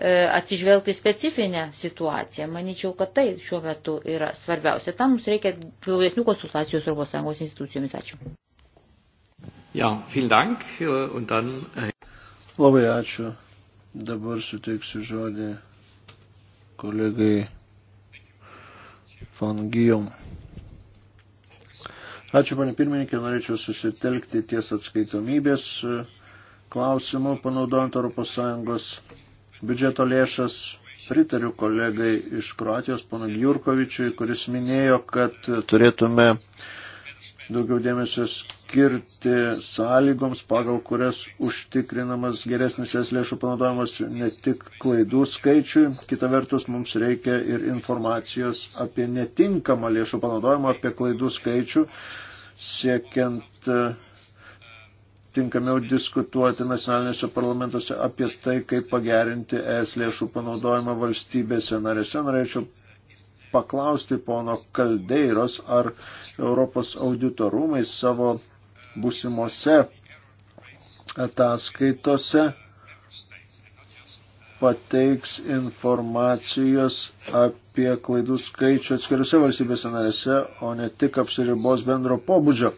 E, atsižvelgti specifinę situaciją. Manyčiau, kad tai šiuo metu yra svarbiausia. Tam mums reikia glaudesnių konsultacijų su Europos Sąjungos institucijomis. Ačiū. Ja, vielen Dank. Und dann... Äh, Labai ačiū. Dabar suteiksiu žodį kolegai von Gijom. Ačiū, panė pirmininkė, norėčiau susitelkti ties atskaitomybės e, klausimu, panaudojant ES biudžeto lėšas. Pritariu kolegai iš Kroatijos, panam Jurkovičiui, kuris minėjo, kad turėtume daugiau dėmesio skirti sąlygoms, pagal kurias užtikrinamas geresnis es lėšų panaudojimas ne tik klaidų skaičiui, kita vertus mums reikia ir informacijos apie netinkamą lėšų panaudojimą, apie klaidų skaičių, siekiant uh, tinkamiau diskutuoti nacionalinėse parlamentuose apie tai, kaip pagerinti ES lėšų panaudojimą valstybėse narėse. Norėčiau paklausti pono Kaldeiros, ar Europos auditorumai savo būsimose ataskaitose pateiks informacijos apie klaidų skaičių atskiriuose valstybėse narėse, o ne tik apsiribos bendro pobūdžio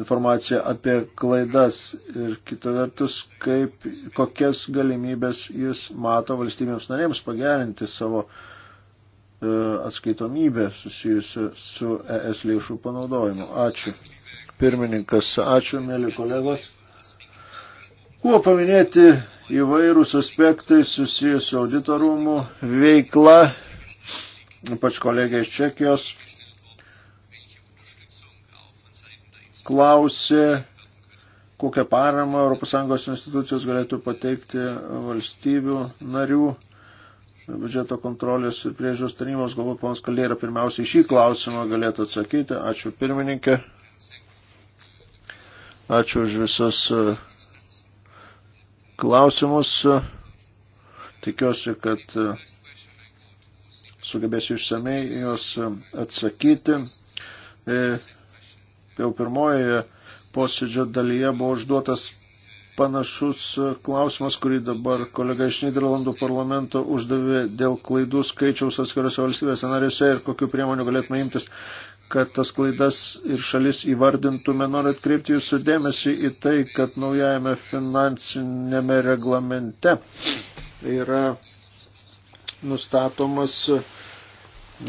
informaciją apie klaidas ir kita vertus, kaip, kokias galimybės jis mato valstybėms narėms pagerinti savo e, atskaitomybę susijusią su ES lėšų panaudojimu. Ačiū. Pirmininkas, ačiū, mėly kolegos. Buvo paminėti įvairūs aspektai susijusiu auditorumų veikla, ypač kolegė iš Čekijos klausė, kokią paramą ES institucijos galėtų pateikti valstybių narių biudžeto kontrolės ir priežiūros tarnybos. Galbūt ponas Kalėra pirmiausiai šį klausimą galėtų atsakyti. Ačiū pirmininkė. Ačiū už visas e, klausimus. Tikiuosi, kad e, sugebėsiu išsamei juos e, atsakyti jau pirmojoje posėdžio dalyje buvo užduotas panašus e, klausimas, kurį dabar kolega iš Niderlandų parlamento uždavė dėl klaidų skaičiaus atskirose valstybėse narėse ir kokiu priemonių galėtume imtis, kad tas klaidas ir šalis įvardintume. Noriu atkreipti jūsų dėmesį į tai, kad naujajame finansinėme reglamente yra nustatomas e,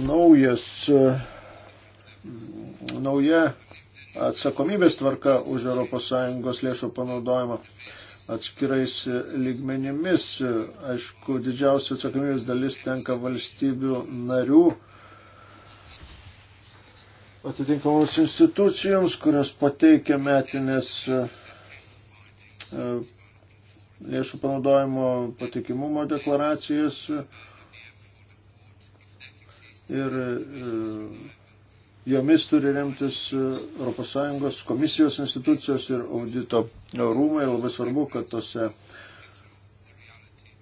naujas, e, nauja atsakomybės tvarka už ES lėšų panaudojimą atskirais lygmenimis. Aišku, didžiausia atsakomybės dalis tenka valstybių narių atitinkamoms institucijoms, kurios pateikia metinės e, lėšų panaudojimo patikimumo deklaracijas ir e, jomis turi remtis ES komisijos institucijos ir audito rūmai. Labai svarbu, kad tose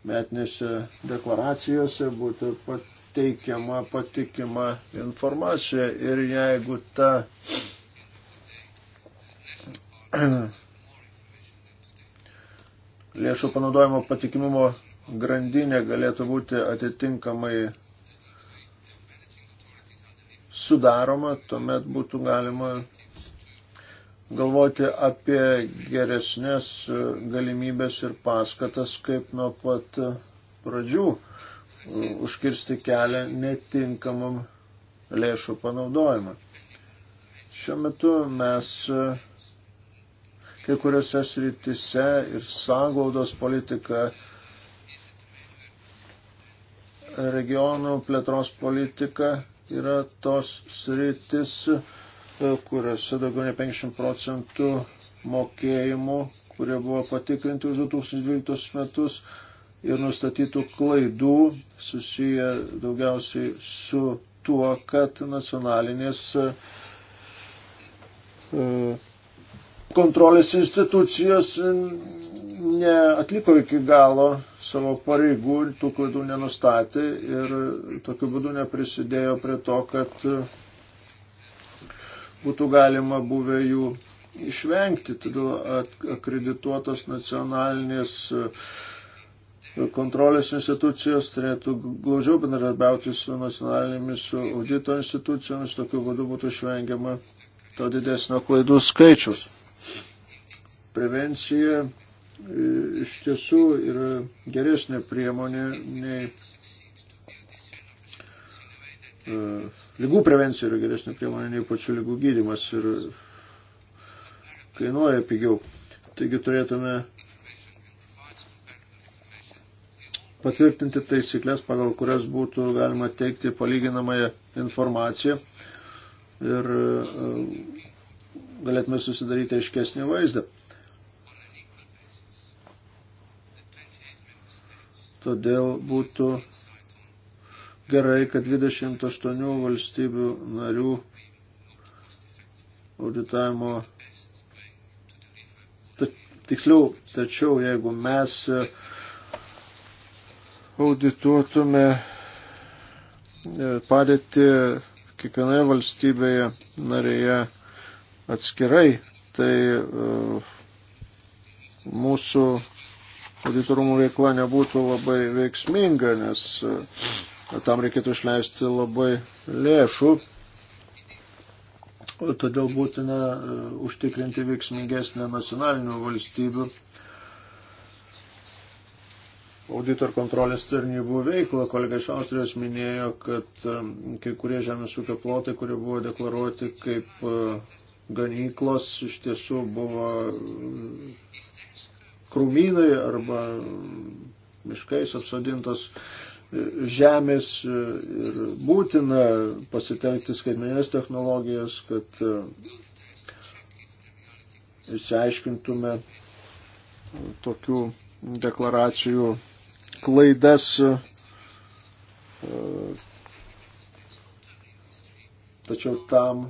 metinėse deklaracijose būtų pateikiama patikima informacija ir jeigu ta lėšų panaudojimo patikimumo grandinė galėtų būti atitinkamai sudaroma, tuomet būtų galima galvoti apie geresnės galimybės ir paskatas, kaip nuo pat pradžių e, užkirsti kelią netinkamam lėšų panaudojimą. Šiuo metu mes e, kai kuriuose srityse ir sąglaudos politika, regionų plėtros politika yra tos sritis, e, kuriuose daugiau nei 50 procentų mokėjimų, kurie buvo patikrinti už 2012 metus ir nustatytų klaidų, susiję daugiausiai su tuo, kad nacionalinės e, kontrolės institucijos neatliko iki galo savo pareigų, tų klaidų nenustatė ir tokiu būdu neprisidėjo prie to, kad būtų galima buvę jų išvengti. Todėl akredituotos nacionalinės e, kontrolės institucijos turėtų glaudžiau bendradarbiauti su nacionalinėmis su audito institucijomis, tokiu būdu būtų išvengiama to didesnio klaidų skaičius. Prevencija iš tiesų yra geresnė priemonė nei e, lygų prevencija yra geresnė priemonė nei pačių lygų gydimas ir kainuoja pigiau. Taigi turėtume patvirtinti taisyklės, pagal kurias būtų galima teikti palyginamąją informaciją ir e, galėtume susidaryti aiškesnį vaizdą. Todėl būtų gerai, kad 28 valstybių narių auditavimo, tiksliau, tačiau jeigu mes audituotume e, padėti kiekvienoje valstybėje narėje atskirai, tai e, mūsų auditorumų veikla nebūtų labai veiksminga, nes e, tam reikėtų išleisti labai lėšų. Todėl būtina e, užtikrinti veiksmingesnę nacionalinių valstybių auditor kontrolės tarnybų veiklą. Kolega iš Austrijos minėjo, kad e, kai kurie žemės ūkio plotai, kurie buvo deklaruoti kaip ganyklos, iš tiesų buvo krūmynai arba miškais apsodintos e, žemės e, ir būtina pasitelkti skaitmeninės technologijas, kad e, išsiaiškintume tokių deklaracijų klaidas. Tačiau tam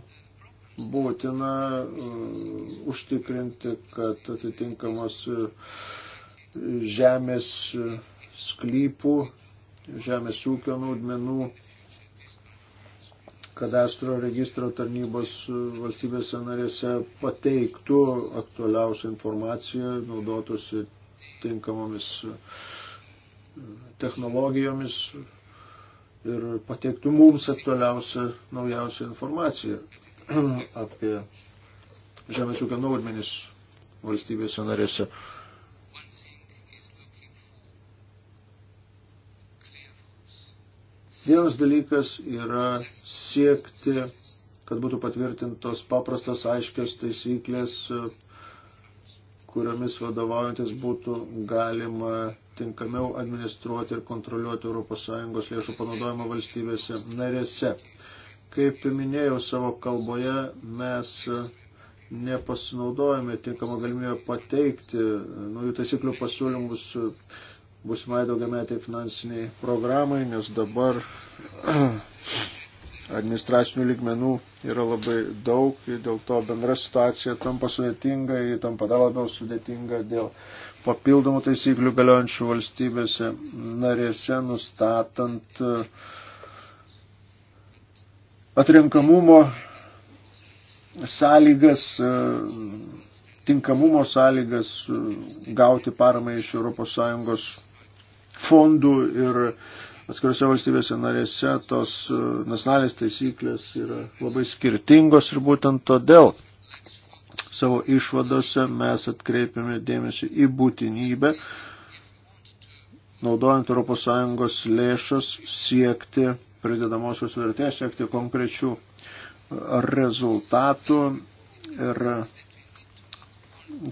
būtina mm, užtikrinti, kad atitinkamos e, žemės e, sklypų, žemės ūkio naudmenų kadastro registro tarnybos e, valstybėse narėse pateiktų aktualiausią informaciją, naudotųsi tinkamomis technologijomis ir pateiktų mums aktualiausią naujausią informaciją. apie žemės ūkio naudmenis valstybėse narėse. Vienas dalykas yra siekti, kad būtų patvirtintos paprastas aiškios taisyklės, kuriomis vadovaujantis būtų galima tinkamiau administruoti ir kontroliuoti ES lėšų panaudojimą valstybėse narėse. Kaip minėjau savo kalboje, mes nepasinaudojame tinkamą galimybę pateikti naujų taisyklių pasiūlymus būsimai daugiametiai finansiniai programai, nes dabar administracinių lygmenų yra labai daug ir dėl to bendra situacija tampa sudėtinga, ji tampa dar labiau sudėtinga dėl papildomų taisyklių galiojančių valstybėse narėse, nustatant uh, atrenkamumo sąlygas, e, tinkamumo sąlygas e, gauti paramą iš ES fondų ir atskirose valstybėse narėse tos e, nacionalinės taisyklės yra labai skirtingos ir būtent todėl savo išvadose mes atkreipiame dėmesį į būtinybę, naudojant ES lėšas, siekti pridedamosios vertės, siekti konkrečių rezultatų. Ir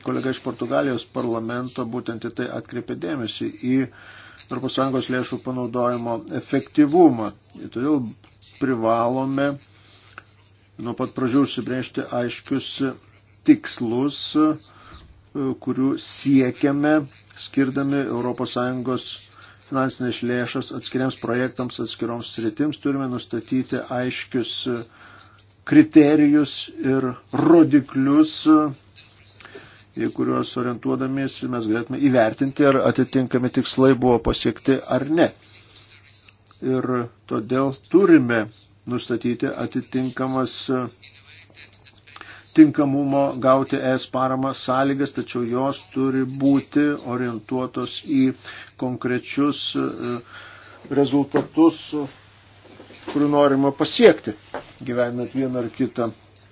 kolega iš Portugalijos parlamento būtent į tai atkreipė dėmesį į ES lėšų panaudojimo efektyvumą. Ir todėl privalome nuo pat pradžių užsibrėžti aiškius tikslus, kurių siekiame skirdami ES finansinės lėšas atskiriams projektams, atskiroms sritims, turime nustatyti aiškius e, kriterijus ir rodiklius, į kuriuos orientuodamiesi mes galėtume įvertinti, ar atitinkami tikslai buvo pasiekti ar ne. Ir todėl turime nustatyti atitinkamas tinkamumo gauti ES paramą sąlygas, tačiau jos turi būti orientuotos į konkrečius e, rezultatus, kurių norima pasiekti, gyvenant vieną ar kitą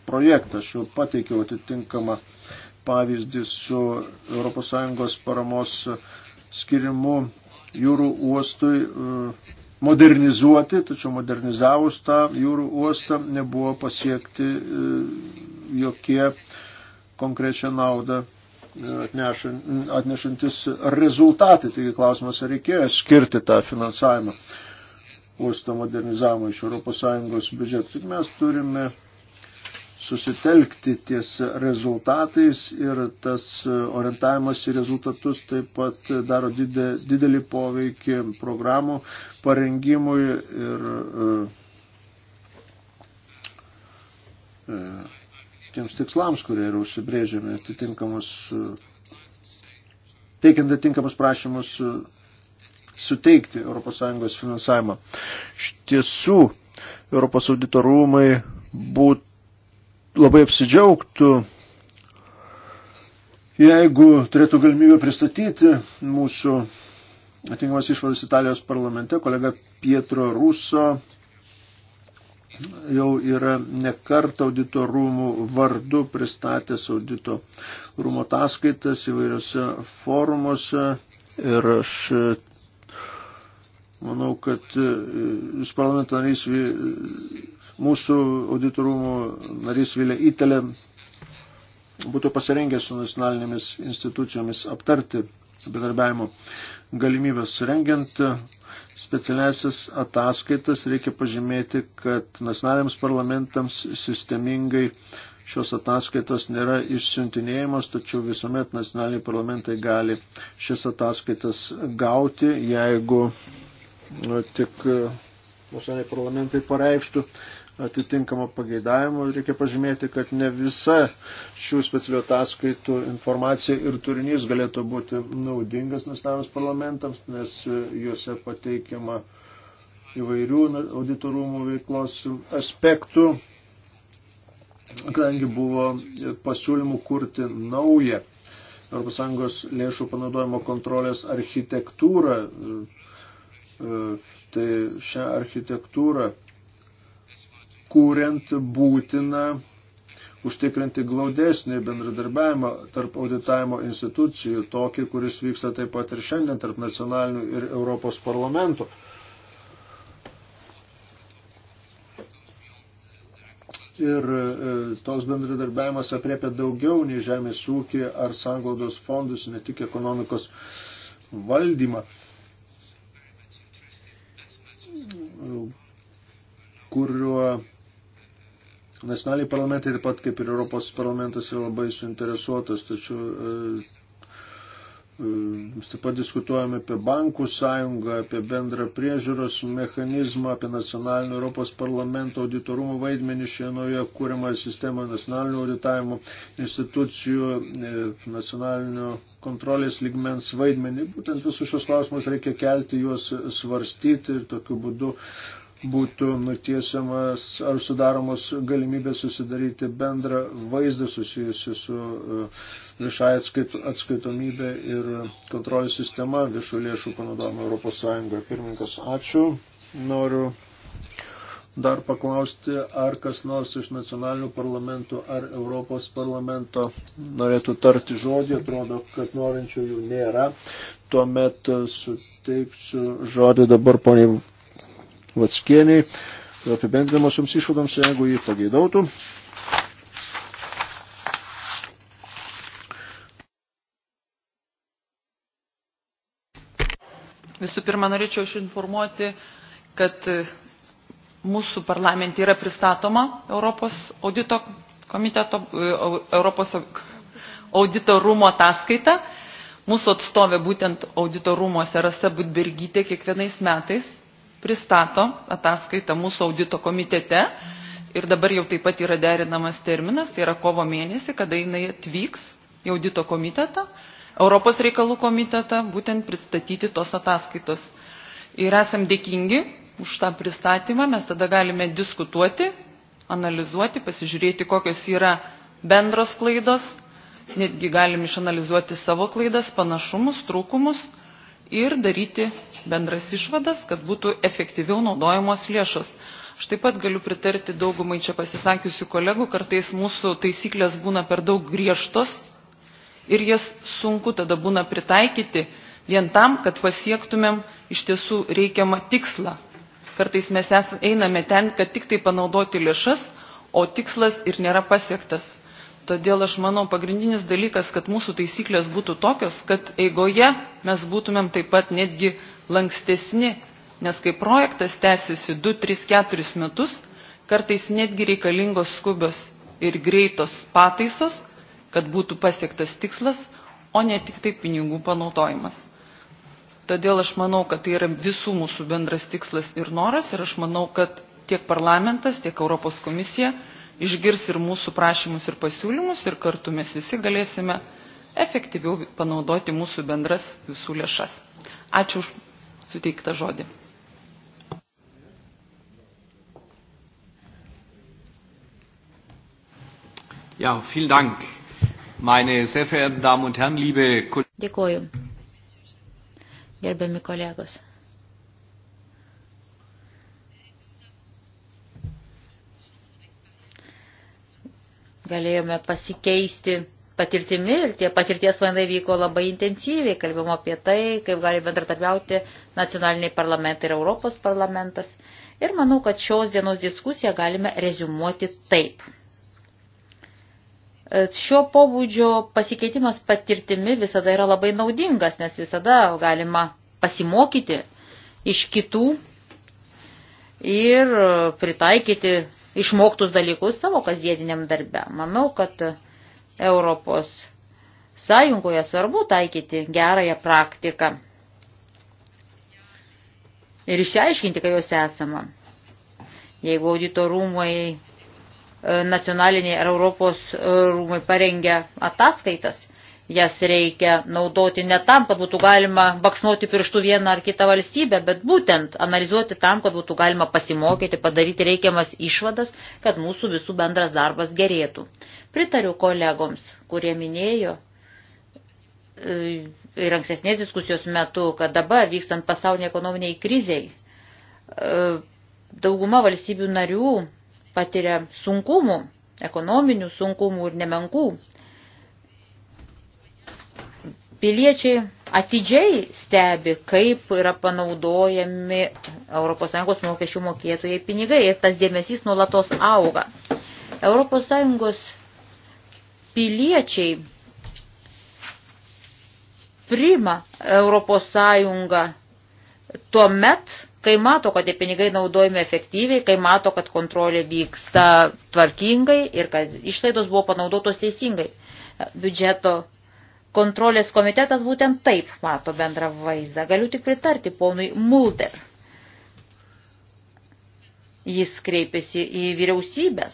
projektą. Aš jau pateikiau atitinkamą pavyzdį su ES paramos skirimu jūrų uostui e, modernizuoti, tačiau modernizavus tą jūrų uostą nebuvo pasiekti e, jokie konkrečią naudą atnešantis rezultatai. Taigi klausimas, ar reikėjo skirti tą finansavimą uosto modernizavimo iš ES biudžeto. Tik mes turime susitelkti ties rezultatais ir tas orientavimas į rezultatus taip pat daro didelį poveikį programų parengimui ir e, e, tiems tikslams, kurie yra užsibrėžiami atitinkamus, teikiant atitinkamus prašymus suteikti ES finansavimą. Iš tiesų, Europos auditorumai būt labai apsidžiaugtų, jeigu turėtų galimybę pristatyti mūsų atinkamas išvadas Italijos parlamente, kolega Pietro Ruso jau yra nekart audito rūmų vardu pristatęs audito rūmo ataskaitas įvairiose forumuose ir aš e, manau, kad e, jūs parlamentarys, e, mūsų audito rūmų narys Vilė Itelė būtų pasirengęs su nacionalinėmis institucijomis aptarti bendarbiavimo galimybės rengiant specialiasias ataskaitas, reikia pažymėti, kad nacionaliniams parlamentams sistemingai šios ataskaitos nėra išsiuntinėjamos, tačiau visuomet nacionaliniai parlamentai gali šias ataskaitas gauti, jeigu nu, tik e, nacionaliniai parlamentai pareikštų atitinkamo pageidavimo. Reikia pažymėti, kad ne visa šių specialių ataskaitų informacija ir turinys galėtų būti naudingas nacionaliniams parlamentams, nes juose pateikiama įvairių auditorumų veiklos aspektų, kadangi buvo pasiūlymų kurti naują ES lėšų panaudojimo kontrolės architektūrą. Tai šią architektūrą kuriant būtina užtikrinti glaudesnį bendradarbiavimą tarp auditavimo institucijų, tokį, kuris vyksta taip pat ir šiandien tarp nacionalinių ir Europos parlamentų. Ir e, tos bendradarbiavimas apriepia daugiau nei žemės ūkį ar sanglaudos fondus, ne tik ekonomikos valdymą kuriuo Nacionaliniai parlamentai, taip pat kaip ir Europos parlamentas, yra labai suinteresuotas, tačiau e, e, Mes taip pat diskutuojame apie bankų sąjungą, apie bendrą priežiūros mechanizmą, apie nacionalinio Europos parlamento auditorumo vaidmenį šioje naujoje kūriamoje sistemoje nacionalinio auditavimo institucijų, e, nacionalinio kontrolės lygmens vaidmenį. Būtent visus šios klausimus reikia kelti, juos svarstyti ir tokiu būdu būtų nutiesiamas ar sudaromos galimybės susidaryti bendrą vaizdą susijusi su e, viešai atskaitomybė ir kontrolės sistema viešų lėšų panaudojimo Europos Sąjungoje. Pirmininkas, ačiū. Noriu dar paklausti, ar kas nors iš nacionalinių parlamentų ar Europos parlamento norėtų tarti žodį. Atrodo, kad norinčių jų nėra. Tuomet suteiksiu žodį dabar poniai Vatskieniai apibendrinamosioms išvadoms, jeigu jį pageidautų. Visų pirma, norėčiau išinformuoti, kad mūsų parlamente yra pristatoma Europos audito komiteto, Europos audito rūmo ataskaita. Mūsų atstovė būtent audito rūmose Rasa Budbergytė kiekvienais metais pristato ataskaitą mūsų audito komitete ir dabar jau taip pat yra derinamas terminas, tai yra kovo mėnesį, kada jinai atvyks į audito komitetą, Europos reikalų komitetą, būtent pristatyti tos ataskaitos. Ir esam dėkingi už tą pristatymą, mes tada galime diskutuoti, analizuoti, pasižiūrėti, kokios yra bendros klaidos, netgi galim išanalizuoti savo klaidas, panašumus, trūkumus ir daryti bendras išvadas, kad būtų efektyviau naudojamos lėšos. Aš taip pat galiu pritarti daugumai čia pasisakiusių kolegų, kartais mūsų taisyklės būna per daug griežtos ir jas sunku tada būna pritaikyti vien tam, kad pasiektumėm iš tiesų reikiamą tikslą. Kartais mes einame ten, kad tik tai panaudoti lėšas, o tikslas ir nėra pasiektas. Todėl aš manau pagrindinis dalykas, kad mūsų taisyklės būtų tokios, kad eigoje mes būtumėm taip pat netgi lankstesni, nes kai projektas tęsiasi 2, 3, 4 metus, kartais netgi reikalingos skubios ir greitos pataisos, kad būtų pasiektas tikslas, o ne tik tai pinigų panaudojimas. Todėl aš manau, kad tai yra visų mūsų bendras tikslas ir noras ir aš manau, kad tiek parlamentas, tiek Europos komisija išgirs ir mūsų prašymus ir pasiūlymus ir kartu mes visi galėsime efektyviau panaudoti mūsų bendras visų lėšas. Ačiū už suteiktą žodį. Ja, vielen Dank, meine sehr verehrten Damen und Herren, liebe Kollegen. Dėkuoju, gerbiami kolegos. galėjome pasikeisti patirtimi ir tie patirties mainai vyko labai intensyviai, kalbėjom apie tai, kaip gali bendratarbiauti nacionaliniai parlamentai ir Europos parlamentas. Ir manau, kad šios dienos diskusiją galime rezumuoti taip. Šio pobūdžio pasikeitimas patirtimi visada yra labai naudingas, nes visada galima pasimokyti iš kitų ir pritaikyti išmoktus dalykus savo kasdieniniam darbe. Manau, kad Europos sąjungoje svarbu taikyti gerąją praktiką ir išsiaiškinti, kai jos esama. Jeigu audito rumai e, nacionaliniai ar Europos e, rūmai parengia ataskaitas, Jas reikia naudoti ne tam, kad būtų galima baksnuoti pirštų vieną ar kitą valstybę, bet būtent analizuoti tam, kad būtų galima pasimokyti, padaryti reikiamas išvadas, kad mūsų visų bendras darbas gerėtų. Pritariu kolegoms, kurie minėjo e, ir ankstesnės diskusijos metu, kad dabar vykstant pasaulyje ekonominiai kriziai, e, dauguma valstybių narių patiria sunkumų, ekonominių sunkumų ir nemenkų Piliečiai atidžiai stebi, kaip yra panaudojami ES mokesčių mokėtojai pinigai ir tas dėmesys nuolatos auga. ES piliečiai priima ES tuo met, kai mato, kad tie pinigai naudojami efektyviai, kai mato, kad kontrolė vyksta tvarkingai ir kad išlaidos buvo panaudotos teisingai. Biudžeto Kontrolės komitetas būtent taip mato bendrą vaizdą. Galiu tik pritarti ponui Mulder. Jis kreipėsi į vyriausybės,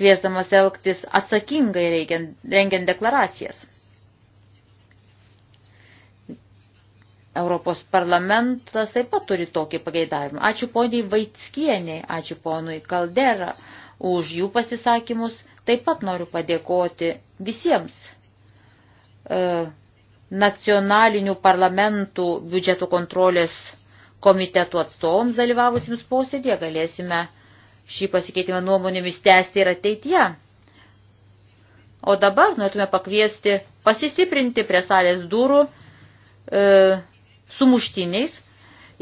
kviesdamas elgtis atsakingai reikiant, rengiant deklaracijas. Europos parlamentas taip pat turi tokį pageidavimą. Ačiū poniai Vaitskieniai, ačiū ponui Kaldera, už jų pasisakymus. Taip pat noriu padėkoti visiems e, nacionalinių parlamentų biudžeto kontrolės komitetų atstovams dalyvavusiems posėdėje. Galėsime šį pasikeitimą nuomonėmis tęsti ir ateityje. O dabar norėtume pakviesti pasistiprinti prie salės durų e, sumuštiniais,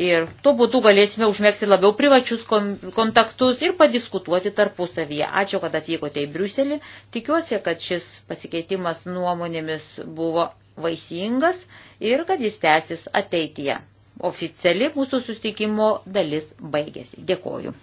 Ir tuo būdu galėsime užmėgti labiau privačius kontaktus ir padiskutuoti tarpusavyje. Ačiū, kad atvykote į Briuselį. Tikiuosi, kad šis pasikeitimas nuomonėmis buvo vaisingas ir kad jis tęsis ateityje. Oficiali mūsų sustikimo dalis baigėsi. Dėkoju.